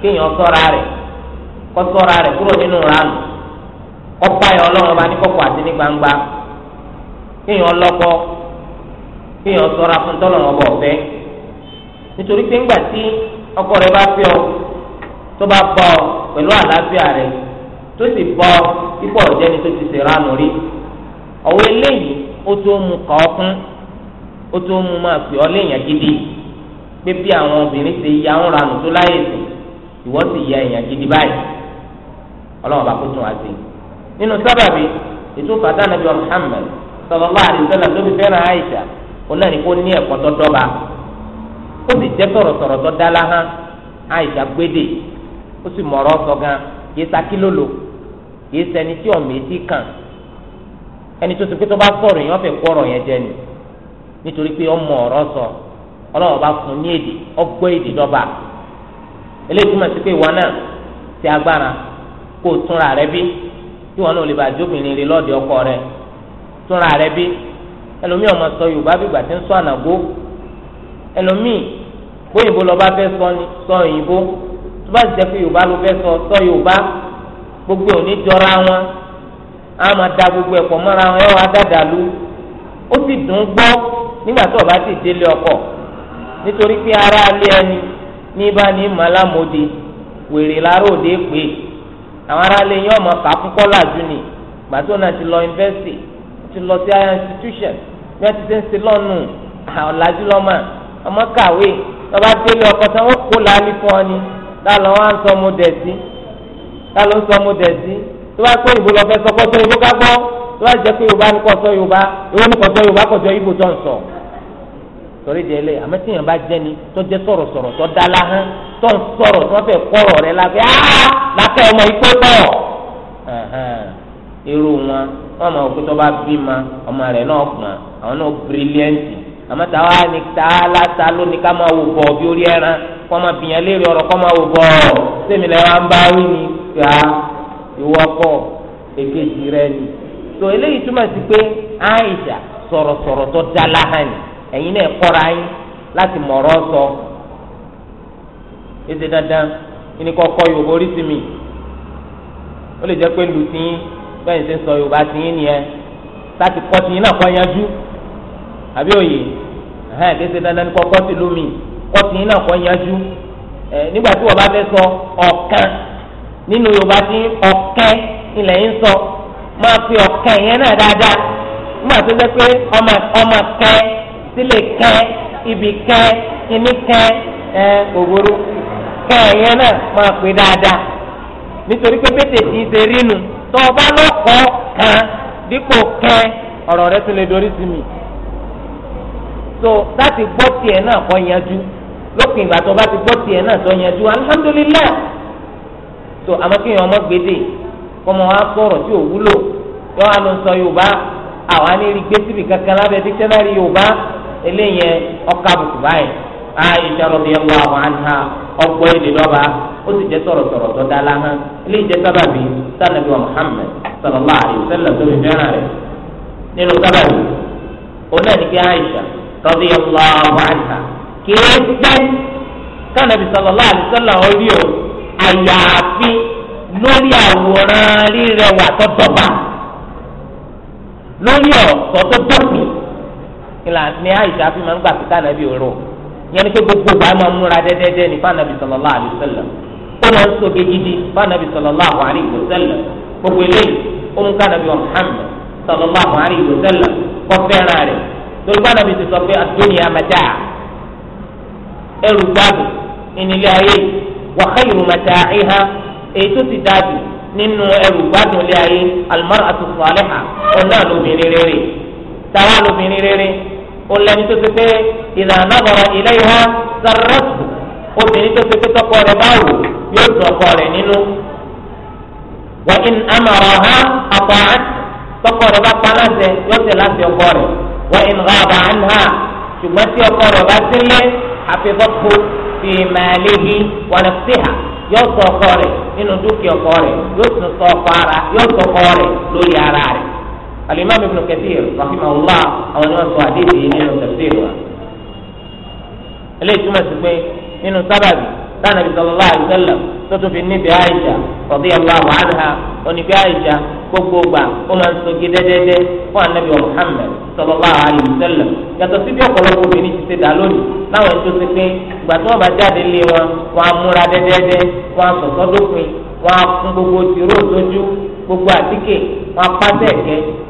kéèyàn rẹ̀ gbangba kéèyàn kéèyàn fún tọ́lọ̀rọ̀ ọba ọ̀fẹ́ nítorí pé ńgbà tí tó sì bọ ipò ọ̀jẹ́ni tó ti ṣèrànù rí ọ̀wọ́ eléyìí ó tó mu kọ́ ọ ó tó mu máa pè ọ́ léèyàn gidi pé bí àwọn obìnrin ṣe ya ń ranù tó láyè sùn ìwọ sì ya èèyàn gidi báyìí ọlọ́run bá kó tún wá sí i nínú sábàbí ètò fàtà nàbí Muhammad sallallahu alaihi wasallam tó fi fẹ́ràn Àìṣà onáni kó ní ẹ̀kọ́ tó dọ́ba ó sì jẹ́ sọ̀rọ̀sọ̀rọ̀ tó láhán Àìṣà gbédè ó sì mọ̀rọ̀ sọ gan yẹta kílò lò kìí ṣẹni tí ọmọ etí kàn ẹni tó ti pé tó bá sọ̀rọ̀ yẹn ọ̀fẹ́ kọ̀rọ̀ yẹn jẹ ni nítorí pé ọmọ ọ̀rọ̀ sọ ọlọ́wọ́ bá fún ní èdè ọgbọ́ èdè dọ́ba eléyìí túmọ̀ sí pé ìwọ náà ti agbára kó o túnra rẹ bí tí wọn náà lè bá jóbìnrin rẹ lọ́ọ̀dẹ ọkọ rẹ túnra rẹ bí ẹlòmíì ọmọ sọ yorùbá bí gbà tí ń sọ ànàgó ẹlòmíì bóyìnbó lọ bá fẹ́ sọ ni sọ òyìnbó tó bá jẹ́ pé yorùbá ló fẹ́ sọ sọ yorùbá gbogbo òní jọra wọn a máa da gbogbo ẹ̀pọ̀ mọ́ra wọn yóò wá dàdàlú ó sì dùn gbọ́ nígbà tó o bá ti délé ọkọ̀ nítorí pé ara alẹ́ ẹni ní bá ní màlámòde wèrè láró òde pé àwọn ará alẹ́ yẹn ọmọ kà kúkọ́ làjú ni ti lọ yunifásitì ti lọ sí institution bí wọ́n ti ń ọmọ kàwé délé tán ta ló ń sọ mo dẹ̀ tó bá pé ìbò lọ sọ kọ́sọ́ ìbò ká gbọ́ tó bá jẹ́ pé yorùbá ní kọ́sọ́ yorùbá ìwé ní kọ́sọ́ yorùbá kọjọ ìbò tó ń sọ. sọ̀rọ̀ tíyàn bá ni tó jẹ́ sọ̀rọ̀ sọ̀rọ̀ tó dá láhán tó ń sọ̀rọ̀ tó rẹ lábẹ́ lákẹ́ ọmọ ikú irú wọn wọn mọ òkú tó bá bí ma ọmọ rẹ náà àwọn náà bírílíẹ̀ntì ta ló gbà ìwọ́pọ̀ èkejì rẹ ni tó eléyìí túmọ̀ sí pé Aisha sọ̀rọ̀sọ̀rọ̀ tó ẹ̀yin náà kọ́ra yín láti sọ ètè dandan ẹni kọ́kọ́ Yorùbá mi ó lè jẹ́ pé lù sí yín sọ Yorùbá sí yín nìyẹn láti kọ́ sí yín náà kọ́ yanjú àbí òye ètè dandan kọ́kọ́ sí lómi kọ́ sí yín náà kọ́ yanjú nígbà tí wọ́n bá fẹ́ sọ nínú yorùbá tí ọ̀kẹ́ ilẹ̀ ń sọ máa fi ihe yẹn náà dáadáa nígbà tó jẹ́ pé ọmọ ọmọ kẹ́ sílé kẹ́ ibi kẹ́ kíní kẹ́ ẹ gbogbooro kẹ́ yẹn náà máa pè dáadáa nítorí pé bẹ́tẹ̀ ti ń ṣe tó o bá lọ́kọ̀ọ́ kan dípò ọ̀rọ̀ rẹ lè mi so láti gbọ́ tiẹ̀ náà kọ́ ti gbọ́ tiẹ̀ náà tó so àmọ́ kí èèyàn ọmọ gbèdè kọ́mọ wa sọ̀rọ̀ tí ò wúlò yọ wá ló ń sọ yorùbá àwọn alérí gbé síbi kankan lábẹ́ dikisẹ́nárì yorùbá eléyẹn ọkà bùkù báyìí Aisha radiyallahu anha ọgbọ́ èdè lọ́ba ó sì jẹ́ sọ̀rọ̀sọ̀rọ̀ tó dá láhán eléyìí jẹ́ sábàbí sanabi wa Muhammad sallallahu alayhi wa sallam tó fi fẹ́ràn rẹ̀ nínú sábàbí ọ̀nà ní kí Aisha radiyallahu anha kì í pẹ́ kánàbì sallallahu alayhi wa sallam orí àyàfi lórí àwòrán rírẹwà tó dọ́gba lórí ọ̀sọ́ tó dọ́gbìn ni àyíṣà fi máa ń gbà pípa nàbí òru yẹn ni pé gbogbo ìgbà máa ń múra dẹ́dẹ́dẹ́ ní fànàbí sallallahu alaihi wasallam ó máa ń sọ̀gẹ̀ gidi fànàbí sallallahu alaihi wasallam gbogbo eléyìí ó mú kànàbí Muhammad sallallahu alaihi wasallam kọ́ fẹ́ràn rẹ̀ torí fànàbí ti sọ pé ad-dunya mata' ẹrù gbádùn ìnílẹ̀ ayé yìí wa khayru mata'iha èyí tó ti dájú nínú ẹrù gbádùn ilé ayé almar'atu salihah ọ̀nà lóbìnrin rere táwa lóbìnrin rere olùlẹ́ni tó ti pé idha nadara ilayha sarrathu obìnrin tó ti pé tọkọ rẹ̀ báwò yóò dùn ọkọ rẹ̀ nínú wa in amaraha ata'at tọkọ rẹ̀ bá pa láṣẹ yóò tẹ̀ láṣẹ ọkọ rẹ̀ wa in ghaba anha ṣùgbọ́n tí ọkọ rẹ̀ bá sílé àfihàn fi màálíhi wàlẹ́síhà yóò sọ ọkọ rẹ̀ nínú dúkìá ọkọ rẹ̀ yóò sọ ọkọ ara yóò sọ ọkọ rẹ̀ lórí ara rẹ̀. alimami ibn kathir rahimahullah àwọn ni wọn sọ àdéhìí nínú tafsir wa. túmọ̀ sí pé nínú sábàbí lánàá bí sọlọ́lá àdúgbò tó tún fi níbi àìsà ọ̀dí ọba wàhálà oníbi àìsà gbogbo gbà ó máa ń sogi dẹ́dẹ́dẹ́ fún anabi muhammed sọlọ́lá àdúgbò yàtọ̀ sí bí ọ̀pọ̀lọpọ̀ obìnrin ti ṣe dà lónìí láwọn ètò ti pé ìgbà tí wọ́n bá jáde lé wọn wọn á múra wọn á sọ̀tọ́ wọn á gbogbo tìró tójú gbogbo àtíkè wọn á pàṣẹ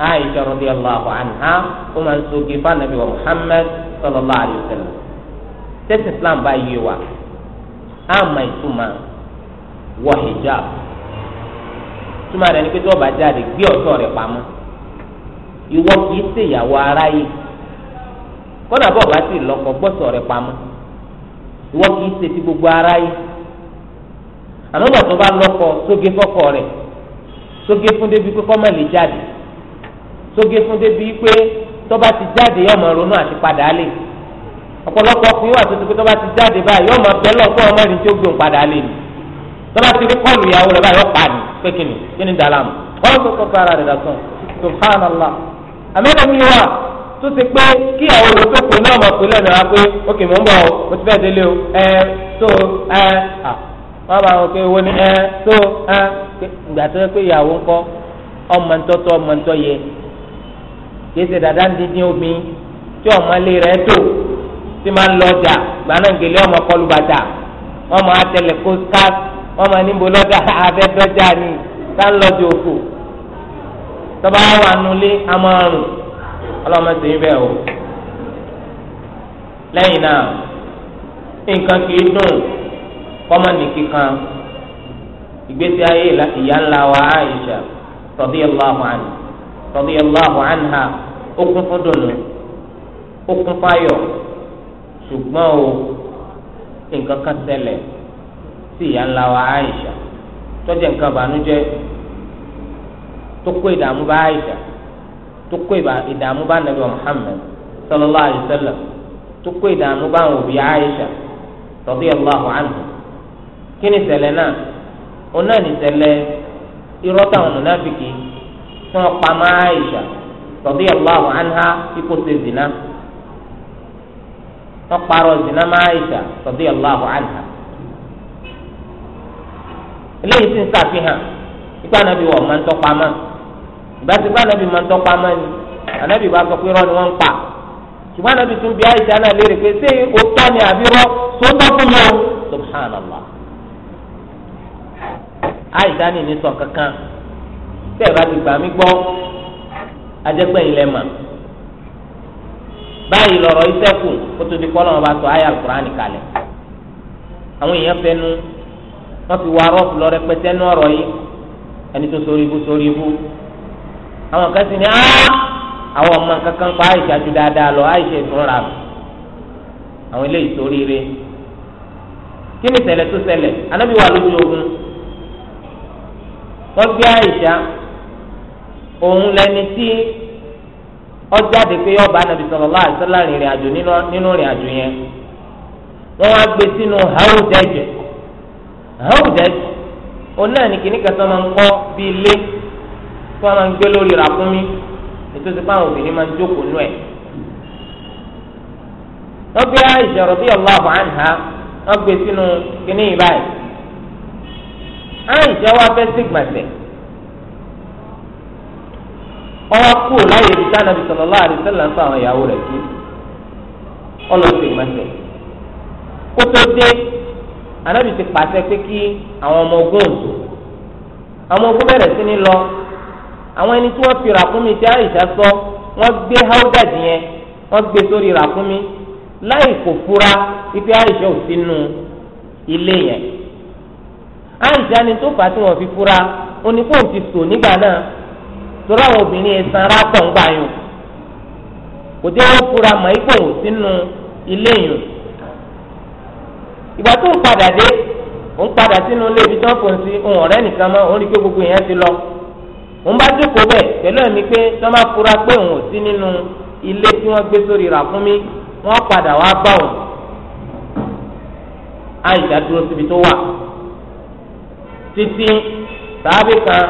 aisha radiyallahu anha ó máa ń soge fanabi wa muhammad sallallahu alayhi wa sallam tẹ́sí islam bá yé wa á máa wọ hijab túmọ̀ rẹ̀ ni pé tí wọ́n bá jáde gbé ọ̀tọ̀ rẹ̀ pamọ́ ìwọ kìí ara aráyé kọ́nà bọ́ọ̀ bá sì lọ́kọ̀ gbọ́sọ̀ rẹ̀ pamọ́ ìwọ kìí ti gbogbo ara àmọ́ bàtọ́ bá lọ́kọ̀ sóge fọ́kọ̀ rẹ̀ sóge fún pé kọ́ má lè sóge fún débi pé tọ́ba ti jáde yọ̀ọ́ máa ronú àti padà lè ọ̀pọ̀lọpọ̀ ọkùnrin wà tó ti pé tọ́ba ti jáde báyìí yọ̀ọ́ máa bẹ́ lọ́kọ́ ọmọ ẹni tí ó gbóhùn padà lè ní tọ́ba ti rí kọ́ọ̀lù ìyàwó rẹ̀ báyìí ọ̀pá ni pé kí ni kí ni dàlá mu wọ́n tó kọ́ kára rẹ̀ dàtọ̀ subhanallah àmẹ́rẹ́ mi wà tó ti pé kí àwọn olùkọ́ tó kù ní ọmọ ìpínlẹ̀ náà pé ókè mò ń bọ̀ mo kìí ṣe dàda ń dídín omi tí ọmọlé rẹ̀ tó tí máa ń lọ ọjà gbaná gèlè ọmọ kọlu bàtà wọn máa tẹlẹ kó ká wọn máa níbo lọ́jà abẹ́dọ́jà ni ká ń lọ́jà òkò tọ́ba wà nulẹ̀ amọ̀rùn ọlọ́mọdé bẹ́ẹ̀ o lẹ́yìn náà nǹkan kìí dùn kọ́mọ̀nì kíkan ìgbésí ayé ìyá ńlá wa Aisha radiyallahu anha. radiyallahu anha ó kún fún dùnú ó kún fáyọ̀ ṣùgbọ́n o nǹkan kan ṣẹlẹ̀ sí ìyá ńlá wa Aisha tó nǹkan bànújẹ́ tó kó ìdààmú bá Aisha tó kó ìdààmú bá Nabi sallallahu alayhi tó kó ìdààmú bá àwọn òbí kí ni tí wọ́n pa mọ́ Aisha radiyallahu anha kíkó ṣe zina wọ́n parọ́ zina mọ́ Aisha radiyallahu anha eléyìí sì ń ṣàfihàn ipa anabi wọ̀ máa ń tọ́pa mọ́ ìbáṣe ipa anabi máa ń tọ́pa mọ́ ni anabi bá sọ pé irọ́ ni wọ́n ń pa ṣùgbọ́n anabi tún bí Aisha náà léèrè pé ṣé òótọ́ ni àbí rọ́ sótọ́ fún mi o subhanallah Aisha ní ní sọ kankan tẹ́ ẹ bá ti gbà mí gbọ́ adẹ́pẹ́yìn lẹ́ mà báyìí lọ̀rọ̀ iṣẹ́ kù kó tó di kọ́ lọ́wọ́ bá sọ ayé alukur'an kalẹ̀ àwọn èèyàn fẹnu wọ́n fi wá rọ́ọ̀fù lọ rẹpẹtẹ ní ọ̀rọ̀ yìí ẹni tó sori ibu sori ibu àwọn kan sì ní áá àwọn ọmọ kankan pa àìsà ju dáadáa lọ àìsà ìfúnra àwọn eléyìí sórí rẹ̀ kí ni ṣẹlẹ̀ tó ṣẹlẹ̀ anábìwá lójú ogun wọ́n gbé àìsà. òun lẹni tí ọjáde pé yọba anabi sallallahu alaihi àjò nínú rìn àjò yẹn wọn wá gbé sínú haudej haudej òun náà ní kíní kan bí ilé tó máa ń gbé lórí ràkúnmí nítorí pé àwọn obìnrin máa ń jókòó gbé gbé sínú kíní ọwọ́ kú láyé ibi táwọn ibi sọ̀rọ̀ láàrin sẹ́lẹ̀ ń fa àwọn ìyàwó rẹ̀ kí ọlọ́sẹ̀ mẹ́sẹ̀ kó tó dé anábì ti pàṣẹ pé kí àwọn ọmọ ogun òjò àwọn ogun sí lọ àwọn ẹni tí wọn fi ràkúnmí tí sọ gbé yẹn wọn gbé sórí ràkúnmí láì kò fura wípé àìsà ò sínú ilé yẹn fura ti nígbà torí àwọn obìnrin yẹn sanra pọ̀ ń gbà yùn kò dé wọ́n fura mọ̀ ipò wò sínú ilé yùn ìgbà tó ń padà dé ó ń padà sínú ilé ibi tó ń fòun sí ohun ọ̀rẹ́ nìkan mọ́ òun rí pé gbogbo yẹn ti lọ òun bá jókòó bẹ̀ pẹ̀lú ẹ̀mí pé tó bá fura pé òun ò sí nínú ilé tí wọ́n gbé sórí rà fún mi wọ́n padà wá bá òun àyíká síbi tó wà títí tàbí kan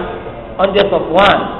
ọjọ́ sọ̀fù wáàni.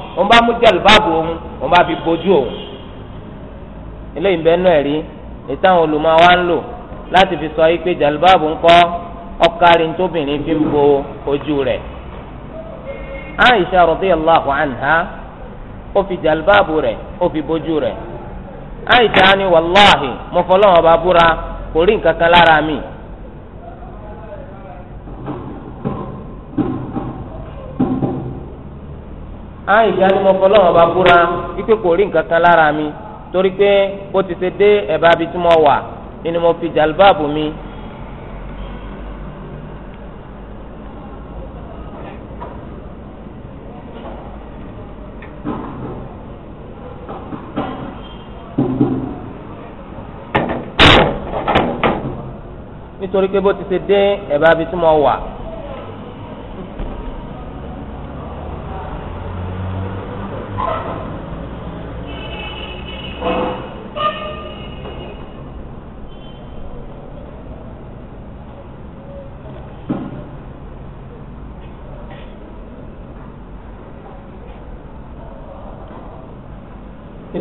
òun bá mú jẹlibáàbò òun òun bá fi bojú òun eléyìí bẹ́ẹ̀ náà rí ìtàwọn olùmọ̀ wa ń lò láti fi sọ pé jẹlibáàbò ń kọ́ ọkàrí tóbìnrin fi ń bo ojú rẹ̀ Aisha radiyallahu anha ó fi jẹlibáàbò rẹ̀ ó fi bojú rẹ̀ Aisha ni wàláhì mo fọlọ́wọ́n bá búra kò rí nǹkan kan lára mi. àyíṣà ni mo fọlọ́wọ́n bá búra wípé kò rí nǹkan kan lára mi torí pé bó ti ṣe dé ẹ̀bá bi tí mo wà ni mo fi jàlbáàbù mi. nítorí pé bó ti ṣe dé ẹ̀bá bi tí mo wà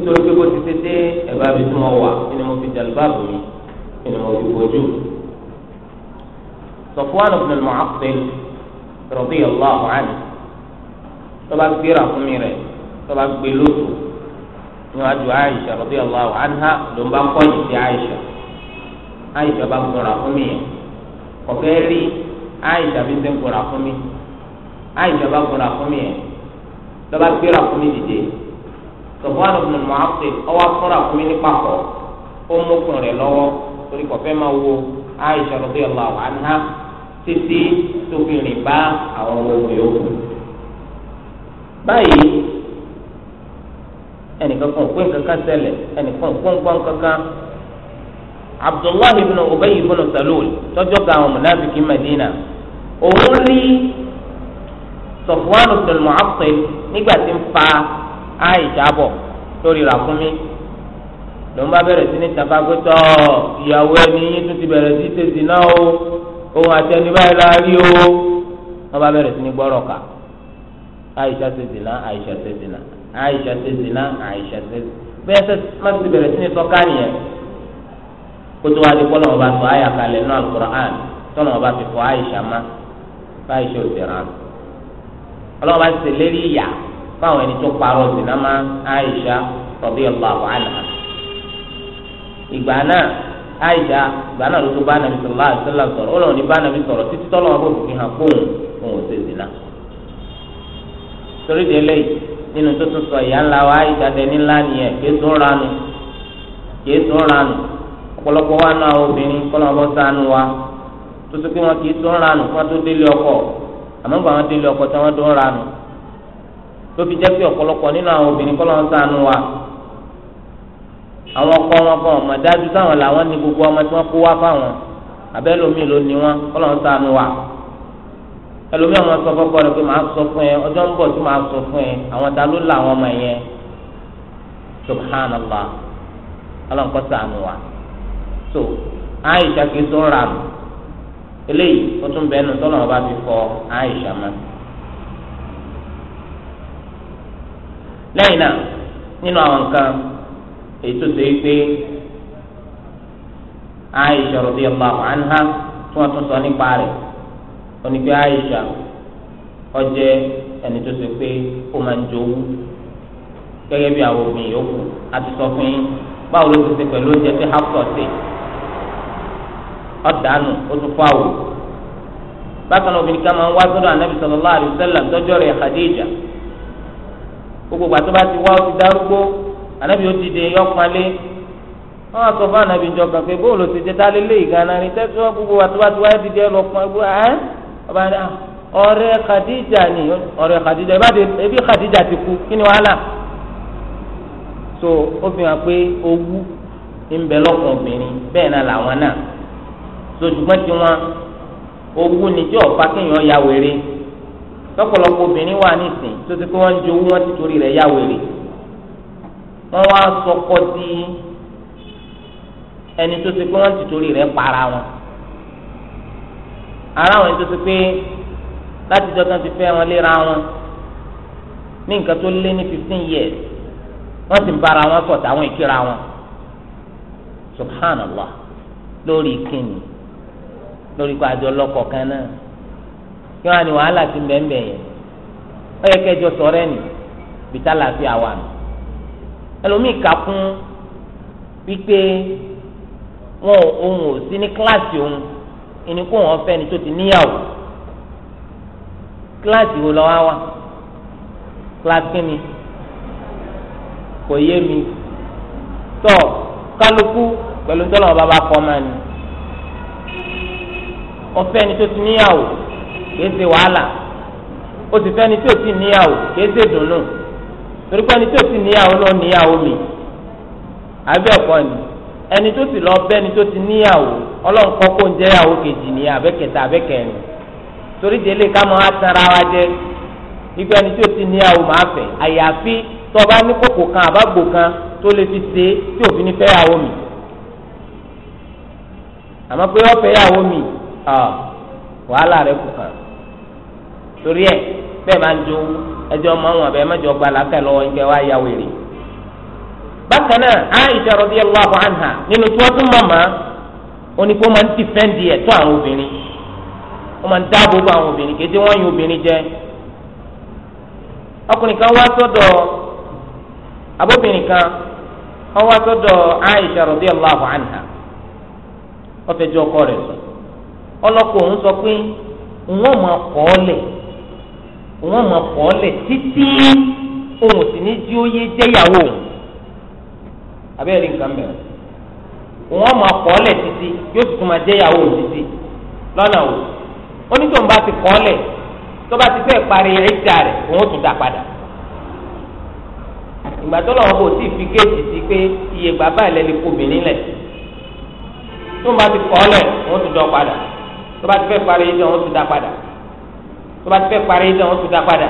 nítorí pé bó ti ṣe dé ẹ̀bá mi tí mo wà ni mo fi jàlbáàbù mi ni mo fi bojú. Safwan ibn al-Mu'attal radiyallahu anhu tọ́ba gbéra fún mi rẹ̀ tọ́ba gbé lóṣù níwájú Aisha radiyallahu anha ló ń bá kọ́yìn sí Aisha Aisha bá gbéra fún mi yẹn kọ̀kẹ́ rí Aisha bí ń sẹ́ gbéra fún mi Aisha bá gbéra fún mi yẹn tọ́ba gbéra fún mi dìde sọfúnwánù bùnú mọ́àpè ọwọ́ afúnra kúmi ní papọ̀ ó mókun rẹ̀ lọ́wọ́ torí kọ̀fẹ́ máa wo Aisha radiyallahu anha títí tó fi rìn bá àwọn ọmọ yòókù. báyìí ẹnìkan kan pé nǹkan kan ṣẹlẹ̀ ẹnìkan pọ́npọ́n kankan Abdullahi ibn Ubay ibn Salul tọ́jọ́ ga àwọn mùnàfíkì Madina òun rí sọfúnwánù bùnú mọ́àpè nígbà tí ń fa. Àìṣà bọ̀ lórí ràkúnmí ló ń bá bẹ̀rẹ̀ sí ní tàbágbétọ́ ìyàwó ẹni yín tún ti bẹ̀rẹ̀ sí tètè náà o ohun àtẹni báyìí la rí o wọ́n bá bẹ̀rẹ̀ sí ní gbọ́rọ̀ kà Àìṣà ṣe zìnà Àìṣà ṣe zìnà Àìṣà ṣe zìnà Àìṣà ṣe bẹ́ẹ̀ sẹ́ má ti bẹ̀rẹ̀ sí ní sọ káànìyàn kótó wa di kọ́ lọ́wọ́ bá sọ àyà kalẹ̀ náà Al-Qur'an tọ́nà ọba fi fọ Àìṣà má fáìṣà òṣèrà ọlọ́wọ́ bá fáwọn ẹni tó parọ́ sinamá Aisha radiyallahu anha ìgbà náà Aisha ìgbà náà ló tó bá nàbí sallallahu alaihi wasallam sọ̀rọ̀ ó lọ́wọ́ ní bá nàbí sọ̀rọ̀ títí tọ́lọ́ wọn bò fi hàn fóun òun ò sì zina torí de lé nínú tó tún sọ ìyá ńlá wa Aisha dẹni ńlá nìyẹn kí tún ranu kí tún ranu ọ̀pọ̀lọpọ̀ wa náà obìnrin kọ́lọ́mọ́ sánú wa tó tún pé wọn kì í tún ranu kí wọ́n tó délé ọkọ àmọ́ gbà wọn délé ọkọ tí wọ́n tó ń ranu tó fi jẹ́ pé ọ̀pọ̀lọpọ̀ nínú àwọn obìnrin kọ́ lọ́n sànù wa àwọn ọkọ wọn kan ọmọ dájú sáwọn làwọn ní gbogbo ọmọ tí wọ́n kó wá fáwọn abẹ́lómi ló ní wọn kọ́ lọ́n sànù wa ẹlòmí ọmọ sọ fọkọ rẹ pé màá sọ fún ẹ ọjọ́ ń bọ̀ tí màá sọ fún ẹ àwọn ta ló la àwọn ọmọ yẹn subhanallah ọlọ́nkọ́ sànù wa so Aisha kì í sọ ra eléyìí ó tún bẹ́ẹ̀ nù tọ́lọ́mọba fi fọ Aisha mọ́. lẹ́yìn náà nínú àwọn nǹkan ètò tó yẹ pé Aisha radiyallahu anha tí wọ́n tún sọ nípa rẹ̀ wọ́n ní pé Aisha ó ẹni tó ṣe pé ó máa ń jowú gẹ́gẹ́ bí àwọn obìnrin yòókù àti sọ fún yín báwo ló ti ṣe pẹ̀lú oúnjẹ tí Hafsa ṣe ọ̀dàánù ó tún fọ́ àwò bákan náà obìnrin kan máa ń wá gbogbo ìgbà tó bá ti wá ó ti darúgbó ànábì ó dìde yọ pọnlé wọn sọ fún ànábì ìjọ kan pé bóòlù ti jẹ dálé lé ìgànnà ni tẹsán gbogbo ìgbà ti wá dìde lọ pọn gbó ẹ ọba ní ah, ọ̀rẹ́ Khadija ni ọ̀rẹ́ Khadija ebi Khadija ti kú kí ni wàhálà so ó fi hàn pé owú ń bẹ lọ́kàn obìnrin bẹ́ẹ̀ náà làwọn náà so ṣùgbọ́n tiwọn owú ni tí ọ̀pá kéèyàn ya wèrè lọ́pọ̀lọpọ̀ obìnrin wà nísìn tó ti pé wọ́n ń jowú wọ́n ti torí rẹ̀ yá wèrè wọ́n wá sọkọ di ẹni tó ti pé wọ́n ti torí rẹ̀ para wọn ara wọn tó ti pé láti jọ kan ti fẹ́ wọn léra wọn ní nǹkan tó lé ní fifteen years wọ́n sì ń bára wọn sọ̀tà àwọn ìkíra wọn subhanallah lórí kíni lórí kó àjọ lọ́kọ̀ọ̀kan náà kí wọn ni wàhálà ti bẹ̀ẹ̀bẹ̀ yẹn ó yẹ kẹjọ sọ̀rọ̀ ẹni bìtá làáfíà wà mí ẹlòmíì kà fún wípé wọn òun ò sí ní kíláàsì òun ìní kó wọn fẹ́ ni tó ti níyàwó kíláàsì wo lọ wá wà kíláàsì kínni kò yé mi tọ kálukú pẹ̀lú tọ́lọ̀ bàbá kọ́ máa ní ọ̀fẹ́ ni tó ti níyàwó kìí ṣe wàhálà ó ti fẹ́ ni tí ò ti níyàwó kìí ṣe dùnú torí pé ẹni tí ò ti níyàwó náà níyàwó mi àbí ọ̀pọ̀ ni ẹni tó sì lọ bẹ́ ẹni tó ti níyàwó ọlọ́run kọ́ kó ń jẹ́ ìyàwó kejì ní abẹ́kẹta abẹ́kẹrin torí délé ká máa tanra wa jẹ ibi ẹni tí ò ti níyàwó máa fẹ́ àyàfi tó bá ní kòkò kan àbágbò kan tó lè fi ṣe tí òfin ní fẹ́yàwó mi àmọ́ pé wọ́n fẹ́yàwó mi wàhálà rẹ̀ kù kàn. torí ẹ bẹ́ẹ̀ máa ń jó ẹjọ́ máa ń ma bẹ́ẹ̀ mẹ́jọ gba làákà lọ́wọ́ ẹ̀jẹ̀ wá ya wèrè. bákan náà Aisha radiyallahu anha nínú tí wọ́n tún mọ̀ mọ́ oníkó máa ń dìfẹ́ǹdì ẹ̀tọ́ àwọn obìnrin máa ń dáàbò àwọn obìnrin yin obìnrin ọkùnrin kan wá abóbìnrin kan wá sọ sọ pé máa ọ wọ́n mọ̀ kọ́ lẹ̀ títí òun sì ní jí ó yé jẹ́yàwó òun abẹ́rẹ́ nǹkan bẹ̀rẹ̀ wọ́n mọ̀ kọ́ lẹ̀ títí yóò sì tún máa jẹ́yàwó òun títí lọ́nà o onítọ̀hún bá ti kọ́ lẹ̀ tó bá ti fẹ́ parí ẹ̀já rẹ̀ òun ó tún dá padà ìgbà tó lọ́wọ́ bò tí fi géèjì sí pé iye bàbá ẹ̀ lẹ́lẹ́ kó obìnrin lẹ̀ tó bá ti kọ́ lẹ̀ òun ó tún dọ́ padà tó bá ti fẹ́ parí ẹ̀já òun ó tún dá padà tó bá ti fẹ́ parí ìdán wọn tún dá padà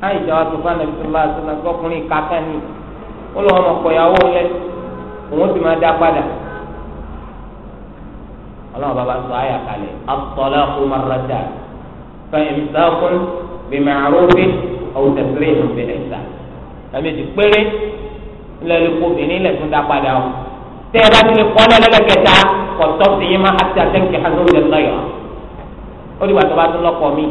àìjà wa tó bá nàbí tó bá tó nàbí ọkùnrin kàkà ni ó lọ́wọ́ ọmọkọ̀yàwó lẹ òun sì máa dá padà ọlọ́wọ́ bàbá sọ àyà kalẹ̀ at-talaqu marratan fa imsakun bi ma'rufin aw tasrihun bi péré lẹ́nu obìnrin lẹ́tún dá padà tẹ́ ẹ bá ti lè kọ́ lẹ́lẹ́kẹta kọ̀tọ́ sí yín má àti àtẹ̀kẹ́ àti ó dìgbà tó bá tún lọ́kọ mi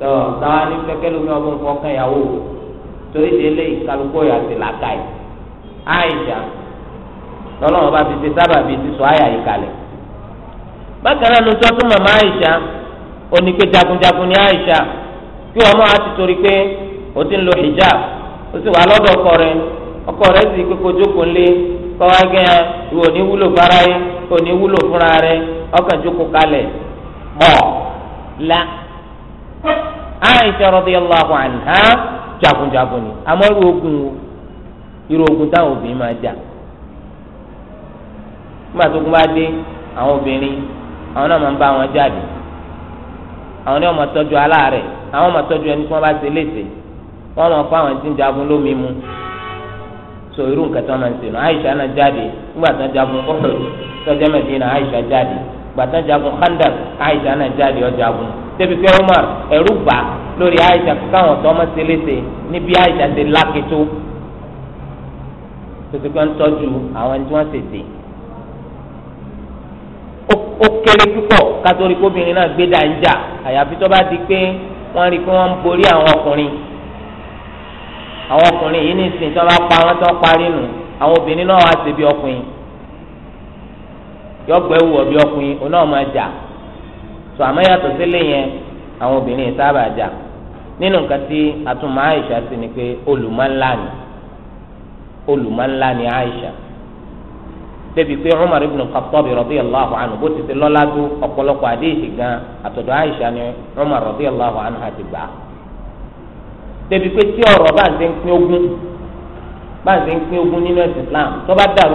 tó táwa ní kẹ́kẹ́ lómi ọdún fún ọkàn ìyàwó torí ti eléyìí kálukú ọ̀yà ti làákà yìí àìjà lọ́lọ́wọ́ bá ti ṣe sábà bíi ti sọ àyà yìí kalẹ̀ bákan náà ló tọ́tún màmá àìjà onípe jagunjagun ní àìjà kí wọn máa ti torí pé o ti ń lo hijab o sì wà lọ́dọ̀ ọkọ rẹ ọkọ rẹ sì pé kojú kò lé kọ́wá gẹ́ ìwọ ní wúlò fara yẹ kò ní wúlò fúnra rẹ ọkàn jókòó kalẹ̀ mọ́ la Aisha radiyallahu anha jagunjagun ni àmọ́ irú ogun wo irú ogun táwọn obìnrin máa jà nígbà tó gun bá dé àwọn obìnrin àwọn náà máa ń bá wọn jáde àwọn ní ọmọ tọ́jú aláàárẹ̀ àwọn ọmọ tọ́jú ẹni tí wọ́n bá ṣe léṣe máa fọ àwọn jagun lómi mu so irú nǹkan tí máa ń ṣe nù Aisha náà jáde gbàtà jagun khandaq aisha náà jáde ọjàgun débi pé umar ẹrú gbà lórí aisha káwọn tó ọmọ ṣẹlẹsẹ níbi aisha ti lákìtó tètè kan tọ́jú àwọn ẹni tí wọ́n tètè ó kéré púpọ̀ kátórí kóbìnrin náà gbé dáńjà àyàfi tó bá di pé wọ́n rí i pé wọ́n ń borí àwọn ọkùnrin àwọn ọkùnrin yìí ní ìsìn tó bá pa wọ́n tó parí nù àwọn obìnrin náà wá síbi ọkùnrin. yọgbọ ewu ọbí ọkùnrin oná ọmọ jà tó àmọ́ yàtọ̀ yẹn àwọn obìnrin sábà jà nínú nǹkan tí sí ni pé ni ni débi pé Umar ibn Khattab anhu bó ti ti lọ́lá ọ̀pọ̀lọpọ̀ gan àtọ̀dọ̀ Aisha ni Umar radiyallahu anhu àti gbà á débi pé tí ọ̀rọ̀ bá ń ń Islam tó bá dàrú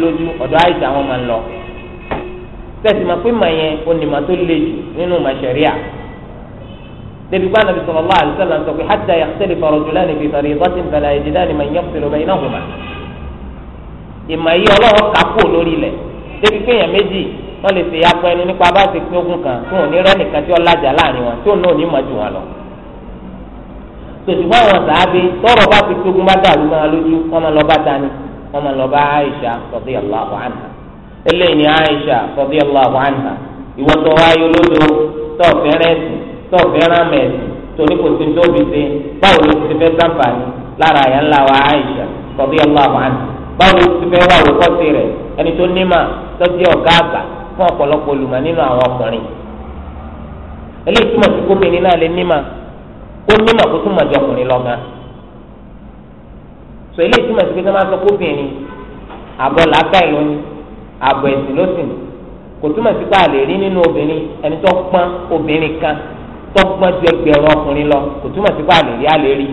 lójú ọ̀dọ̀ tẹ̀sí ma pé mà yẹn onímọ̀ tó le jù nínú màṣẹ̀ríà débi kó anabi sallallahu alaihi wasallam sọ pé hatta yakhtalifa rajulani fi faridatin fala yajidani man yafsilu baynahuma ìmọ̀ yìí ọlọ́wọ́ kakú lórí ilẹ̀ débi pé èèyàn méjì wọ́n lè fi apọ ẹnu nípa bá ti pín ogun kan tó ní rẹ́nìkan tí ọlájà láàrin wọn tó náà ní eléyìí ni Aisha radiyallahu anha ìwọ tó wáyé olódò tó fẹ́rẹ́ ẹ̀sìn tó fẹ́ràn mẹ́sìn tóní kò sí tóbi sí báwo ló ti fẹ́ sàǹfààní lára àyà ńlá wa Aisha radiyallahu anha báwo ló ti fẹ́ wà wòkọ́ sí rẹ̀ ẹni tó nímà tó jẹ́ ọ̀gá àgbà fún ọ̀pọ̀lọpọ̀ olùmọ̀ nínú àwọn ọkùnrin eléyìí túmọ̀ sí gómìnir náà lé nímà kó nímà kó túmọ̀ jọ ọkùnrin lọ́gán so eléyìí túmọ̀ sí pé tó máa sọ gómìnir àbọ̀ làákàyè lónìí ààbọ̀ ẹ̀sìn ló sìn kò túmọ̀ sí pé a lè rí nínú obìnrin ẹni tó pọ́n obìnrin kan tó pọ́n ju ẹgbẹ̀rún ọkùnrin lọ kò túmọ̀ sí pé a lè rí a lè rí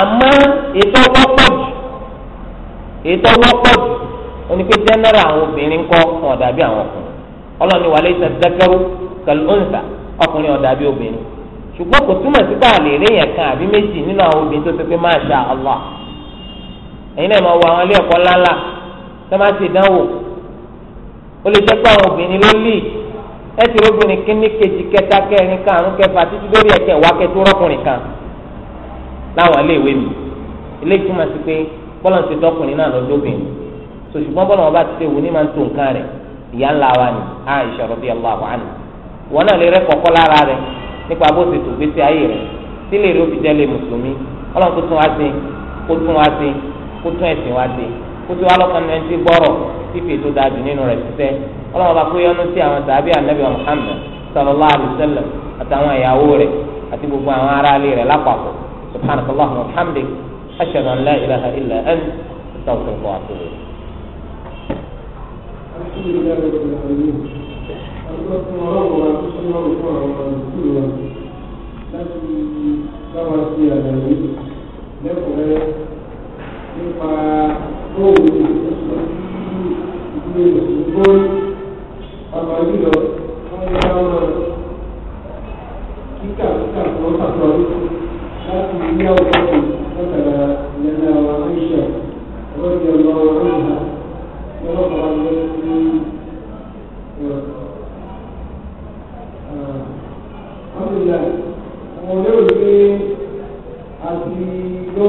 àmọ́ ètò wọ́pọ̀ jù ètò wọ́pọ̀ jù onípe jẹ́nẹ́rà àwọn obìnrin kọ́ wọn dàbí àwọn ọkùnrin ọlọ́ni wàlẹ́ ìsẹ̀dẹ́kẹ́rú kẹlẹ́ ọ̀nsà ọkùnrin wọn dàbí obìnrin ṣùgbọ́n kò túmọ̀ sí pé àlè rí yẹn kan àbí méjì nínú àwọn obìnrin tó ti pé máa ṣá Allah sọ́mà ti dánwò ó lè jẹ́ pé àwọn obìnrin ló lì ẹ ti róbìnrin kínní kejì kẹta kẹrin karùn kẹfà títí lórí ẹkẹ wá kẹtó rọkùnrin kan láwọn iléèwé mi eléyìí túmọ̀ sí pé bọ́lá ti dọ́kùnrin náà lọ́dọ́ obìnrin so ṣùgbọ́n bọ́lá wọn bá ti ṣe wò ní máa ń tó nǹkan rẹ̀ ìyá ńlá wa ni Aisha radiyallahu anha wọn náà lè rẹ kọ̀kọ́ lára rẹ̀ nípa bó ṣe tó gbèsè ayé rẹ̀ sílẹ̀ rẹ̀ ó fi jẹ́ lè mùsùlùmí ọlọ́run tó tún wá sí kó tún wá sí kó tún ẹ̀sìn wá sí kótó alọ́kan náà ti gbọ́rọ̀ fífi ètò dájú nínú rẹ̀ sísẹ́ ọlọ́run bá kó yọnu sí àwọn tàbí anabi muhammed sallallahu alayhi wa sallam àtàwọn ìyàwó rẹ̀ àti gbogbo àwọn aráalé rẹ̀ lápapọ̀ subhanahu wa ta'ala alhamdi an la ilaha illa ant astaghfiruka wa atubu ilayk. láti dáwọ́ sí àgbàdo lẹ́kọ̀ọ́ nípa Àwọn olóògbé àti gbọ́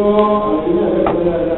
àwọn ilé ẹ̀rọ ìgbéraga.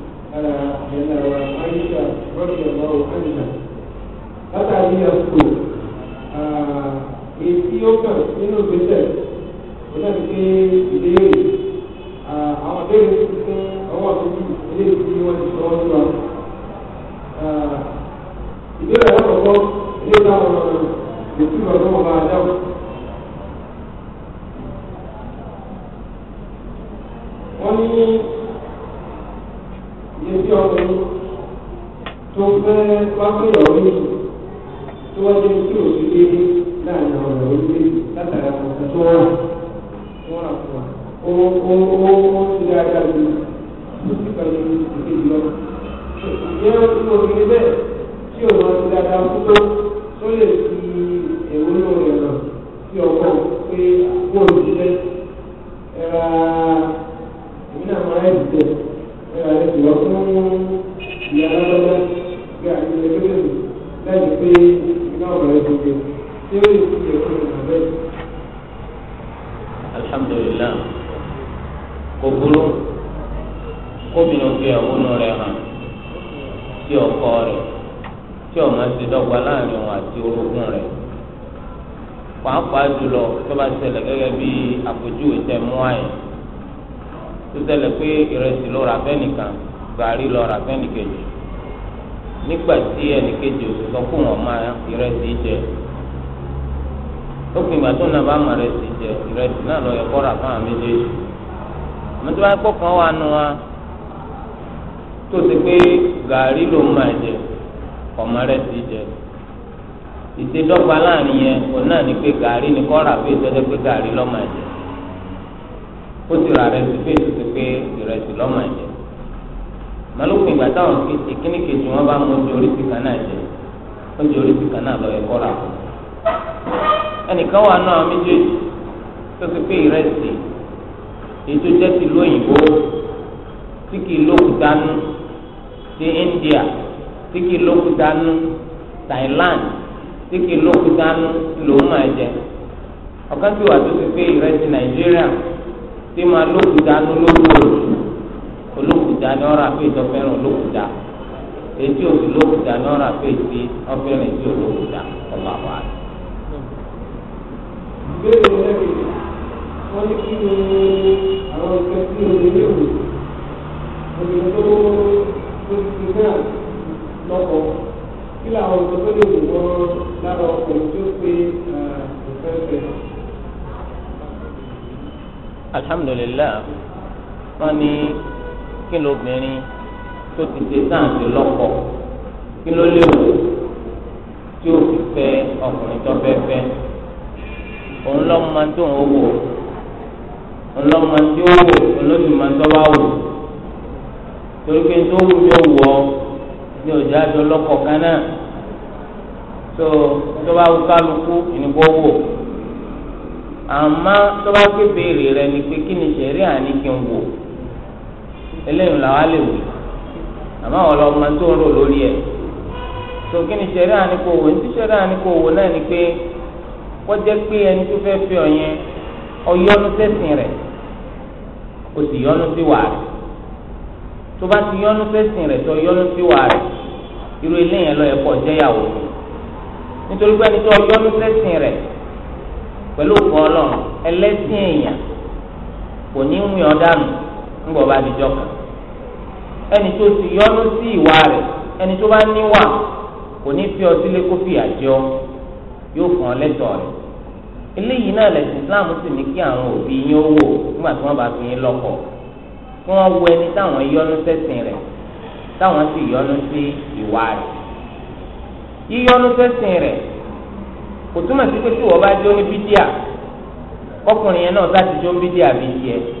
yana wa aisha radiyallahu anha látàrí ẹ̀kọ́ èsì ó kàn nínú ìgbésẹ̀ ó náà ti pé ìbéèrè àwọn abẹ́rẹ́ ti fún àwọn àbójú eléyìí tí wọ́n ti sọ wọ́n lọ. ìbéèrè alákọ̀ọ́kọ́ ilé táwọn ètò ní tí ọmọ yìí tó fẹ́ pápẹ́yọ̀ orí tó wọ́n tí ò sí dé láàrin àwọn ọ̀rọ̀ yìí látara ọ̀sán tó wà wọ́n rà fún wa ó ó ó ti rí ajá ju ó sì kàn ní lọ. ìyẹn ó ti kòkè tí ò máa ti dáadáa fún tó tó lè fi èrò náà rẹ̀ hàn sí ọkọ̀ pé àpò òṣìṣẹ́ ẹ̀ra ìmínà máa ń jẹ kìlọ̀ fún ìyá lọ́wọ́ bí àti ẹgbẹ́ lẹ́yìn pé iná ọ̀rọ̀ ẹ̀ ti dé tí ó yẹ kí ẹ̀kọ́ ìrìn àbẹ́. alhamdulilayi kò burú kóbìnrin fi ẹ̀wọ́nù rẹ̀ hàn sí ọkọ rẹ̀ tí ọmọ ti dọ́gba láàrin òun àti orogún rẹ̀ pàápàá jùlọ tó bá ṣẹlẹ̀ gẹ́gẹ́ bí àpèjúwe tẹ̀ mú àyè tó ṣẹlẹ̀ pé ìrẹsì ló ra fẹ́ gàrí lọ rà fẹ́ nígbà tí ẹnìkejì ò sọ fún wọn máa ìrẹsì jẹ ó fi tó nà bá mọ jẹ ìrẹsì náà lọ yẹ kọ́ rà fáwọn mọtò wà nù wa tó ti pé gàrí ló máa jẹ ọmọ jẹ láàrin yẹn òun náà ni pé ni fún pé lọ jẹ malókun ìgbà táwọn ìkíní kejì wọn bá mú ojú oríṣi kan náà jẹ ojú oríṣi kan náà lọ́ọ́ ẹ̀kọ́ rà ẹnìkan wà náà méjèèjì tó ti pé ìrẹsì ètò jẹ́ ti lóyìnbó tí kì í lókùtà nù ti India tí kì í lókùtà nù Thailand tí kì í lókùtà nù lòún máa jẹ ọ̀kan tí wà tó ti pé ìrẹsì Nàìjíríà tí máa lókùtà nù lórí òòlù lókùtà ni ọ̀rọ̀ àpè tó fẹ́ràn lókùtà etí òsì lókùtà ni ọ̀rọ̀ àpè tí ọ̀fẹ́ràn etí òsì lókùtà ọ̀bà wà. ìbéèrè lẹ́yìn wọ́n ní kí ni àwọn ìfẹ́ sí òde léwu òde tó tó ti kí lóbìnrin tó ti ṣe sáǹtì lọ́pọ̀ kí ló léwu tí ó fi fẹ́ ọkùnrin tó fẹ́ fẹ́ òun lọ́mọ máa ń tó òun wò òun lọ́mọ máa ń tí ó wò òun ló sì máa ń tọ́ wá wò torí pé tó wù mí wọ ní òjò àjọ lọ́kọ̀ kan náà tó tó bá wù kálukú ìnìbọ̀ wò àmọ́ tó bá gbé béèrè rẹ ni pé kí ni sẹ̀rí àní kí n wò eléyìí làwọn lè wò àmọ́ àwọn ọlọ́mọ tó ń rò lórí ẹ̀ tó kí ni sẹ́rí àníkò wò ní sẹ́rí àníkò wò náà ni pé kọjá pé ẹni tó fẹ́ fi ọ̀yẹn ọyọ́nu sẹ́sìn rẹ̀ o sì yọ́nu sí wà rẹ̀ tó bá ti yọ́nu sẹ́sìn rẹ̀ tó yọ́nu sí wà rẹ̀ irú eléyìí lọ́yẹ̀ pọ̀ jẹ́yàwó nítorí pé ẹni tó yọ́nu sẹ́sìn rẹ̀ pẹ̀lú ọ̀pọ̀ ọlọ́run ẹlẹ́sìn èèyàn kò ní ń wí ọ̀dànù ńgbọ̀ bá di jọ́kàn ẹni tó sì yọnu sí ìwà rẹ̀ ẹni tó bá níwà kò ní fi ọtí lé kó fi àjọ yóò fún ọ lẹ́tọ̀ọ́ rẹ̀ eléyìí náà lẹ̀sìn Islam sì ní kí àwọn òbí yín ó wò nígbà tí wọ́n bá fi yín lọ́kọ kí wọ́n wo ẹni táwọn yọnu sẹ́sìn rẹ̀ táwọn sì yọnu sí ìwà rẹ̀ yíyọnu sẹ́sìn rẹ̀ kò túmọ̀ sí pé tí wọ́n bá jó ní bídíà ọkùnrin yẹn náà láti jó ní bídíà bíi tiẹ̀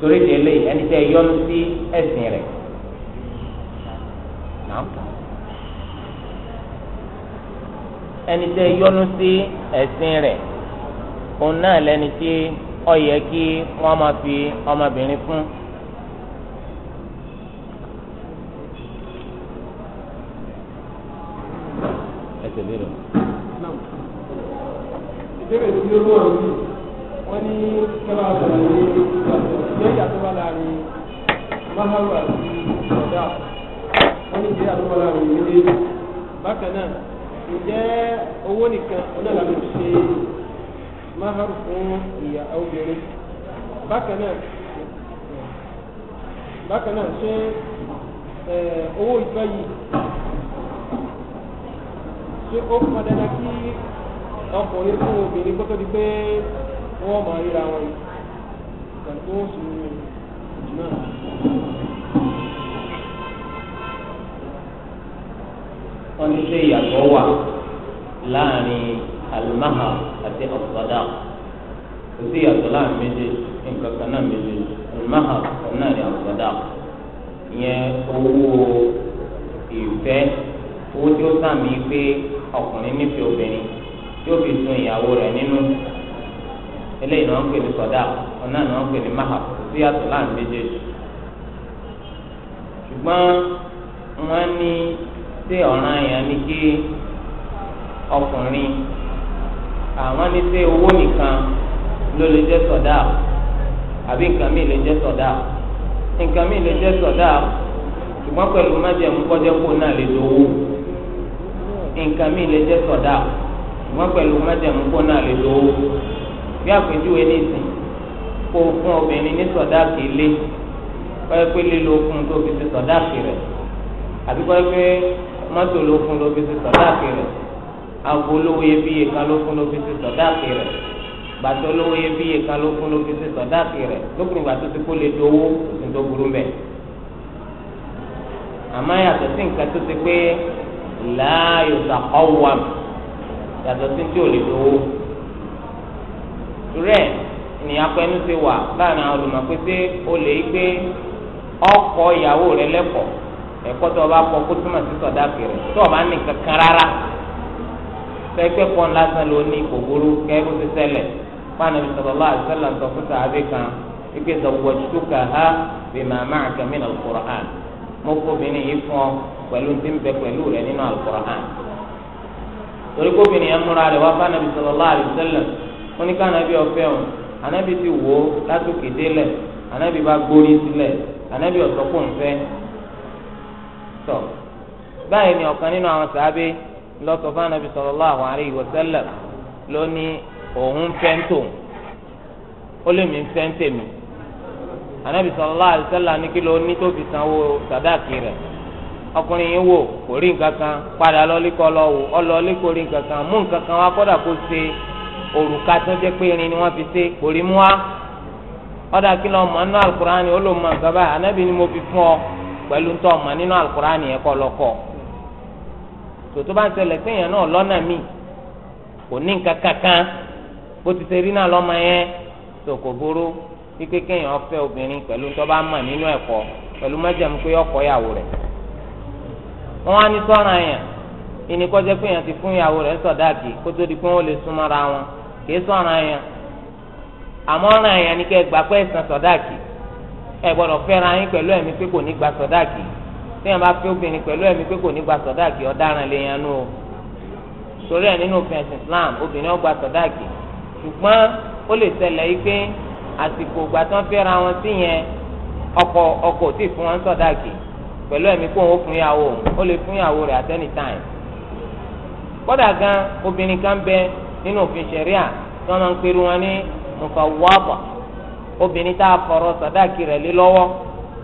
torí délé ẹni tẹ yọnu sí ẹ̀sìn rẹ̀ ẹni tẹ yọnu sí ẹ̀sìn rẹ̀ òun náà lẹni tí ó yẹ kí wọ́n máa fi ọmọbìnrin fún. ẹsẹ̀ lérò. ìbéèrè tí ó lọ́wọ́ yìí. wọ́n ní kẹ́lá ọ̀sán ya ṣé ìyàtọ̀ maharu àti ọ̀dà wọ́n ní ṣé ìyàtọ̀ wà láàrin ilé bákan náà ǹjẹ́ maharu fún ìyá obìnrin baka nan baka nan ṣé eh, owó ìfẹ́ yìí ṣé ó pọn ọkùnrin fún wọ́n máa ríra wọn yìí pẹ̀lú oṣù náà. wọ́n ní ṣe ìyàtọ̀ wà láàrin alimaha àti ọ̀sọ̀dá kò sí ìyàtọ̀ láàrin méjèèjì nǹkan kan náà méjèèjì alimaha kan náà ní ọ̀sọ̀dá ìyẹn owó ìfẹ́ owó tí ó sàmì pé ọkùnrin nífẹ̀ẹ́ obìnrin yóò fi sun ìyàwó rẹ̀ nínú eléyìí náà ń pè ní sọdá ọ̀nà náà ń pè ní mahab kò sí yàtọ̀ láàrin méjèèjì ṣùgbọ́n wọ́n ní ṣé ọ̀ràn yẹn ni kí ọkùnrin àwọn ní ṣé owó nìkan ló lè jẹ́ sọdá àbí nǹkan míì lè jẹ́ sọdá nǹkan míì lè jẹ́ sọdá ṣùgbọ́n pẹ̀lú májẹ̀mú kọ́jẹ́kó náà lè dowó nǹkan míì lè jẹ́ sọdá ṣùgbọ́n pẹ̀lú májẹ̀mú kó náà lè dowó bí àpèjúwe ní ìsìn kó o fún obìnrin ní sọdáàkì ilé kọ́yẹ́ pé lílo okun tó fi ti sọdáàkì rẹ̀ àbí kọ́yẹ́ pé mọ́tò ló fún ló fi ti sọdáàkì rẹ̀ àgbo olówó iyebíye kan ló fún ló fi ti sọdáàkì rẹ̀ gbàtọ́ olówó iyebíye kan ló fún ló fi ti sọdáàkì rẹ̀ lókùnrin gbàtọ́ ti kó lè dowó òsì tó burú mẹ́ àmọ́ yàtọ̀ sí nǹkan tó ti pé láàyò sàkọ́wàm yàtọ̀ sí tí ò lè dowó. rẹ̀ ní apẹnu ti wà láàrin àwọn olùmọ̀pẹ́sẹ́ o lè ikpe ọkọ ìyàwó rẹ lẹ́kọ̀ọ́ ẹ̀kọ́ tó o bá kọ kó túmọ̀ sí sọ̀dá kiri tó o bá ní kankan rárá sẹ́gbẹ́ kan lásán ló ní kòkòrò kẹ́rù ti ṣẹlẹ̀ fáwọn àṣẹlẹ̀ ń sàábì kan wípé ká ha bí màmá àkàmì mo kó ọ pẹ̀lú ti ń bẹ pẹ̀lú rẹ nínú torí kó obìnrin yẹn múra wọ́n ní ká anabi ọ̀fẹ́ o anabi ti wò ó látòkè délẹ̀ anabi bá gbórí sílẹ̀ anabi ọ̀sọ́kùnfẹ́ tọ̀ báyìí ni ọ̀kan nínú àwọn sàábé lọ́sọ̀ fún anabi sallallahu alaihi wasallam ló ní òun fẹ́ǹtò ó lè mí fẹ́ǹtè mi anabi sallallahu alaihi wasallam ní kí ló ní tó fi sanwó sàdáàkì rẹ̀ ọkùnrin yìí wò kò rí nǹkan kan padà lọ́ọ́lí kọ́ lọ́ọ́ wò ọ́ lọ́ọ́lí kò rí nǹkan kan mú nǹkan kan wá kọ́dà kó ṣe é. òrùka tó jẹ́ pé irin ni wọ́n fi ṣe kò rí mú wa ọ̀dà kí lọ mọ̀ nínú alukurani ó lò nǹkan báyìí ni mo fi fún ọ pẹ̀lú ń tọ́ mọ̀ nínú alukurani yẹn kọ́ lọ́kọ́ tòtó bá ń ṣẹlẹ̀ pé èèyàn náà lọ́nà kò ní nǹkan kankan bó ti ṣe rí náà lọ́mọ yẹn tó kò burú kíkẹ́ kéèyàn fẹ́ obìnrin pẹ̀lú tó bá mọ̀ nínú ẹ̀kọ́ pẹ̀lú mẹ́jẹ̀mú pé ọkọ ìyàwó rẹ̀ wọ́n ní yẹn ti fún ìyàwó rẹ̀ sọ̀dáàkì kó tó di kìí sọ̀ràn yẹn àmọ́ n'ike yẹn ni kẹ́ ẹ gbà pé ẹ̀sán sọ̀dáàkì ẹ gbọ́dọ̀ fẹ́ra yín pẹ̀lú ẹ̀mí pé kò ní gba sọ̀dáàkì bí wọn bá obìnrin pẹ̀lú gba sọ̀dáàkì ọ̀daràn lè yan o sórí ẹ̀ nínú òfin ẹ̀sìn Islam obìnrin ó gba sọ̀dáàkì ṣùgbọ́n ó lè ṣẹlẹ̀ pé àsìkò wọn sí yẹn ọkọ ọkọ tí fún wọn sọ̀dáàkì pẹ̀lú ẹ̀mí òun fún ó lè fún rẹ̀ at any nínú òfin ṣẹ̀ríà tí wọ́n máa ń pèrú wọn ní mufawwada obìnrin tá a fọ̀rọ̀ sàdáàkì rẹ̀ lé lọ́wọ́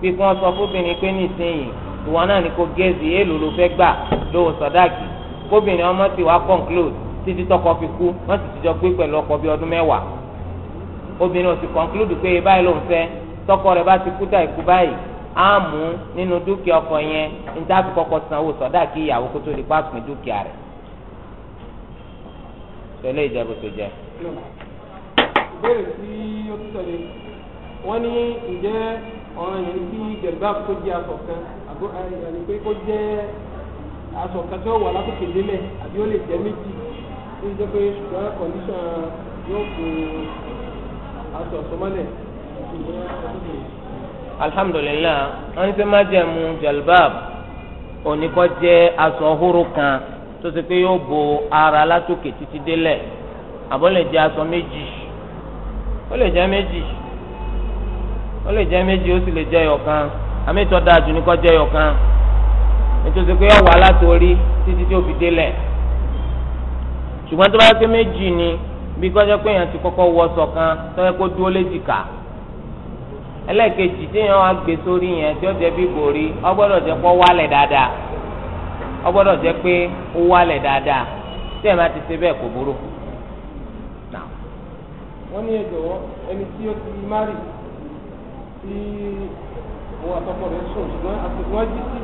bí kí sọ fóbìnrin pé nísìnyìí ìwọ náà ni kò géèzì èèlò ló fẹ́ gbà lówó sàdáàkì kóbìnrin ọmọ ti wá conclude títí tọkọ fi kú wọ́n sì ti jọ gbé pẹ̀lú ọkọ bíi ọdún mẹ́wàá obìnrin ò sì conclude pé báyìí ló ń fẹ́ tọkọ rẹ̀ bá ti kú dà ikú báyìí á mú nínú dúkìá ọkọ yẹn níta fi kọ́kọ́ sanwó sàdáàkì ìyàwó kó lè pàṣẹ dúkìá rẹ̀ tẹ̀lé ìjẹ́bù tó jẹ́. ìbéèrè tí ó ti sọ̀rọ̀ wọ́n ní ǹjẹ́ ọ̀ràn yẹn ní kí jẹ̀lbáà kó jẹ́ aṣọ kan àbó àyàní pé kó jẹ́ aṣọ kan tó wà látòkè délẹ̀ àbí ó lè jẹ́ méjì tó ń jẹ́ pé ṣùgbọ́n kọ̀ndíṣàn yóò kó aṣọ ọ̀sọ́mọ́lẹ̀ alhamdulilayi wọn ti máa jẹ mu jẹlbáà oníkọ jẹ aṣọ horo kan tó ṣe pé yóò bo ara látòkè títí délẹ̀ àbọ̀ lè jẹ́ aṣọ méjì ó lè jẹ́ méjì ó lè jẹ́ méjì ó sì lè jẹ́ ẹyọ̀kan àmì ìtọ́ da jù ní kọ́ jẹ́ ẹyọ̀kan nítorí pé yóò wà látòrí títí tí ó fi délẹ̀ ṣùgbọ́n tó bá yẹ pé méjì ni bí kọ́jọ́ pé èèyàn ti kọ́kọ́ wọ sọ̀kan tó yẹ kó dúró léjìká ẹlẹ́ẹ̀kejì téèyàn wá gbé sórí yẹn tí ó jẹ́ bí bòrí ó jẹ́ pọ́ wálẹ̀ dáadáa ọgbọdọ jẹ́ pé ó wálẹ̀ dáadáa tí ẹ̀ máa ti ṣe bẹ́ẹ̀ kò burú. wọ́n ní ẹni tí ó ti tí òun rẹ̀ sùn ṣùgbọ́n àsìkò wọn jí sí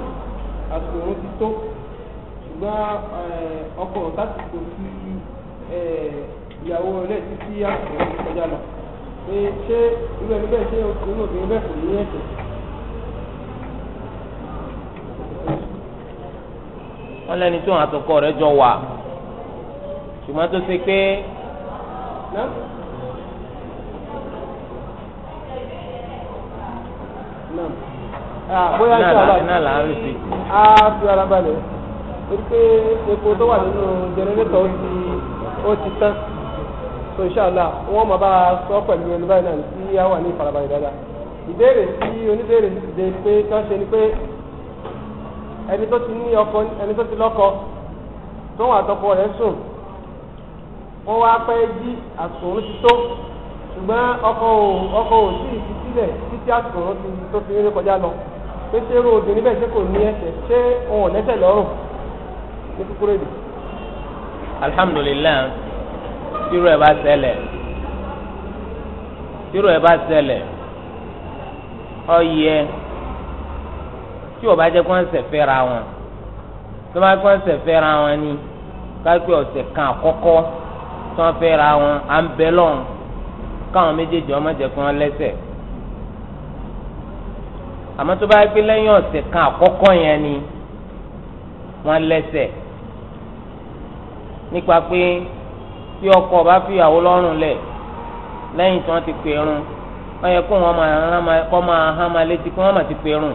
òun ti tó ṣùgbọ́n wọn lẹni tó hàn àtọkọ rẹ̀ jọ wà ṣùgbọ́n tó ṣe pé ah, bóyá ṣe àlá a fi ara balẹ̀ wípé epo tó wà nínú jẹnẹrétọ̀ ó ti tán so inshallah wọn máa bá a sọ pẹ̀lú ẹni báyìí náà tí a wà ní ìfarabalẹ̀ dáadáa ìbéèrè tí oníbéèrè ti dé pé kí wọ́n ṣe ni pé ẹni tó ti ní ọkọ ẹni tó ti lọ́kọ tó wà tọkọ rẹ̀ sùn wọ́n wá pẹ́ jí àsùnwòn ti tó ṣùgbọ́n ọkọ ò ọkọ ò sí ìfi sílẹ̀ títí àsùnwòn ti tó fi rí kọjá lọ pé ṣé irú obìnrin bẹ́ẹ̀ ṣe kò ní ẹsẹ̀ ṣé òun ò lẹ́sẹ̀ lọ́rùn ní kúkúrú èdè. alhamdulilayi tí irú bá ṣẹlẹ̀ tí irú bá ṣẹlẹ̀ ó yẹ. Oh, yeah tí ó bá jẹ́ kó ń ṣẹ̀fẹ́ ra wọn tó bá kó ń ṣẹ̀fẹ́ ra wọn ni kápẹ́ ọ̀sẹ̀ kan àkọ́kọ́ tí wọ́n fẹ́ ra wọn à ń bẹ lọ́run káwọn méjèèjì ọmọ jẹ́ kó wọ́n lẹ́sẹ̀ àmọ́ tó bá pé lẹ́yìn ọ̀sẹ̀ kan àkọ́kọ́ yẹn ni wọ́n lẹ́sẹ̀ nípa pé tí ọkọ bá fi ìyàwó lọ́rùn lẹ̀ lẹ́yìn tí wọ́n ti pè é rún wọ́n yẹ kó wọ́n máa hán máa létí kó wọ́n máa ti pè é rún.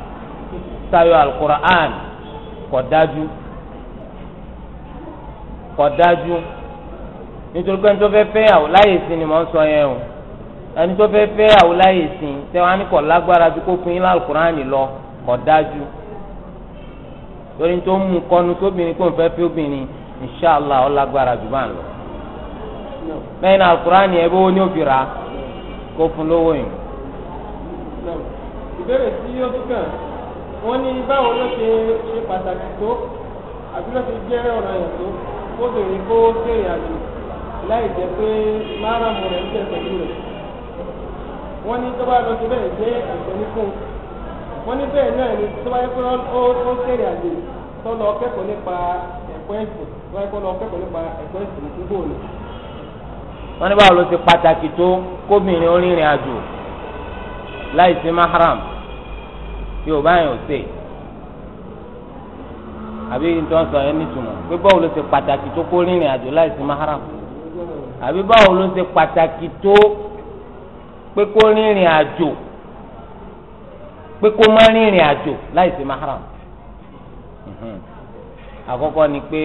tayọ alukur'an kò dájú kò dájú nítorí pé nítorí fẹ́ fẹ́ yàwó láyè sí ni mò ń sọ yẹn o ẹni tó fẹ́ fẹ́ yàwó láyè sí tẹ wọn á ní kò lágbára ju kó fún yín lálùkùránì lọ kò dájú torí tó ń mú kọnu tóbìnrin kó n fẹ́ fẹ́ obìnrin inṣàlá ọ lágbára bá ń lọ lẹ́yìn náà alukuránì ẹ bówó ní òfin rà kó fún lówó yìí. ìbéèrè tí yóò tún kàn. wọ́n ní báwo ló ṣe ṣe pàtàkì tó àbí ló ṣe jẹ́ ọ̀ràn yẹn tó kóbìnrin kó sèrìn àjò láì jẹ́ pé márùn-ún rẹ̀ ń tẹ̀ pẹ̀lú rẹ̀ wọ́n ní tó bá lọ sí bẹ́ẹ̀ jẹ́ wọ́n ní bẹ́ẹ̀ náà ni tó bá yẹ pé ó sèrìn àjò tó lọ kẹ́kọ̀ọ́ nípa ẹ̀kọ́ ẹ̀sìn tó bá yẹ ni wọ́n ní báwo ló ṣe pàtàkì tó yorùbá yẹn ò sè àbí nítorí sọ yẹn nítumọ̀ pé báwo ló ṣe pàtàkì tó kó rìnrìn àjò láìsí maharam àbí báwo ló ṣe pàtàkì tó pé kó rìnrìn àjò pé kó má rìnrìn àjò láìsí maharam àkọ́kọ́ ni pé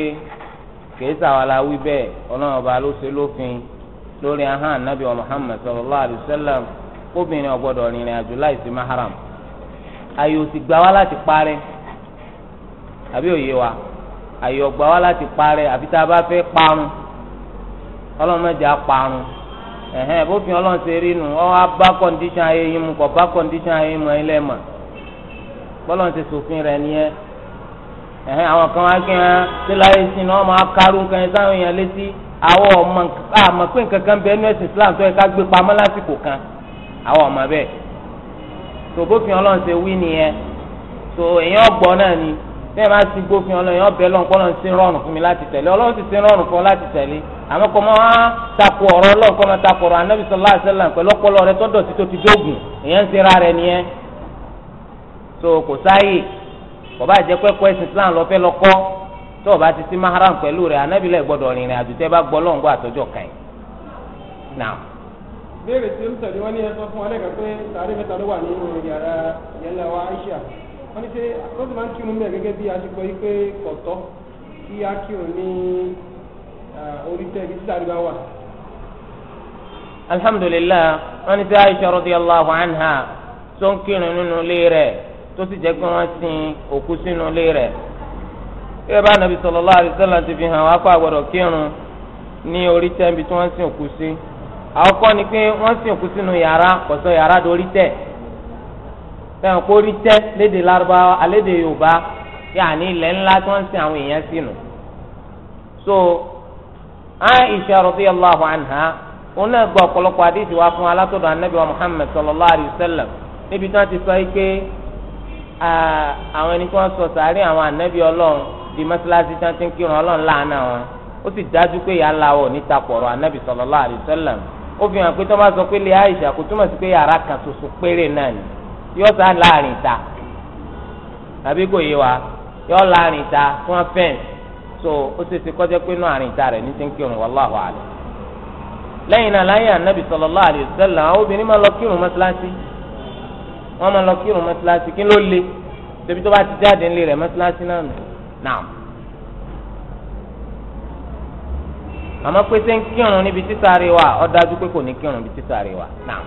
kìí sàwàlà wí bẹ́ẹ̀ ọlọ́run ọba ló ṣe lófin lórí ahán anabi wa muhammad sallallahu alayhi wa sallam obìnrin ò gbọ́dọ̀ rìnrìn àjò láìsí maharam ayò ti gbà wá láti parẹ́ àbí òye wa ayò gbà wá láti parẹ́ àbí tá a bá fẹ́ parun ọlọ́run mẹ́jọ á parun ẹ̀hẹ́n bófin ọlọ́run ṣe rí nu ọ́ á bá kọ́ndíṣàn ayé yín mu kọ́ bá kọ́ndíṣàn ayé mu ẹ̀yin lẹ́ẹ̀mọ̀ bọ́lọ́run ṣe ṣòfin rẹ̀ nìyẹn ẹ̀hẹ́n àwọn kan wá kí wọn ṣe láyé sí ni wọ́n máa kárú nǹkan ẹ̀ sáwọn èèyàn létí àwọn ọmọ àmọ́ pé nǹkan kan bẹ́ẹ̀ ní ẹ̀sìn Islam tó yẹ ká gbé pamọ́ lásìkò kan àwọn ọmọ bẹ́ẹ̀ tó bófin ọlọ́run ṣe wí nìyẹn tó èèyàn gbọ́ náà ni bí ẹ bá ti gbófin ọlọ́run èèyàn bẹ́ẹ̀ lọ́nkọ́ lọ́n ti rọrùn fún mi láti tẹ̀lé ọlọ́run ti ti rọrùn fún ọ láti tẹ̀lé àmọ́ kọ́ máa takò ọ̀rọ̀ ọlọ́run kọ́ máa takò ọ̀rọ̀ anábì sallallahu alaihi wasallam pẹ̀lú ọpọlọ rẹ tọ́dọ̀ tí tó ti dógùn èèyàn ń sinra rẹ nìyẹn tó kò sáyè bàbá àjẹ pẹ́pẹ́ Islam lọ fẹ́ lọ tó o bá ti sí maharam pẹ̀lú rẹ anábì gbọ́dọ̀ rìnrìn àdùtẹ́ bá gbọ́ lọ́ngbọ́ àtọ́jọ́ kan yìí. béèrè tí ó ń tẹ̀lé wọn ní ẹsọ fún alẹ́ pé sàárè mẹ́ta ló wà yàrá wa aisha wọn ní ṣe àkóso máa ń kírun bẹ́ẹ̀ gẹ́gẹ́ bí aṣípọ̀ yìí pé kọ̀tọ́ kí á kírun ní orí tẹ́ ibi tí sàárè bá wà. alhamdulilayi wọn ní aisha radiyallahu anha tó ń kírun nínú ilé rẹ̀ tó sì jẹ́ pé wọ́n sin òkú sínú ilé rẹ̀ nàbì ti fi hàn àgbọ̀dọ̀ kírun ní orí ibi tí wọ́n sin àkọ́kọ́ ni pé wọ́n sìnkú sínú yàrá kọ̀sọ́ yàrá dorí tẹ̀ fẹ́ràn kó rí tẹ́ léde lárúbáwá aléde yorùbá yàní ilẹ̀ ńlá tí wọ́n sin àwọn èèyàn sínú. so aisha radiyallahu anha òun náà gba ọ̀pọ̀lọpọ̀ àdéhùn wa fún alátọ̀dọ̀ anabi wa muhammed sallallahu alayhi wa sallam níbi tí wọ́n ti sọ yìí pé àwọn ẹni tí wọ́n sọ sàárẹ̀ àwọn anabi ọlọ́run di mọ́sálásí tí wọ́n ti ń kírun ọlọ́run láàánú àwọn ó sì dájú pé ìyá ńlá ò ní takọ̀rọ̀ anabi sallallahu alayhi wa sallam ó fi hàn pé tó bá sọ pé lè àìsà kò túmọ̀ sí pé yàrá kan ṣoṣo péré náà ni yóò sá láàrin ta tàbí kò yé wa yóò láàrin ta tí wọ́n fẹ́ǹsì so ó ti ti kọjá pé náà àrin ta rẹ̀ ní ti ń kírun wallahu a'lam lẹ́yìn náà láyé ànábì sallallahu alaihi wasallam àwọn obìnrin máa lọ kírun mọ́sálásí wọ́n máa lọ kírun mọ́sálásí kí ló le débi tó bá ti jáde ńlẹ̀ rẹ̀ mọ́sálásí náà nù àmọ́ pé ṣé ń kírun níbi títàrí wa ó dájú pé kò ní kírun níbi títàrí wa náà.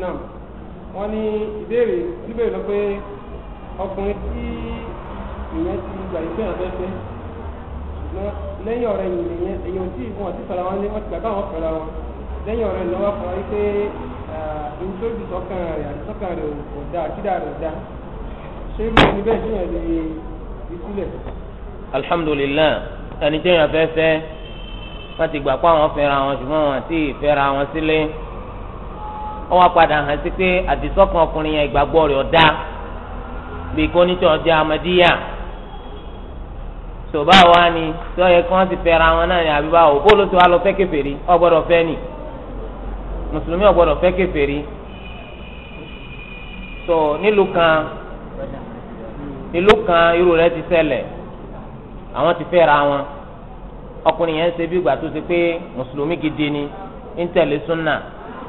náà wọ́n ní ìbéèrè níbẹ̀rẹ̀ lọ pé ọkùnrin tí ìyẹn ti gbà ìgbéyàwó fẹ́ fẹ́. ṣùgbọ́n lẹ́yìn ọ̀rẹ́ yìí nìyẹn èyàn tí wọn ti fẹ́ra wọn lé wọn ti gbà káwọn fẹ́ra wọn lẹ́yìn ọ̀rẹ́ lọ́wọ́ fún wa pé nítorí sọ́kàn rẹ̀ àti sọ́kàn rẹ̀ kò dáa kídà rẹ̀ dáa ṣé bí ẹni bẹ́ẹ̀ ṣe yẹn lè fi sílẹ̀. alhamdulillah ẹni tí èèyàn fẹ́ fẹ́ wọ́n ti gbà pé àwọn fẹ́ra wọn ṣùgbọ́n wọn àti ìfẹ́ra wọn sílé wọ́n wá padà hàn sí pé àdìsọ́kàn ọkùnrin yẹn ìgbàgbọ́ tó wa ni tó yẹ kí wọ́n ti fẹ́ra wọn náà ni àbí ti wá lọ fẹ́ kèfèrí ọgbọ́dọ̀ fẹ́ ni mùsùlùmí ọgbọ́dọ̀ fẹ́ tó nílùú kan kan irú ti fere àwọn ti fẹ́ra wọn ọkùnrin yẹn ń ṣe bí ìgbà tó ṣe pé mùsùlùmí gidi ni ń tẹ̀lé súnà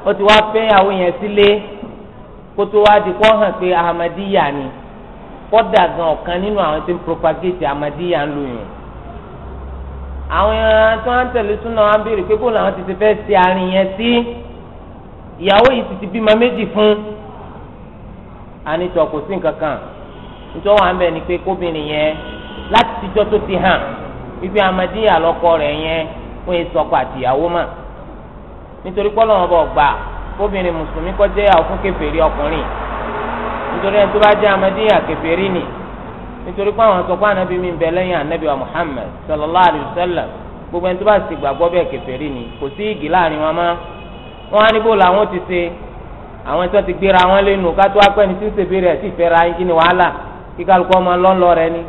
ó ti wá fẹ́ àwọn yẹn sílé kó tó wá di kó hàn pé kọ́dà gan ọ̀kan nínú àwọn tí ń propagate amadiya ń lò yẹn àwọn ẹran tí wọ́n ń tẹ̀lé súnà wọn béèrè pé bó làwọn ti ti fẹ́ ṣe àárín yẹn sí ìyàwó yìí ti ti bímọ méjì fún anitọ kò sí nǹkan kan nítorí wọn bẹ ni pé kóbìnrin ti hàn wípé amadiya rẹ̀ yẹn nítorí bọ̀ gbà kóbìnrin mùsùlùmí nítorí ẹni tó bá jẹ́ amadíyà kèfèrí ni nítorí pé àwọn sọ̀kọ́ ànábì mi ń bẹ lẹ́yìn ànábì wa Muhammad sallallahu alayhi wa sallam gbogbo ẹni tó bá sì gbàgbọ́ bẹ́ẹ̀ kèfèrí ni kò sí igi láàrin wọn mọ́ wọn á ní bó làwọn ti ṣe àwọn ẹni tó ti gbéra wọn lẹ́nu kátó apẹ́ni tí ń ṣèbéèrè ẹ̀ sì fẹ́ ra kí ni wàhálà kí kálukọ́ ọmọ lọ́nlọ́ rẹ ni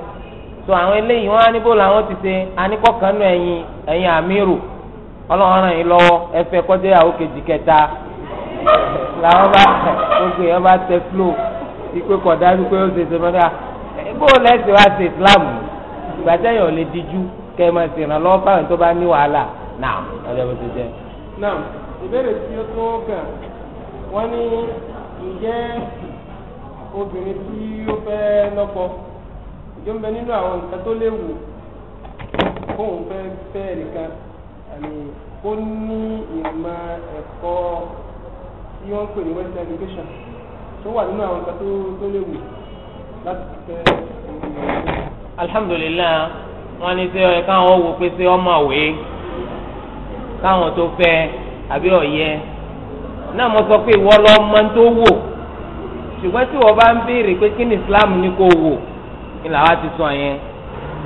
so àwọn eléyìí wọn á ní bó làwọn ti ṣe anikọ́kànnú ẹ̀yin ẹ̀yin àmírù ọlọ́run ràn yín lọ́wọ́ ẹ fẹ́ kọjá ìyàwó kejì kẹta làwọn bá gbogbo èèyàn bá tẹ flow sí pé kọ̀ dájú pé ó ṣe ṣe mọ́tà bó lẹ́sìn wá ṣe islam ìgbà tẹ́yìn ò lè díjú kẹ́ ẹ máa ṣèrànlọ́wọ́ fáwọn tó bá ní wàhálà náà ọjọ́ bó ṣe jẹ́. náà ìbéèrè tí ó tó kàn wọ́n ní ǹjẹ́ obìnrin tí ó fẹ́ lọ́kọ ìjọ ń bẹ nínú àwọn nǹkan tó léwu kóun fẹ́ fẹ́ nìkan kó ní ìmọ̀ ẹ̀kọ́ tí wọ́n pè ní western education tó wà nínú àwọn nǹkan tó tó léwu láti fẹ́. alhamdulilayi wọn ní sẹ ẹ káwọn wo pé sẹ ọmọ àwẹ káwọn tó fẹ́ àbí ọyẹ náà mo sọ pé ìwọ lọ máa ń tó wò ṣùgbọ́n tí wọ́n bá ń béèrè pé kí ni Islam ní kó wò kí làwa ti sọ yẹn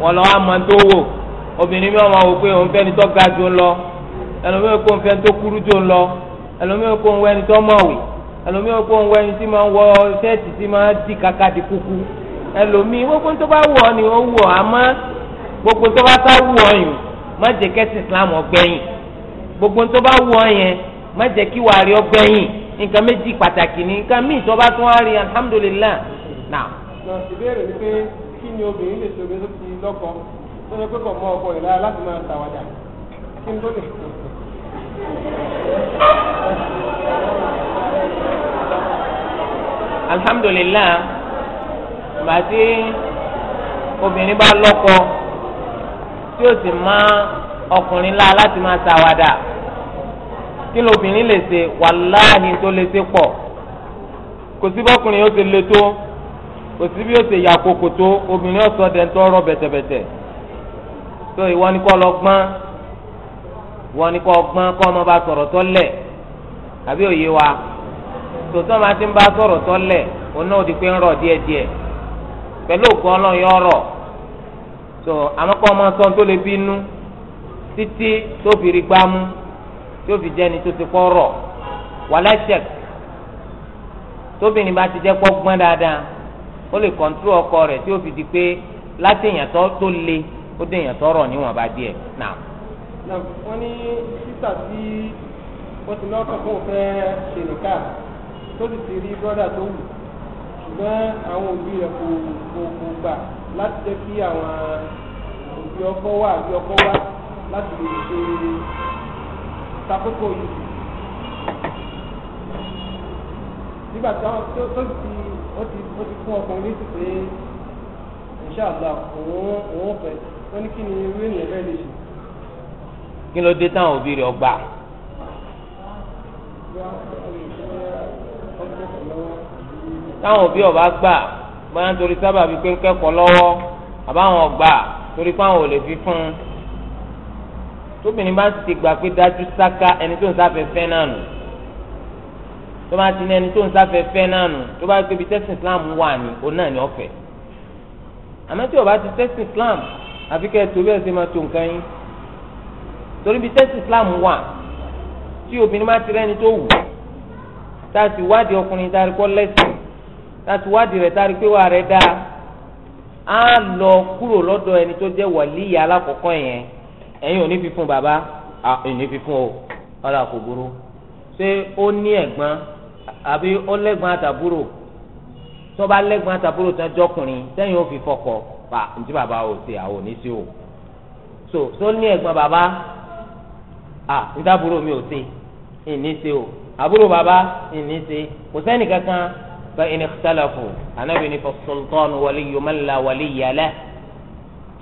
wọ́n lọ wá máa ń tó wò obìnrin mi ọmọ wò pé òun fẹ́ ni tó ga jù ń lọ ẹlòmíràn kó ń fẹ́ tó kúrú jù ń lọ ẹlòmíràn kó ń wẹ́ ni tó mọ̀wé ẹlòmíì ó kó ń wọ ẹni tí máa ń wọ ṣẹ́ẹ̀tì tí máa ń di kàkà di kúkú ẹlòmíì gbogbo tó bá wù ọ́ ni ó wù ọ́ àmọ́ gbogbo tó bá sá wù ọ́ yìí má jẹ́ kẹ́sì islam ọgbẹ́yìn gbogbo tó bá wù ọ́ yẹn má jẹ́ kí wàá rí ọgbẹ́yìn nǹkan méjì pàtàkì ni nǹkan míì tó bá tún wá rí alhamdulillah náà. na ìbéèrè ni pé kí ni obìnrin lè ṣe obìnrin tó ti lọ́kọ tó yẹ pé kò mọ ọkọ rẹ̀ lára láti máa tàwádà kí n tó lè alhamdulilayi gbàtí obìnrin bá lọ́kọ tí ó sì má ọkùnrin lá láti máa ṣàwàdà kí lóbìnrin lè ṣe wàláhì tó lè ṣe pọ̀ kò sí bọ́kùnrin yóò ṣe le tó kò sí bí yóò ṣe yà kókò tó obìnrin ọ̀sọ́ dẹ̀ ń tọrọ bẹ̀tẹ̀bẹ̀tẹ̀ tó ìwọ ni kọ́ lọ gbọ́n ìwọ ni kọ́ gbọ́n kọ́ ọmọ bá sọ̀rọ̀ tọ́lẹ̀ àbí òye wa. tòótọ́ máa ti ń bá sọ̀rọ̀ tọ́lẹ̀ òun náà pé ń rọ̀ díẹ̀díẹ̀ pẹ̀lú òkú ọlọ́run yọ ọ̀rọ̀ tó ọmọ sọ́n tó lè bínú títí tó fi rí gbámú tó fi tó ti ti jẹ́ dáadáa ó lè kọ́ńtúrò ọkọ rẹ̀ tí ó fi di pé le ó dé èèyàn rọ̀ níwọ̀n bá díẹ̀ wọ́n ní títà tí wọ́n ti lọ́kàn fún tó sì ti rí brọ́dà tó wù ṣùgbọ́n àwọn òbí rẹ̀ kò kò kò gbà láti jẹ́ kí àwọn òbí ọkọ wà àbí ọkọ wá láti lè ṣe takókò yìí. nígbà tí wọ́n tó tó ti ó ti ó ti fún ọkùnrin létí pé ìṣáàlá òun òun fẹ́ wọ́n ní kí ni irú ènìyàn bẹ́ẹ̀ lè ṣe. kí ló dé táwọn òbí rẹ̀ ọgbà táwọn òbí ọba gbà bóyá nítorí sábà bíi pé ń kẹ́kọ̀ọ́ lọ́wọ́ àbáwọn gbà torí pé àwọn ò lè fi fún un tóbìnrin bá ti gbà pé dájú sáká ẹni tó ń sáfẹ́ fẹ́ náà nù tó bá ti ní ẹni tó ń sáfẹ́ fẹ́ náà nù tó bá gbé bi tẹ́sán Islam wà ní òun náà ní ọ̀fẹ́ àmọ́ tí ọba ti tẹ́sán Islam àfi kẹ́ ẹ tó bẹ́ẹ̀ ṣe máa tó nǹkan yín torí bí tẹ́sán Islam wà tí obìnrin bá ti rẹ́ni tó wù tá a sì wádìí ọkùnrin tá a rí kọ́ lẹ́sìn láti wádìí rẹ̀ tá a rí pé wà rẹ̀ dáa á lọ kúrò lọ́dọ̀ ẹni tó jẹ́ wàlíyà alákọ̀ọ́kọ́ yẹn ẹ̀yin ò ní fi fún bàbá ẹ̀yin ò ní fi fún o ọ̀là kò burú ṣé ó ní ẹ̀gbọ́n àbí ó lẹ́gbọ́n àtàbúrò tó bá lẹ́gbọ́n àtàbúrò tán jọkùnrin sẹ́yìn ó fi fọkọ̀ pa ntí bàbá ò ṣe àwọn ò sí o so tó ní ẹ̀gbọ́n bàbá à ntàbúrò mi ò ṣe ìní ṣe o àbúrò bàbá ìní ṣe kò sẹ́nì kankan فإن اختلفوا أنبني فالسلطان ولي من لا ولي له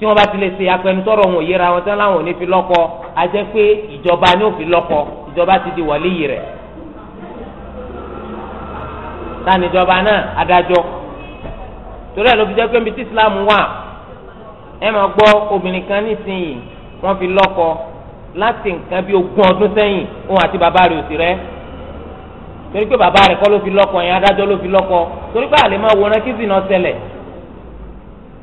tí wọn bá ti lè ṣe apẹnutọrọ wọn yẹra wọn tán láwọn ò ní fi lọ́kọ a jẹ́ pé ìjọba ni ó fi lọ́kọ ìjọba ti di wàlíyì rẹ̀ tani ìjọba náà adájọ́ torí ẹ̀ ló fi jẹ́ pé ibi tí islam wà ẹ máa gbọ́ obìnrin kan nísìnyí wọ́n fi lọ́kọ láti nǹkan bí ogún ọdún sẹ́yìn òun àti bàbá rẹ̀ òsì rẹ̀ torí pé bàbá rẹ̀ kọ́ ló fi lọ́kọ yẹn adájọ́ ló fi lọ́kọ torí pé àlè máa wòran kí zìnà ṣẹlẹ̀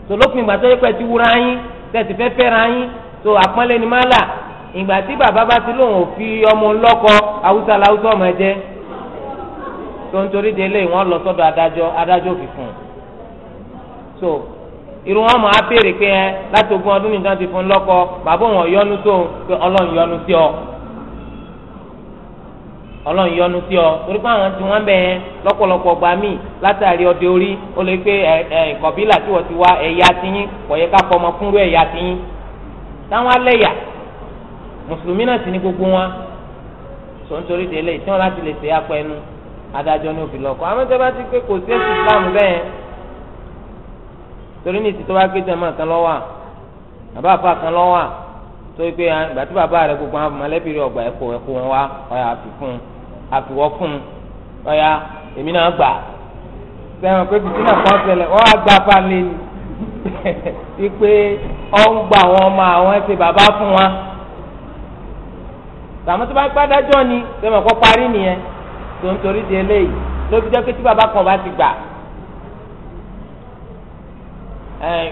tó lópin ìgbà tó yẹ pé ti wúra yín tẹ̀sí fẹ́ fẹ́ra yín tó àpọ́nlé ni má là ìgbà tí bàbá bá ti lóun ò fi ọmọ lọ́kọ haúsá làwùsọ ọmọ ẹ̀jẹ̀ tó ń torí délé wọn lọ sọ́dọ̀ adájọ́ adájọ́ fi fún un so irun wọn mọ abéèrè pé ẹ láti ogún ọdún nìkan ti fún lọ́kọ bàbá òun ọ̀yọ́nu tó ọlọ́run yọ́nú sí ọ ọlọ́run yọ́nú sí ọ torí pé àwọn tí wọ́n bẹ̀ yẹn lọ́pọ̀lọpọ̀ gba mí látàrí ọdẹ orí ó lè pé ẹ ẹ kọ̀bílà tí wọ́n ti wá ẹ̀yà tiyín kò yẹ ká fọmọ fúnrú ẹ̀yà tiyín táwọn alẹ́yà mùsùlùmí náà sì ní gbogbo wọn sọ nítorí délé tí wọ́n láti lè ṣe apẹ ẹnu adájọ́ ní òfin lọ́kọ̀ àwọn ìjọba ti pé kò sí ẹ̀sìn Islam bẹ́ẹ̀ torí ní ìsìtọ́ bá gbé jẹ́mọ̀ kan lọ́wọ́ àbá àfa kan lọ́wọ́ tó yẹ pé ìgbà tí bàbá rẹ gbogbo àwọn àfiwọ́ fún un ọ̀ya èmi náà gbà sẹ́wọ̀n pé bìtínà kan ṣẹlẹ̀ wọ́n á gba fáńlẹ́ ni wípé ọ̀ ń gba àwọn ọmọ àwọn ẹ̀sìn bàbá fún wa tàmí tó bá ń gbádájọ́ ni sẹ́wọ̀n kọ́ parí nìyẹn tó ń torí di eléyìí lóbi jẹ́ pé tí bàbá kan bá ti gbà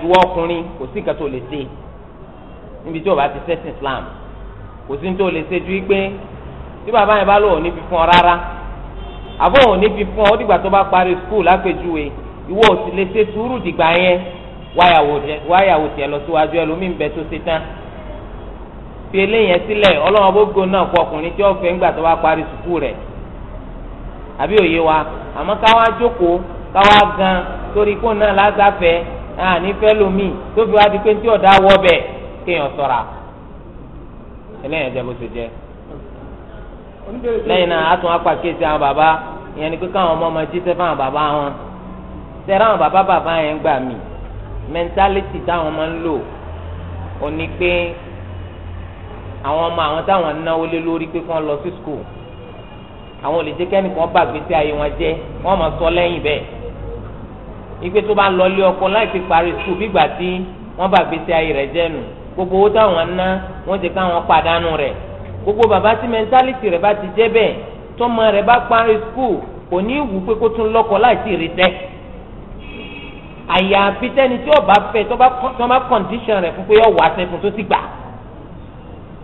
ìwọ ọkùnrin kò sí nǹkan tó lè ṣe níbi tí o bá ti ṣẹ̀sìn Islam kò sí ní tó lè ṣe ju wípé tí bàbá yẹn bá lò ò ní fi fún ọ rárá àbọ̀ ò ní fi fún ọ ó dìgbà tó bá parí skul lápèjúwe ìwọ ò sì lè ṣe sùúrù dìgbà yẹn wáyàwó tiẹ̀ lọ síwájú ẹlòmíín bẹ tó ṣe tán fi eléyẹn sílẹ̀ ọlọ́run gbogbo náà kọ ọkùnrin tí ọ̀fẹ́ ńgbà tó bá parí sùkú rẹ̀ àbí òye wa àmọ́ káwá jókòó káwá gan torí kó náà lásàfẹ́ àní fẹ́ lomi tó fi wá di pé tí ọ̀dà wọ bẹ̀ kéèyàn ṣọ́ra eléyẹn jẹ́ bó ṣe jẹ́ lẹ́yìn náà a tún apá kéésì àwọn bàbá ìyẹn ni pé káwọn ọmọ ọmọ jíṣẹ́ fáwọn bàbá wọn tẹ̀rẹ́ àwọn bàbá bàbá yẹn gbà mí mẹ́ńtálítì táwọn máa ń lò ó ní pé àwọn ọmọ àwọn táwọn náwó lé lórí pé kán lọ sí skul àwọn olè jẹ́ kẹ́nìkan bá gbèsè ayé wọn jẹ́ wọ́n máa sọ lẹ́yìn bẹ́ẹ̀ ìgbé tó bá lọ lé ọkọ láì fi parí skul bí gbà tí wọ́n bá gbèsè ayé rẹ̀ jẹ́ nù gbogbo owó táwọn ná wọ́n ti káwọn pàdánù rẹ̀ gbogbo bàbá tí mẹńtálítì rẹ̀ bá ti jẹ́ bẹ́ẹ̀ tọ́mọ rẹ̀ bá parí skul kò ní wù pé kó tún lọ́kọ láì sí rí tẹ́ àyàfi tẹ́ni tí ọba fẹ́ tọ́ba kọ́ndíṣàn rẹ̀ fún pé ọ̀wọ́ àtẹ̀kùn tó ti gbà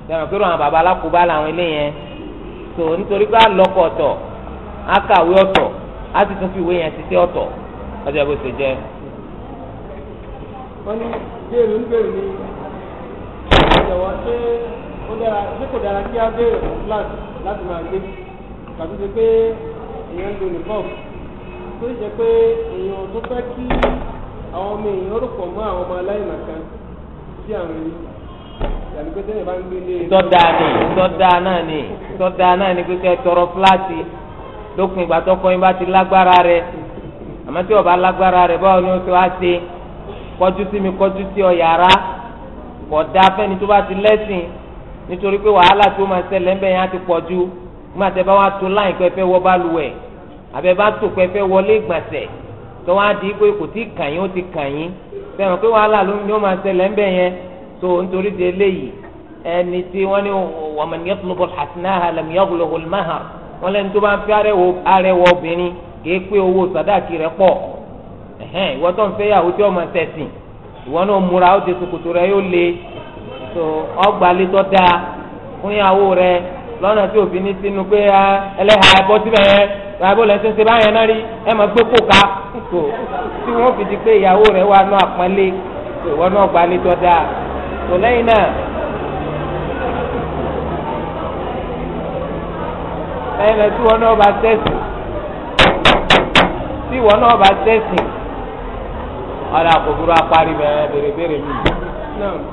sẹ́wọ̀n pé àwọn bàbá alákòóbá làwọn ilé yẹn tó nítorí pé àlọ́kọ ọ̀tọ̀ akàwé ọ̀tọ̀ á sì tún fi ìwé yẹn ṣiṣẹ́ ọ̀tọ̀ ọjọ́ bó ṣe jẹ́. wọ́n ní bí èrò ń bèrè ní ìjọ̀wọ́ ṣé ó dára ṣé kò dára kí á béèrè fún flat láti máa gbé tàbí ṣe pé èèyàn ń lo nìkan tó ṣe pé èèyàn tó fẹ́ kí àwọn ọmọ èèyàn rò pọ̀ mọ́ àwọn ọmọ aláìmọ̀kan sí àwọn èyí tọ́da ni tọ́da náà ni tọ́da náà ni pípẹ́ tọrọ fúláàtì lópin ìgbà tọkọ yín bá ti lágbára rẹ àmọ́ tí ọba lágbára rẹ báwo ni ó ti wá ṣe kọjú sí mi kọjú sí ọ yàrá kọ̀dá fẹ́ni tó bá ti lẹ́sìn nítorí pé wàhálà tó máa ṣẹlẹ̀ ńbẹ̀ yẹn á ti pọ̀ ju nígbà tẹ bá wá tó láì pé fẹ́ wọ balùwẹ̀ àbẹ bá tó pé fẹ́ wọlé ìgbọ̀nsẹ̀ tó wá di pé kò tí kàn yín ó ti kàn yín fẹ́ràn pé wàhálà ló ní ó máa ṣẹlẹ̀ ńbẹ̀ yẹn tó nítorí di eléyìí ẹni tí wọ́n ní wa man yatlubu al-hasanaha lam yaghluhu al-mahar wọ́n lẹ́ni tó bá fẹ́ arẹwọ obìnrin kì so ọgbàlẹ tó dáa fún rẹ lọ́nà tí òfin ní sínú pé ah, ẹlẹ́hà ẹ̀bọ́ síbẹ̀ yẹn ìyàbọ̀ lẹ́sẹ̀ ṣe báyẹn náà rí ẹ máa gbé kóka kò tí wọ́n fi di pé ìyàwó rẹ̀ wà nù àpọ́nlé ìwọ náà tó lẹ́yìn náà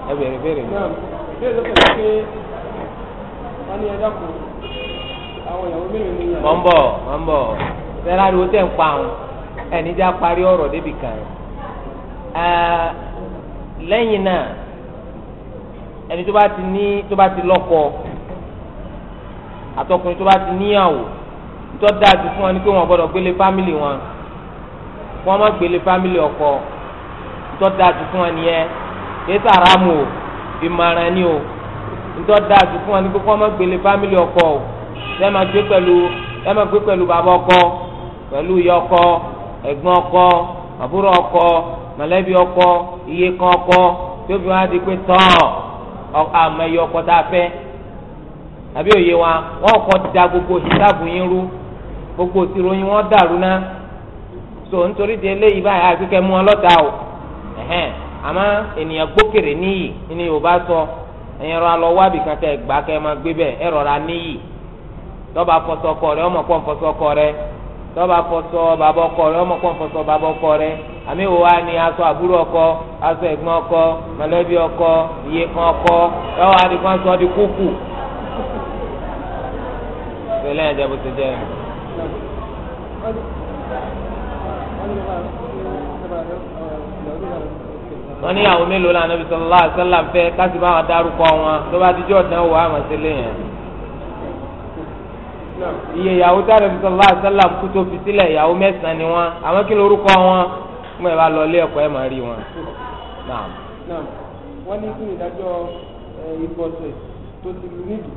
ẹ bẹ̀rẹ̀ bẹ̀rẹ̀ mi. mọ̀ ń bọ̀ mọ̀ ń bọ̀ fẹ́rẹ́ ariwo tẹ̀ ń pa àwọn ẹni já parí ọ̀rọ̀ débi kan lẹ́yìn náà ẹni tó bá ti ní tó bá ti lọ́kọ àtọkùnrin tó bá ti níyàwó tó dáa ju fún wọn ni pé wọn gbọ́dọ̀ gbélé fámìlì wọn wọn má gbélé fámìlì ọkọ tó dáa ju fún wọn nìyẹn kìí sàrámù o ìmọ̀ràn ni o nítorí dáa sí fún wa ní kókó ọmọ gbélé fámìlì ọkọ o ẹ gbé pẹ̀lú ẹ gbé pẹ̀lú bàbá ọkọ pẹ̀lú ìyá ọkọ ẹ̀gbọ́n ọkọ àbúrò ọkọ mọ̀lẹ́bí ọkọ iye kan ọkọ tí di pé àmọ́ ọkọ tá a fẹ́ àbí òye wa wọ́n gbogbo ìsáàbù yín rú gbogbo yín so nítorí di eléyìí báyìí mú o. àmọ́ ènìyàn gbókèrè níyì ní yorùbá sọ ẹ̀yin rọra lọ wábì kan kẹ́ gbà kẹ́ máa gbé bẹ́ẹ̀ ẹ rọra níyì tọ́ba fọṣọ ọkọ rẹ ọmọ pọ́n fọṣọ rẹ tọ́ba bàbá ọkọ rẹ ọmọ pọ́n wa ni aṣọ àbúrò ọkọ aṣọ ẹ̀gbọ́n ọkọ mọ̀lẹ́bí ọkọ iye kan ọkọ ẹwà adigun di kuku ẹ̀jẹ̀ bó ti jẹ́. wọn ní ìyàwó mélòó la anabi sallallahu alaihi wasallam fẹ́ káṣí bá wọn dárúkọ wọn tó bá dijọ́ dán wò àmọ́ sílẹ̀ yẹn. iye ìyàwó tí anabi sallallahu alaihi wasallam kú tó fi sílẹ̀ ìyàwó mẹ́sàn-án ni wọn àwọn kí lorúkọ wọn mo ìbá lọ ilé ẹ̀kọ́ ẹ̀ máa rí wọn. wọ́n ní kí ìdájọ́ ìbọ̀sẹ̀ tó ti lu nídìí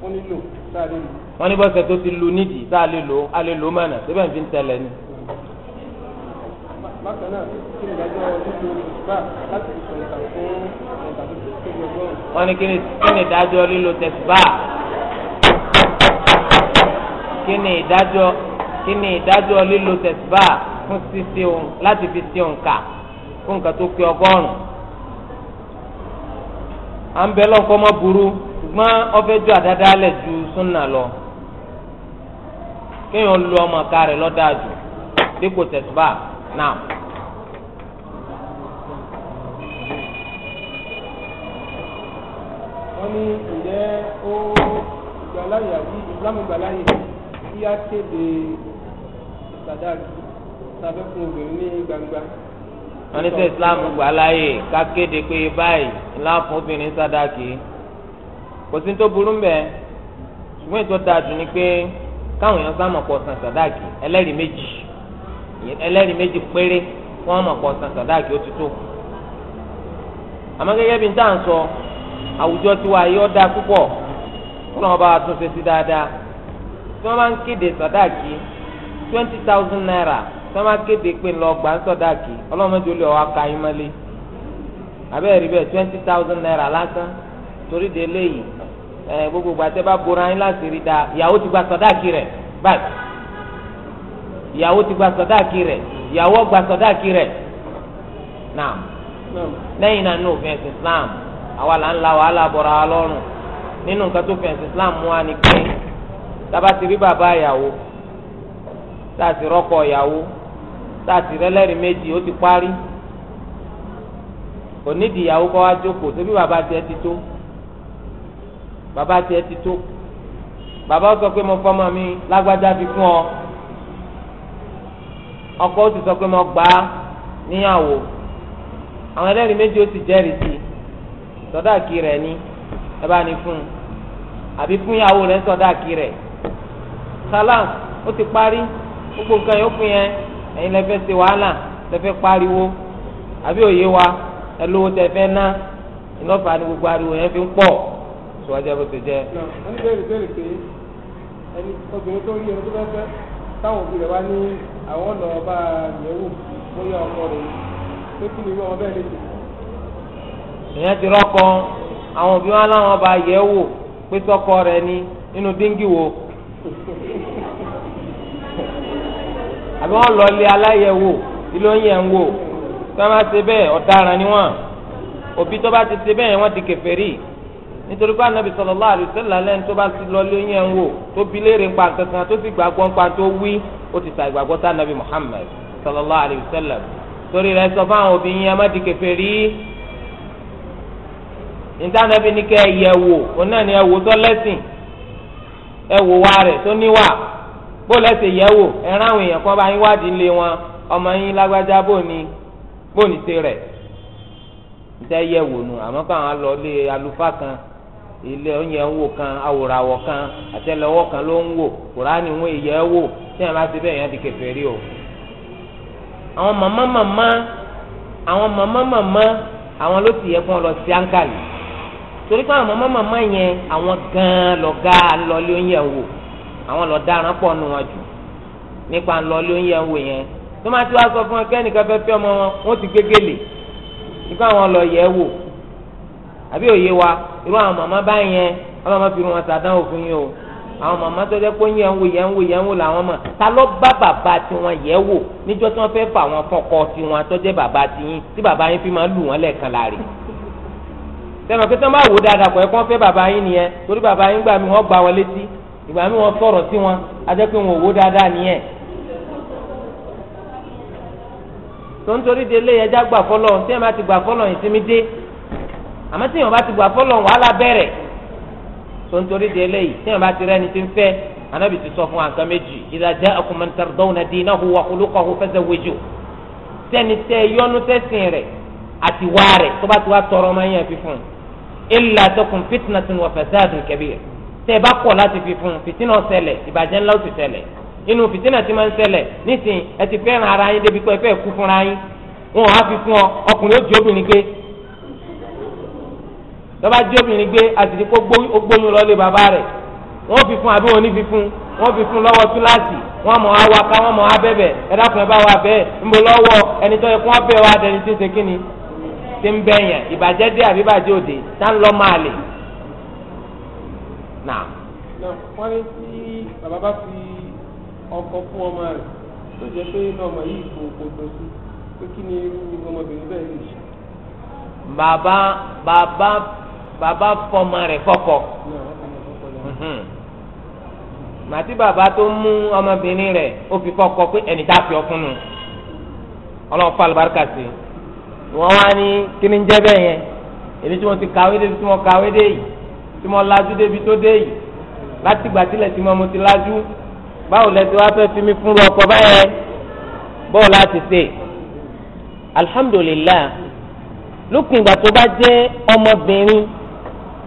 wọ́n nílò tá a lè lò. wọ́n ní bọ́sẹ̀ tó ti lu nídìí tá a lè lò a lè lò mọ́nà síbẹ̀ ń fi ń tẹ̀lẹ̀ ni bákan náà kí ni ìdájọ́ lílo òṣùpá láti fi sọ ìtàn fún ìgbà tó ti tó gbọ́. wọ́n ní kí ni ìdájọ́ lílo tẹ̀síbà kí ni ìdájọ́ kí ni ìdájọ́ lílo tẹ̀síbà fún ṣíṣe òun láti fi ṣe òǹkà fún nǹkan tó pé ọgọ́rùn-ún. à ń bẹ lọ́kọ́ mọ́ burú ṣùgbọ́n ọfẹ́ ju àdáadáa lẹ̀ ju súnà lọ kéèyàn lu ọmọ ká rẹ̀ lọ́dáàjù dípò tẹ̀síbà náà. wọ́n ní ǹjẹ́ ó gbàláyè àbí ìsìlámù gbàláyè kí á kéde sàdáàkì sábẹ́ fún obìnrin ní gbangba. wọ́n ní sẹ́ ìsìlámù gbàláyè ká kéde pé báyìí ńlá fún obìnrin sàdáàkì kò sí tó burú mbẹ́ ṣùgbọ́n ìtọ́ dáa jù ni pé káwọn èèyàn sá mọ̀ pọ̀ sàn sàdáàkì ẹlẹ́rìí méjì. ẹlẹ́rìí méjì péré wọ́n mọ̀ pọ̀ san sàdáàkì ó ti tó àmọ́ gẹ́gẹ́ bí n tá à ń sọ tiwa púpọ̀ kó lọ́wọ́ bá tún ṣe sí dáadáa tí wọ́n bá ń naira tí wọ́n bá kéde pé ń lọ gbà ń sàdáàkì ọlọ́mọdé olè ọ̀wá ka yín naira lásán torí de léyìí gbogbo gbàtẹ́ bá bora yín láti rí ìyàwó ti gba ìyàwó ti gba sọdáàkì rẹ̀ ìyàwó gba sọdáàkì rẹ̀ naam lẹ́yìn náà ní òfin ẹ̀sìn islam àwa là ń la wàhálà bọ̀ra wa lọ́rùn nínú nǹkan tó fi ẹ̀sìn islam mú wa ni pé tába ti rí bàbá ìyàwó tá a ti rọ́pọ̀ ìyàwó tá a ti rẹ́lẹ́rìí méjì ó ti parí kò nídìí ìyàwó kọ́ wá jókòó tóbi bàbá tiẹ̀ ti tó bàbá tiẹ̀ ti tó bàbá sọ pé mo fọmọ mi lágbájá fi fún ọ ọkọ ó ti sọ pé mo gbà á níyàwó àwọn ẹlẹ́rìí méjì ó sì jẹ́rìí sí i sọdáàkì rẹ̀ ni ẹ bá ní fún un àbí fún ìyàwó rẹ̀ sọdáàkì rẹ̀ salam ó ti parí gbogbo nǹkan yóò fún yẹn ẹ̀yin lẹ fẹ́ ṣe wàhálà lẹ fẹ́ pariwo àbí òye wa ẹ lówó tẹ fẹ́ ná iná fa ni gbogbo ariwo yẹn fi ń pọ̀ síwájú ẹ bó ti jẹ. wọ́n ń bẹ̀rẹ̀ bẹ̀rẹ̀ pé ẹni obìnrin tó rí ẹni tó fẹ́ fẹ́ táwọn òbí rẹ̀ wá ní àwọn lọ bá yẹ̀wò bóyá ọkọ rẹ pé kí ni irú ọmọ bẹ́ẹ̀ lè ṣe. ìyẹn ti rọkọ àwọn òbí wọn láwọn bá yẹ̀wò pé sọkọ rẹ ni nínú díngì wo àbí wọn lọ lé aláyẹ̀wò ilé oúnjẹ ń wò tí wọn bá ṣe bẹ́ẹ̀ ọ̀daràn ni wọn òbí tó bá ti ṣe bẹ́ẹ̀ wọ́n ti kèfèrí nítorí pé anabi sallallahu alaihi wasallam lẹ́nu tó bá ti lọ lé oúnjẹ ń wò tó bi léèrè ńpa kankan tó sì gbàgbọ́ ńpa tó wí ó ti sa ìgbàgbọ́ sá nàbì Muhammad sallallahu alayhi wa sallam torí rẹ̀ sọ fáwọn obìnrin ẹ má di kèfèrí ìtànàbì ní kẹ́ ẹ̀yẹ wò òun náà ní ẹ wò tọ́lẹ́sìn ẹ wò wá rẹ̀ tó níwà bó lẹ́sẹ̀ yẹ wò ẹ ráwọn èèyàn kan bá yín wádìí lé wọn ọmọ yín lágbájá bò ní bò ní ti rẹ̀ ìtẹ́ yẹ wò nù àmọ́ káwọn lọ lé àlùfáà kan ilé oúnjẹ wò kan awòràwọ̀ kan àtẹ́lẹwọ́ kan ló ń wò kùránì ń wò ìyẹ́ wò tí yẹn bá ti bẹ́ẹ̀ yẹn di o. àwọn màmá màmá àwọn màmá màmá àwọn ló ti yẹ kó lọ sí àǹkàlì torí pé àwọn màmá màmá yẹn àwọn gan-an lọ́gá lọ́lé wò àwọn lọ́ọ́ dáràn pọ̀ nù jù nípa lọ́lé oúnjẹ wò yẹn tó máa ti wá sọ fún irú àwọn màmá báyẹn àwọn màmá fi wọn sàdánwò fún yín o àwọn màmá tó jẹ́ pé yẹn ń wò yẹn ń wò yẹn ń wò làwọn mọ̀ ta ló bá bàbá tiwọn yẹ̀ wò níjọ́ tí wọ́n fẹ́ fà wọn fọkọ tiwọn tó jẹ́ bàbá tiyín tí bàbá yín fi máa lù wọ́n lẹ́ẹ̀kan láre. sẹ́nu pé tí wọ́n bá wò dáadáa kọ̀ ẹ́ kó wọ́n fẹ́ bàbá yín nìyẹn torí bàbá yín gbà mí wọ́n gbà wọn létí ìgbà mí wọ́n sọ̀rọ̀ sí wọn a jẹ́ pé wọn ò wò dáadáa nìyẹn. tó ń torí de ilé ẹja gbà fọlọ́ tí ẹ má ti gbà fọlọ́ àmọ́ tí èèyàn bá ti gbà fọlọ wàhálà bẹ̀rẹ̀ tó ń torí di eléyìí tí èèyàn bá ti rẹni tí ń fẹ́ anábì ti sọ fún wa nǹkan méjì idha ja'akum man tardawna dinahu wa khuluquhu fazawwijuhu sẹ́ni tẹ́ yọ́nú sẹ́sìn rẹ̀ àti wá rẹ̀ tó bá ti wá tọrọ ọmọ yẹn fi fún un illa takun fitnatun wa fasadun kabir tẹ́ ẹ bá kọ̀ láti fi fún un fìtínà ṣẹlẹ̀ ìbàjẹ́ ńlá ó ti ṣẹlẹ̀ inú fìtínà ti máa ń ṣẹlẹ̀ nísìnyí ẹ ti fẹ́ràn ara yín débi pé ẹ fẹ́ kú fúnra yín wọn á fi fún ọ ọkùnrin ó di lọ́ba jẹ́ obìnrin gbé àtìrí kó gbóyún lọ́lé bàbá rẹ̀ wọ́n fi fún àbí wọn ní fi fún wọ́n fi fún lọ́wọ́ túláàsì wọ́n mọ̀ wá ká wọ́n mọ̀ wá bẹ̀bẹ̀ bá wa bẹ́ẹ̀ ń bọ̀ ẹni tó kó wọ́n bẹ̀ wá dẹni tí ń ṣe kíni tí ń bẹ̀ yàn ìbàjẹ́ dé àbí ìbàjẹ́ òde tá ń lọ máa lè. wọ́n ní tí bàbá bá fi ọkọ fún ọmọ rẹ̀ tó jẹ́ pé ọmọ yìí kò kò tó sí pé kí ni irú ọmọbìnrin bẹ́ẹ̀ bàbá fọmọ rẹ̀ fọkọ màtí mhm. bàbá tó mú ọmọbìnrin rẹ̀ ó fi fọkọ pé ẹni tá a fi ọkùn nù ọlọ́run fa àlùbáríkà sí wọn wá ní kíni jẹ́ bẹ́ẹ̀ yẹn èmi tí mo ti kàwé débi tí mo kàwé dé yìí tí mo lajú débi tó dé yìí láti gbà tilẹ̀ tí mo mo ti lajú báwo lẹ wá fẹ́ fi mi fún ọkọ báyẹn bọ́ọ̀ láti ṣe alihamudulilayi lópin ìgbà tó bá ọmọbìnrin.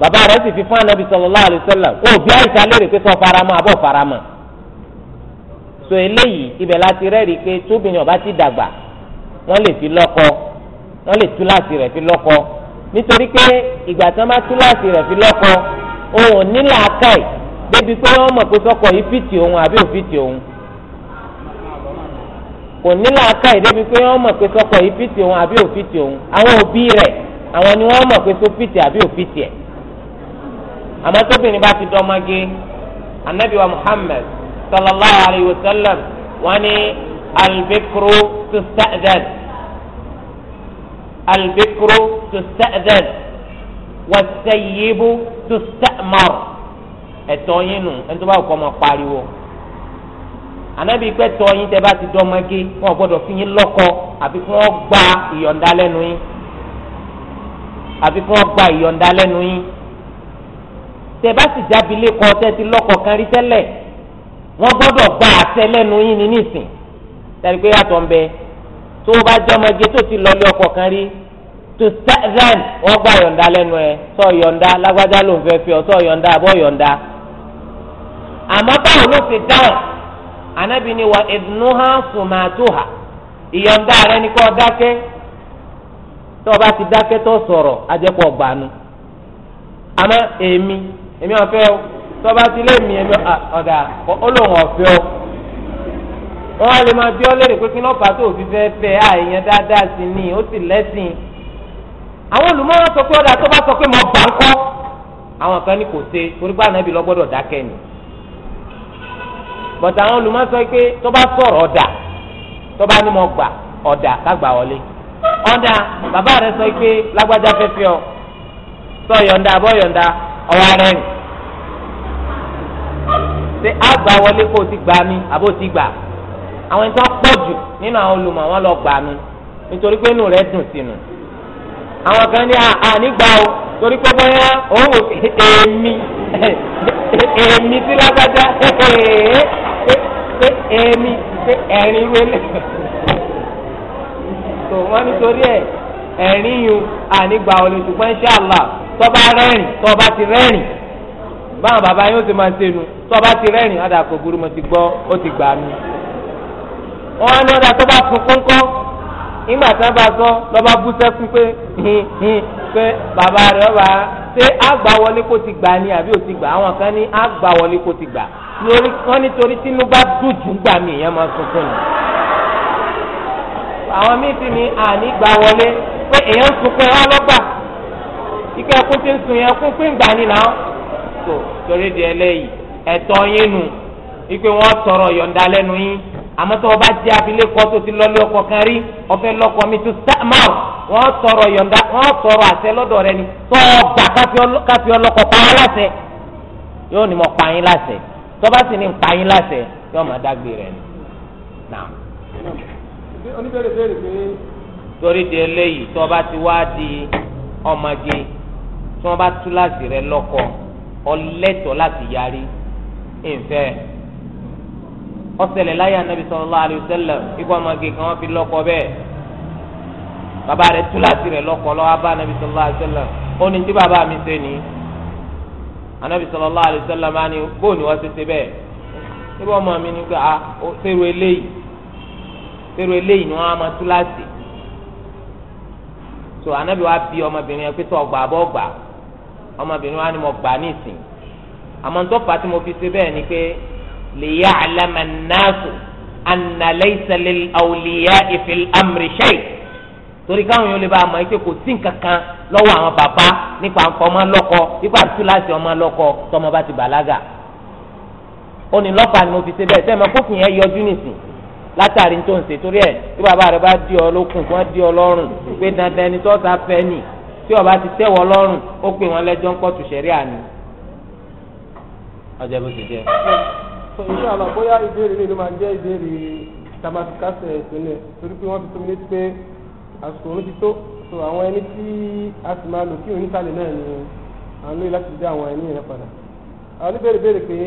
bàbá rẹ̀ sì fi fún anabi sallallahu alaihi wasallam ó bí àyíṣà léèrè pé sọ faramọ́ àbọ̀ faramọ́ so eléyìí ibẹ̀ láti rẹ́rìí pé tóbìnrin ọba ti dàgbà wọ́n lè fi lọ́kọ wọ́n lè túláàsì rẹ̀ fi lọ́kọ nítorí pé ìgbà tí wọ́n bá túláàsì rẹ̀ fi lọ́kọ òun nílà akáì débi pé wọ́n mọ̀ pé sọ́kọ yìí fìtì òun àbí òfìtì òun kò nílà akáì débi pé wọ́n mọ̀ pé sọ́kọ yìí fìtì òun àbí òfìtì òun àwọn òbí rẹ̀ àwọn ni wọ́n mọ̀ pé sọ fìtì àbí òfìtì ẹ̀ àmọ́ tóbìnrin bá ti dọ́mọge anabi wa muhammed sallallahu alayhi wa sallam wọ́n ní albikru tusta'dad albikru tusta'dad wasayibu tusta'mar ẹ̀tọ́ yín nù ẹni tó bá kọ́ ọmọ pariwo anabi pẹ́ tọ́ yín tẹ́ bá ti dọ́mọge wọ́n gbọ́dọ̀ fi yín lọ́kọ àfi kí wọ́n gba yín àfi kí wọ́n gba yín. tẹ sì jábí ti lọkọ kan rí tẹ́lẹ̀ gbọ́dọ̀ gba àtẹ lẹ́nu yín ní nísìn tẹ̀lé pé yàtọ̀ ń bẹ tó o bá tó ti ọkọ kan rí tó sẹ́ẹ̀dán wọ́n gba yọ̀ǹda lẹ́nu sọ yọ̀ǹda lágbájá ló ń sọ yọ̀ǹda àbọ̀ yọ̀ǹda. àmọ́ báwo ló ti dáhùn anábì ni wà ìdùnnúhà ìyọ̀ǹda rẹ ni kò dákẹ́ tó o bá gbanu àmọ́ èmi. èmi ọ̀fẹ́ o tọ́ba ti lé mi ẹ̀mí ọ̀dà olóhùn ọ̀fẹ́ o wọ́n á lè máa bí ọ lérè pé kí lọ́ọ̀fà tó fi fẹ́ fẹ́ àìyàn dáadáa sí ni ó sì lẹ́sìn àwọn olùmọ̀ràn sọ pé ọ̀dà tó bá sọ pé mo bá ń kọ́ àwọn kan ní kò ṣe torí pé ànábì lọ gbọ́dọ̀ dákẹ́ ni bọ̀tà àwọn olùmọ̀ràn sọ pé tó bá sọ̀rọ̀ ọ̀dà tó bá ní mo gbà ọ̀dà kágbà wọlé ọ̀dà bàbá rẹ sọ pé lágbájá fẹ́ fẹ́ ọ sọ yọ̀ǹda bọ́ yọ̀ǹda ọwọ́ rẹ̀ ni ṣé àgbà wọlé kó o ti gbà mí àbó o ti gbà àwọn ẹni tó pọ̀ jù nínú àwọn olùmọ̀ wọn lọ gbà mí nítorí pé inú rẹ̀ dùn sínú àwọn kan ní ànígbà o torí pé bóyá òun wò èmi èmi sí lágbájá èmi ẹ̀rín wẹ́lẹ̀ tó wọ́n nítorí ẹ̀ ẹ̀rín yun ànígbà o lè ṣùgbọ́n insha Allah. tọ́ba rẹ́rìn tọ́ba ti rẹ́rìn báwọn bàbá yín ó ti máa ń sẹ́nu tọ́ba ti rẹ́rìn ọ̀dà kò burú mo ti gbọ́ ó ti gbà mí. wọ́n á ní ọ̀dà tọ́ba fún kọ́ńkọ́ ìgbà tí wọ́n bá sọ lọ́ba bú sẹ́kún pé pé bàbá rẹ̀ ọba ṣé àgbà wọlé kó ti gbà ni àbí ò ti gbà àwọn kan ní àgbà wọlé kó ti gbà wọ́n nítorí tínú bá dùn gbà mí èèyàn máa sunkún ni. àwọn míì ti ní àní gbà wọlé pé èèyàn sunkún ẹ̀ wá lọ́gbà ike ẹkún ti ń sùn yẹn kún pín gbà ní náà tó torí di ẹlẹ́yìí ẹ̀tọ́ yín nù ike wọ́n tọrọ yọ̀ǹda lẹ́nu yín àmọ́ tó o bá jẹ́ abilékọ tó ti lọ́lé ọkọ kan rí ọ̀fẹ́ lọ́kọ mi tó sáàmà wọ́n tọrọ yọ̀ǹda wọ́n tọrọ àṣẹ lọ́dọ̀ rẹ ni tó o gbà káfí ọlọ́kọ pa á láṣẹ yóò ní mo pa yín láṣẹ tó bá sì ní pa yín láṣẹ yóò máa dágbé rẹ ni. torí di eléyìí tó o bá ti wá di ọmọge tí wọ́n bá tú láti rẹ lọ́kọ ọlẹ́tọ̀ láti yarí ìfẹ́ ọsẹlẹ̀ láyé anabi sallallahu alaihi wasallam ikú ọmọge kan wọ́n fi lọ́kọ bẹ́ẹ̀ bàbá rẹ̀ tú láti rẹ lọ́kọ lọ́wọ́ bá anabi sallallahu alaihi wasallam ó ní tí bàbá mi ṣe ni anabi sallallahu alaihi wasallam á ní bóun ni wọ́n ṣe ṣe bẹ́ẹ̀ níbi ọmọ mi ni pé a ah, eléyìí ṣèrò eléyìí ni wọ́n á máa tú so anabi wa bí ọmọbìnrin yẹn pé tó ọgbà àbọ̀ ọgbà ọmọbìnrin wa ni mo gbà ní ìsìn àmọ́ ntọ́fà tí mo fi ṣe bẹ́ẹ̀ ni pé lèyà àlámà nàásù ànàlẹ́sẹ̀lẹ̀ àwòlíyà ìfìl àmìrìṣẹ́ torí káwọn yóò lè bá a mọ̀ ike kò sí nǹkan kan lọ́wọ́ àwọn bàbá nípa nǹkan ọmọ lọ́kọ nípa túláàsì ọmọ lọ́kọ tọmọ bá ti bàlágà ó ní lọ́fà ni mo fi ṣe bẹ́ẹ̀ sẹ́mi kófin yẹn yọjú nìsín látàrí tó torí ẹ̀ tí bàbá rẹ bá di ọ lókun kí wọ́n di ọ lọ́rùn pé dandan ẹni tó ta fẹ́ nì tí ọba ti tẹ́wọ́ lọ́rùn ó pè wọ́n lẹ́jọ́ ń kọ́tù sẹ́rí àná. ọjọ́ bó ti jẹ́. sọ ìṣe àlọ́ bóyá ìbéèrè mi ló máa jẹ́ ìbéèrè tamasikasẹ̀ ìpínlẹ̀ torí pé wọ́n ti tómi létí pé àsìkò òun ti tó so àwọn ẹni tí a sì máa lò kí òun níkàlẹ̀ náà ni à ń lóye láti dé àwọn ẹni yẹn padà. àwọn oníbèrè béèrè pé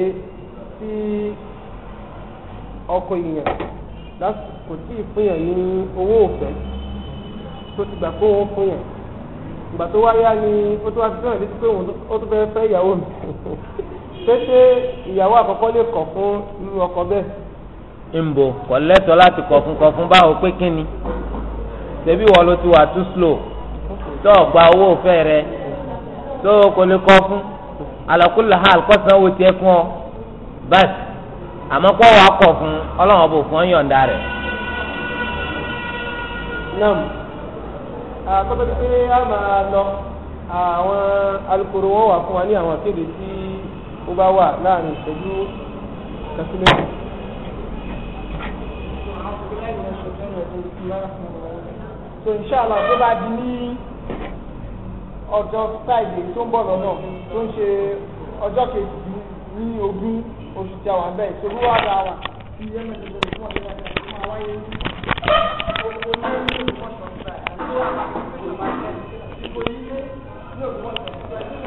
tí ọkọ èèyàn kò tí ì fún yàn ní owó òfẹ́ tó ti gbà kó wọn fún yàn ìgbà tó wáyá ni ó tó wá sí sẹ́wọ̀n létí pé ó tó fẹ́ẹ́ fẹ́ ìyàwó mi pé ṣé ìyàwó àkọ́kọ́ lè kọ̀ fún irú ọkọ bẹ́ẹ̀. ìbò kò lẹ́tọ̀ọ́ láti kọ̀ fún kọ̀ fún báwo pé kí ni ṣebí wọ́n ló ti wà too slow tó o gba owó òfẹ́ rẹ tó o kò lè kọ̀ fún alakula ha alikọsan wo tiẹ̀ fún ọ bẹẹsì àmọ́ kó wàá kọ̀ fún Ọlọ́run ọbọ fún ọ yọ̀ǹda rẹ̀. náà àtọ́bẹ́ ah, ti pé a máa lọ àwọn alukoro wọn wà fún wa ní àwọn akéde tí ó bá wà láàrin ìṣẹ́jú kásílẹ̀. so inshallah tó bá di ní ọjọ́ friday tó ń bọ̀ lọ́nà tó ń ṣe ọjọ́ kejì ní ogún oṣù tí a wà bẹ́ẹ̀ ìṣòro wà bá wa. Thank you.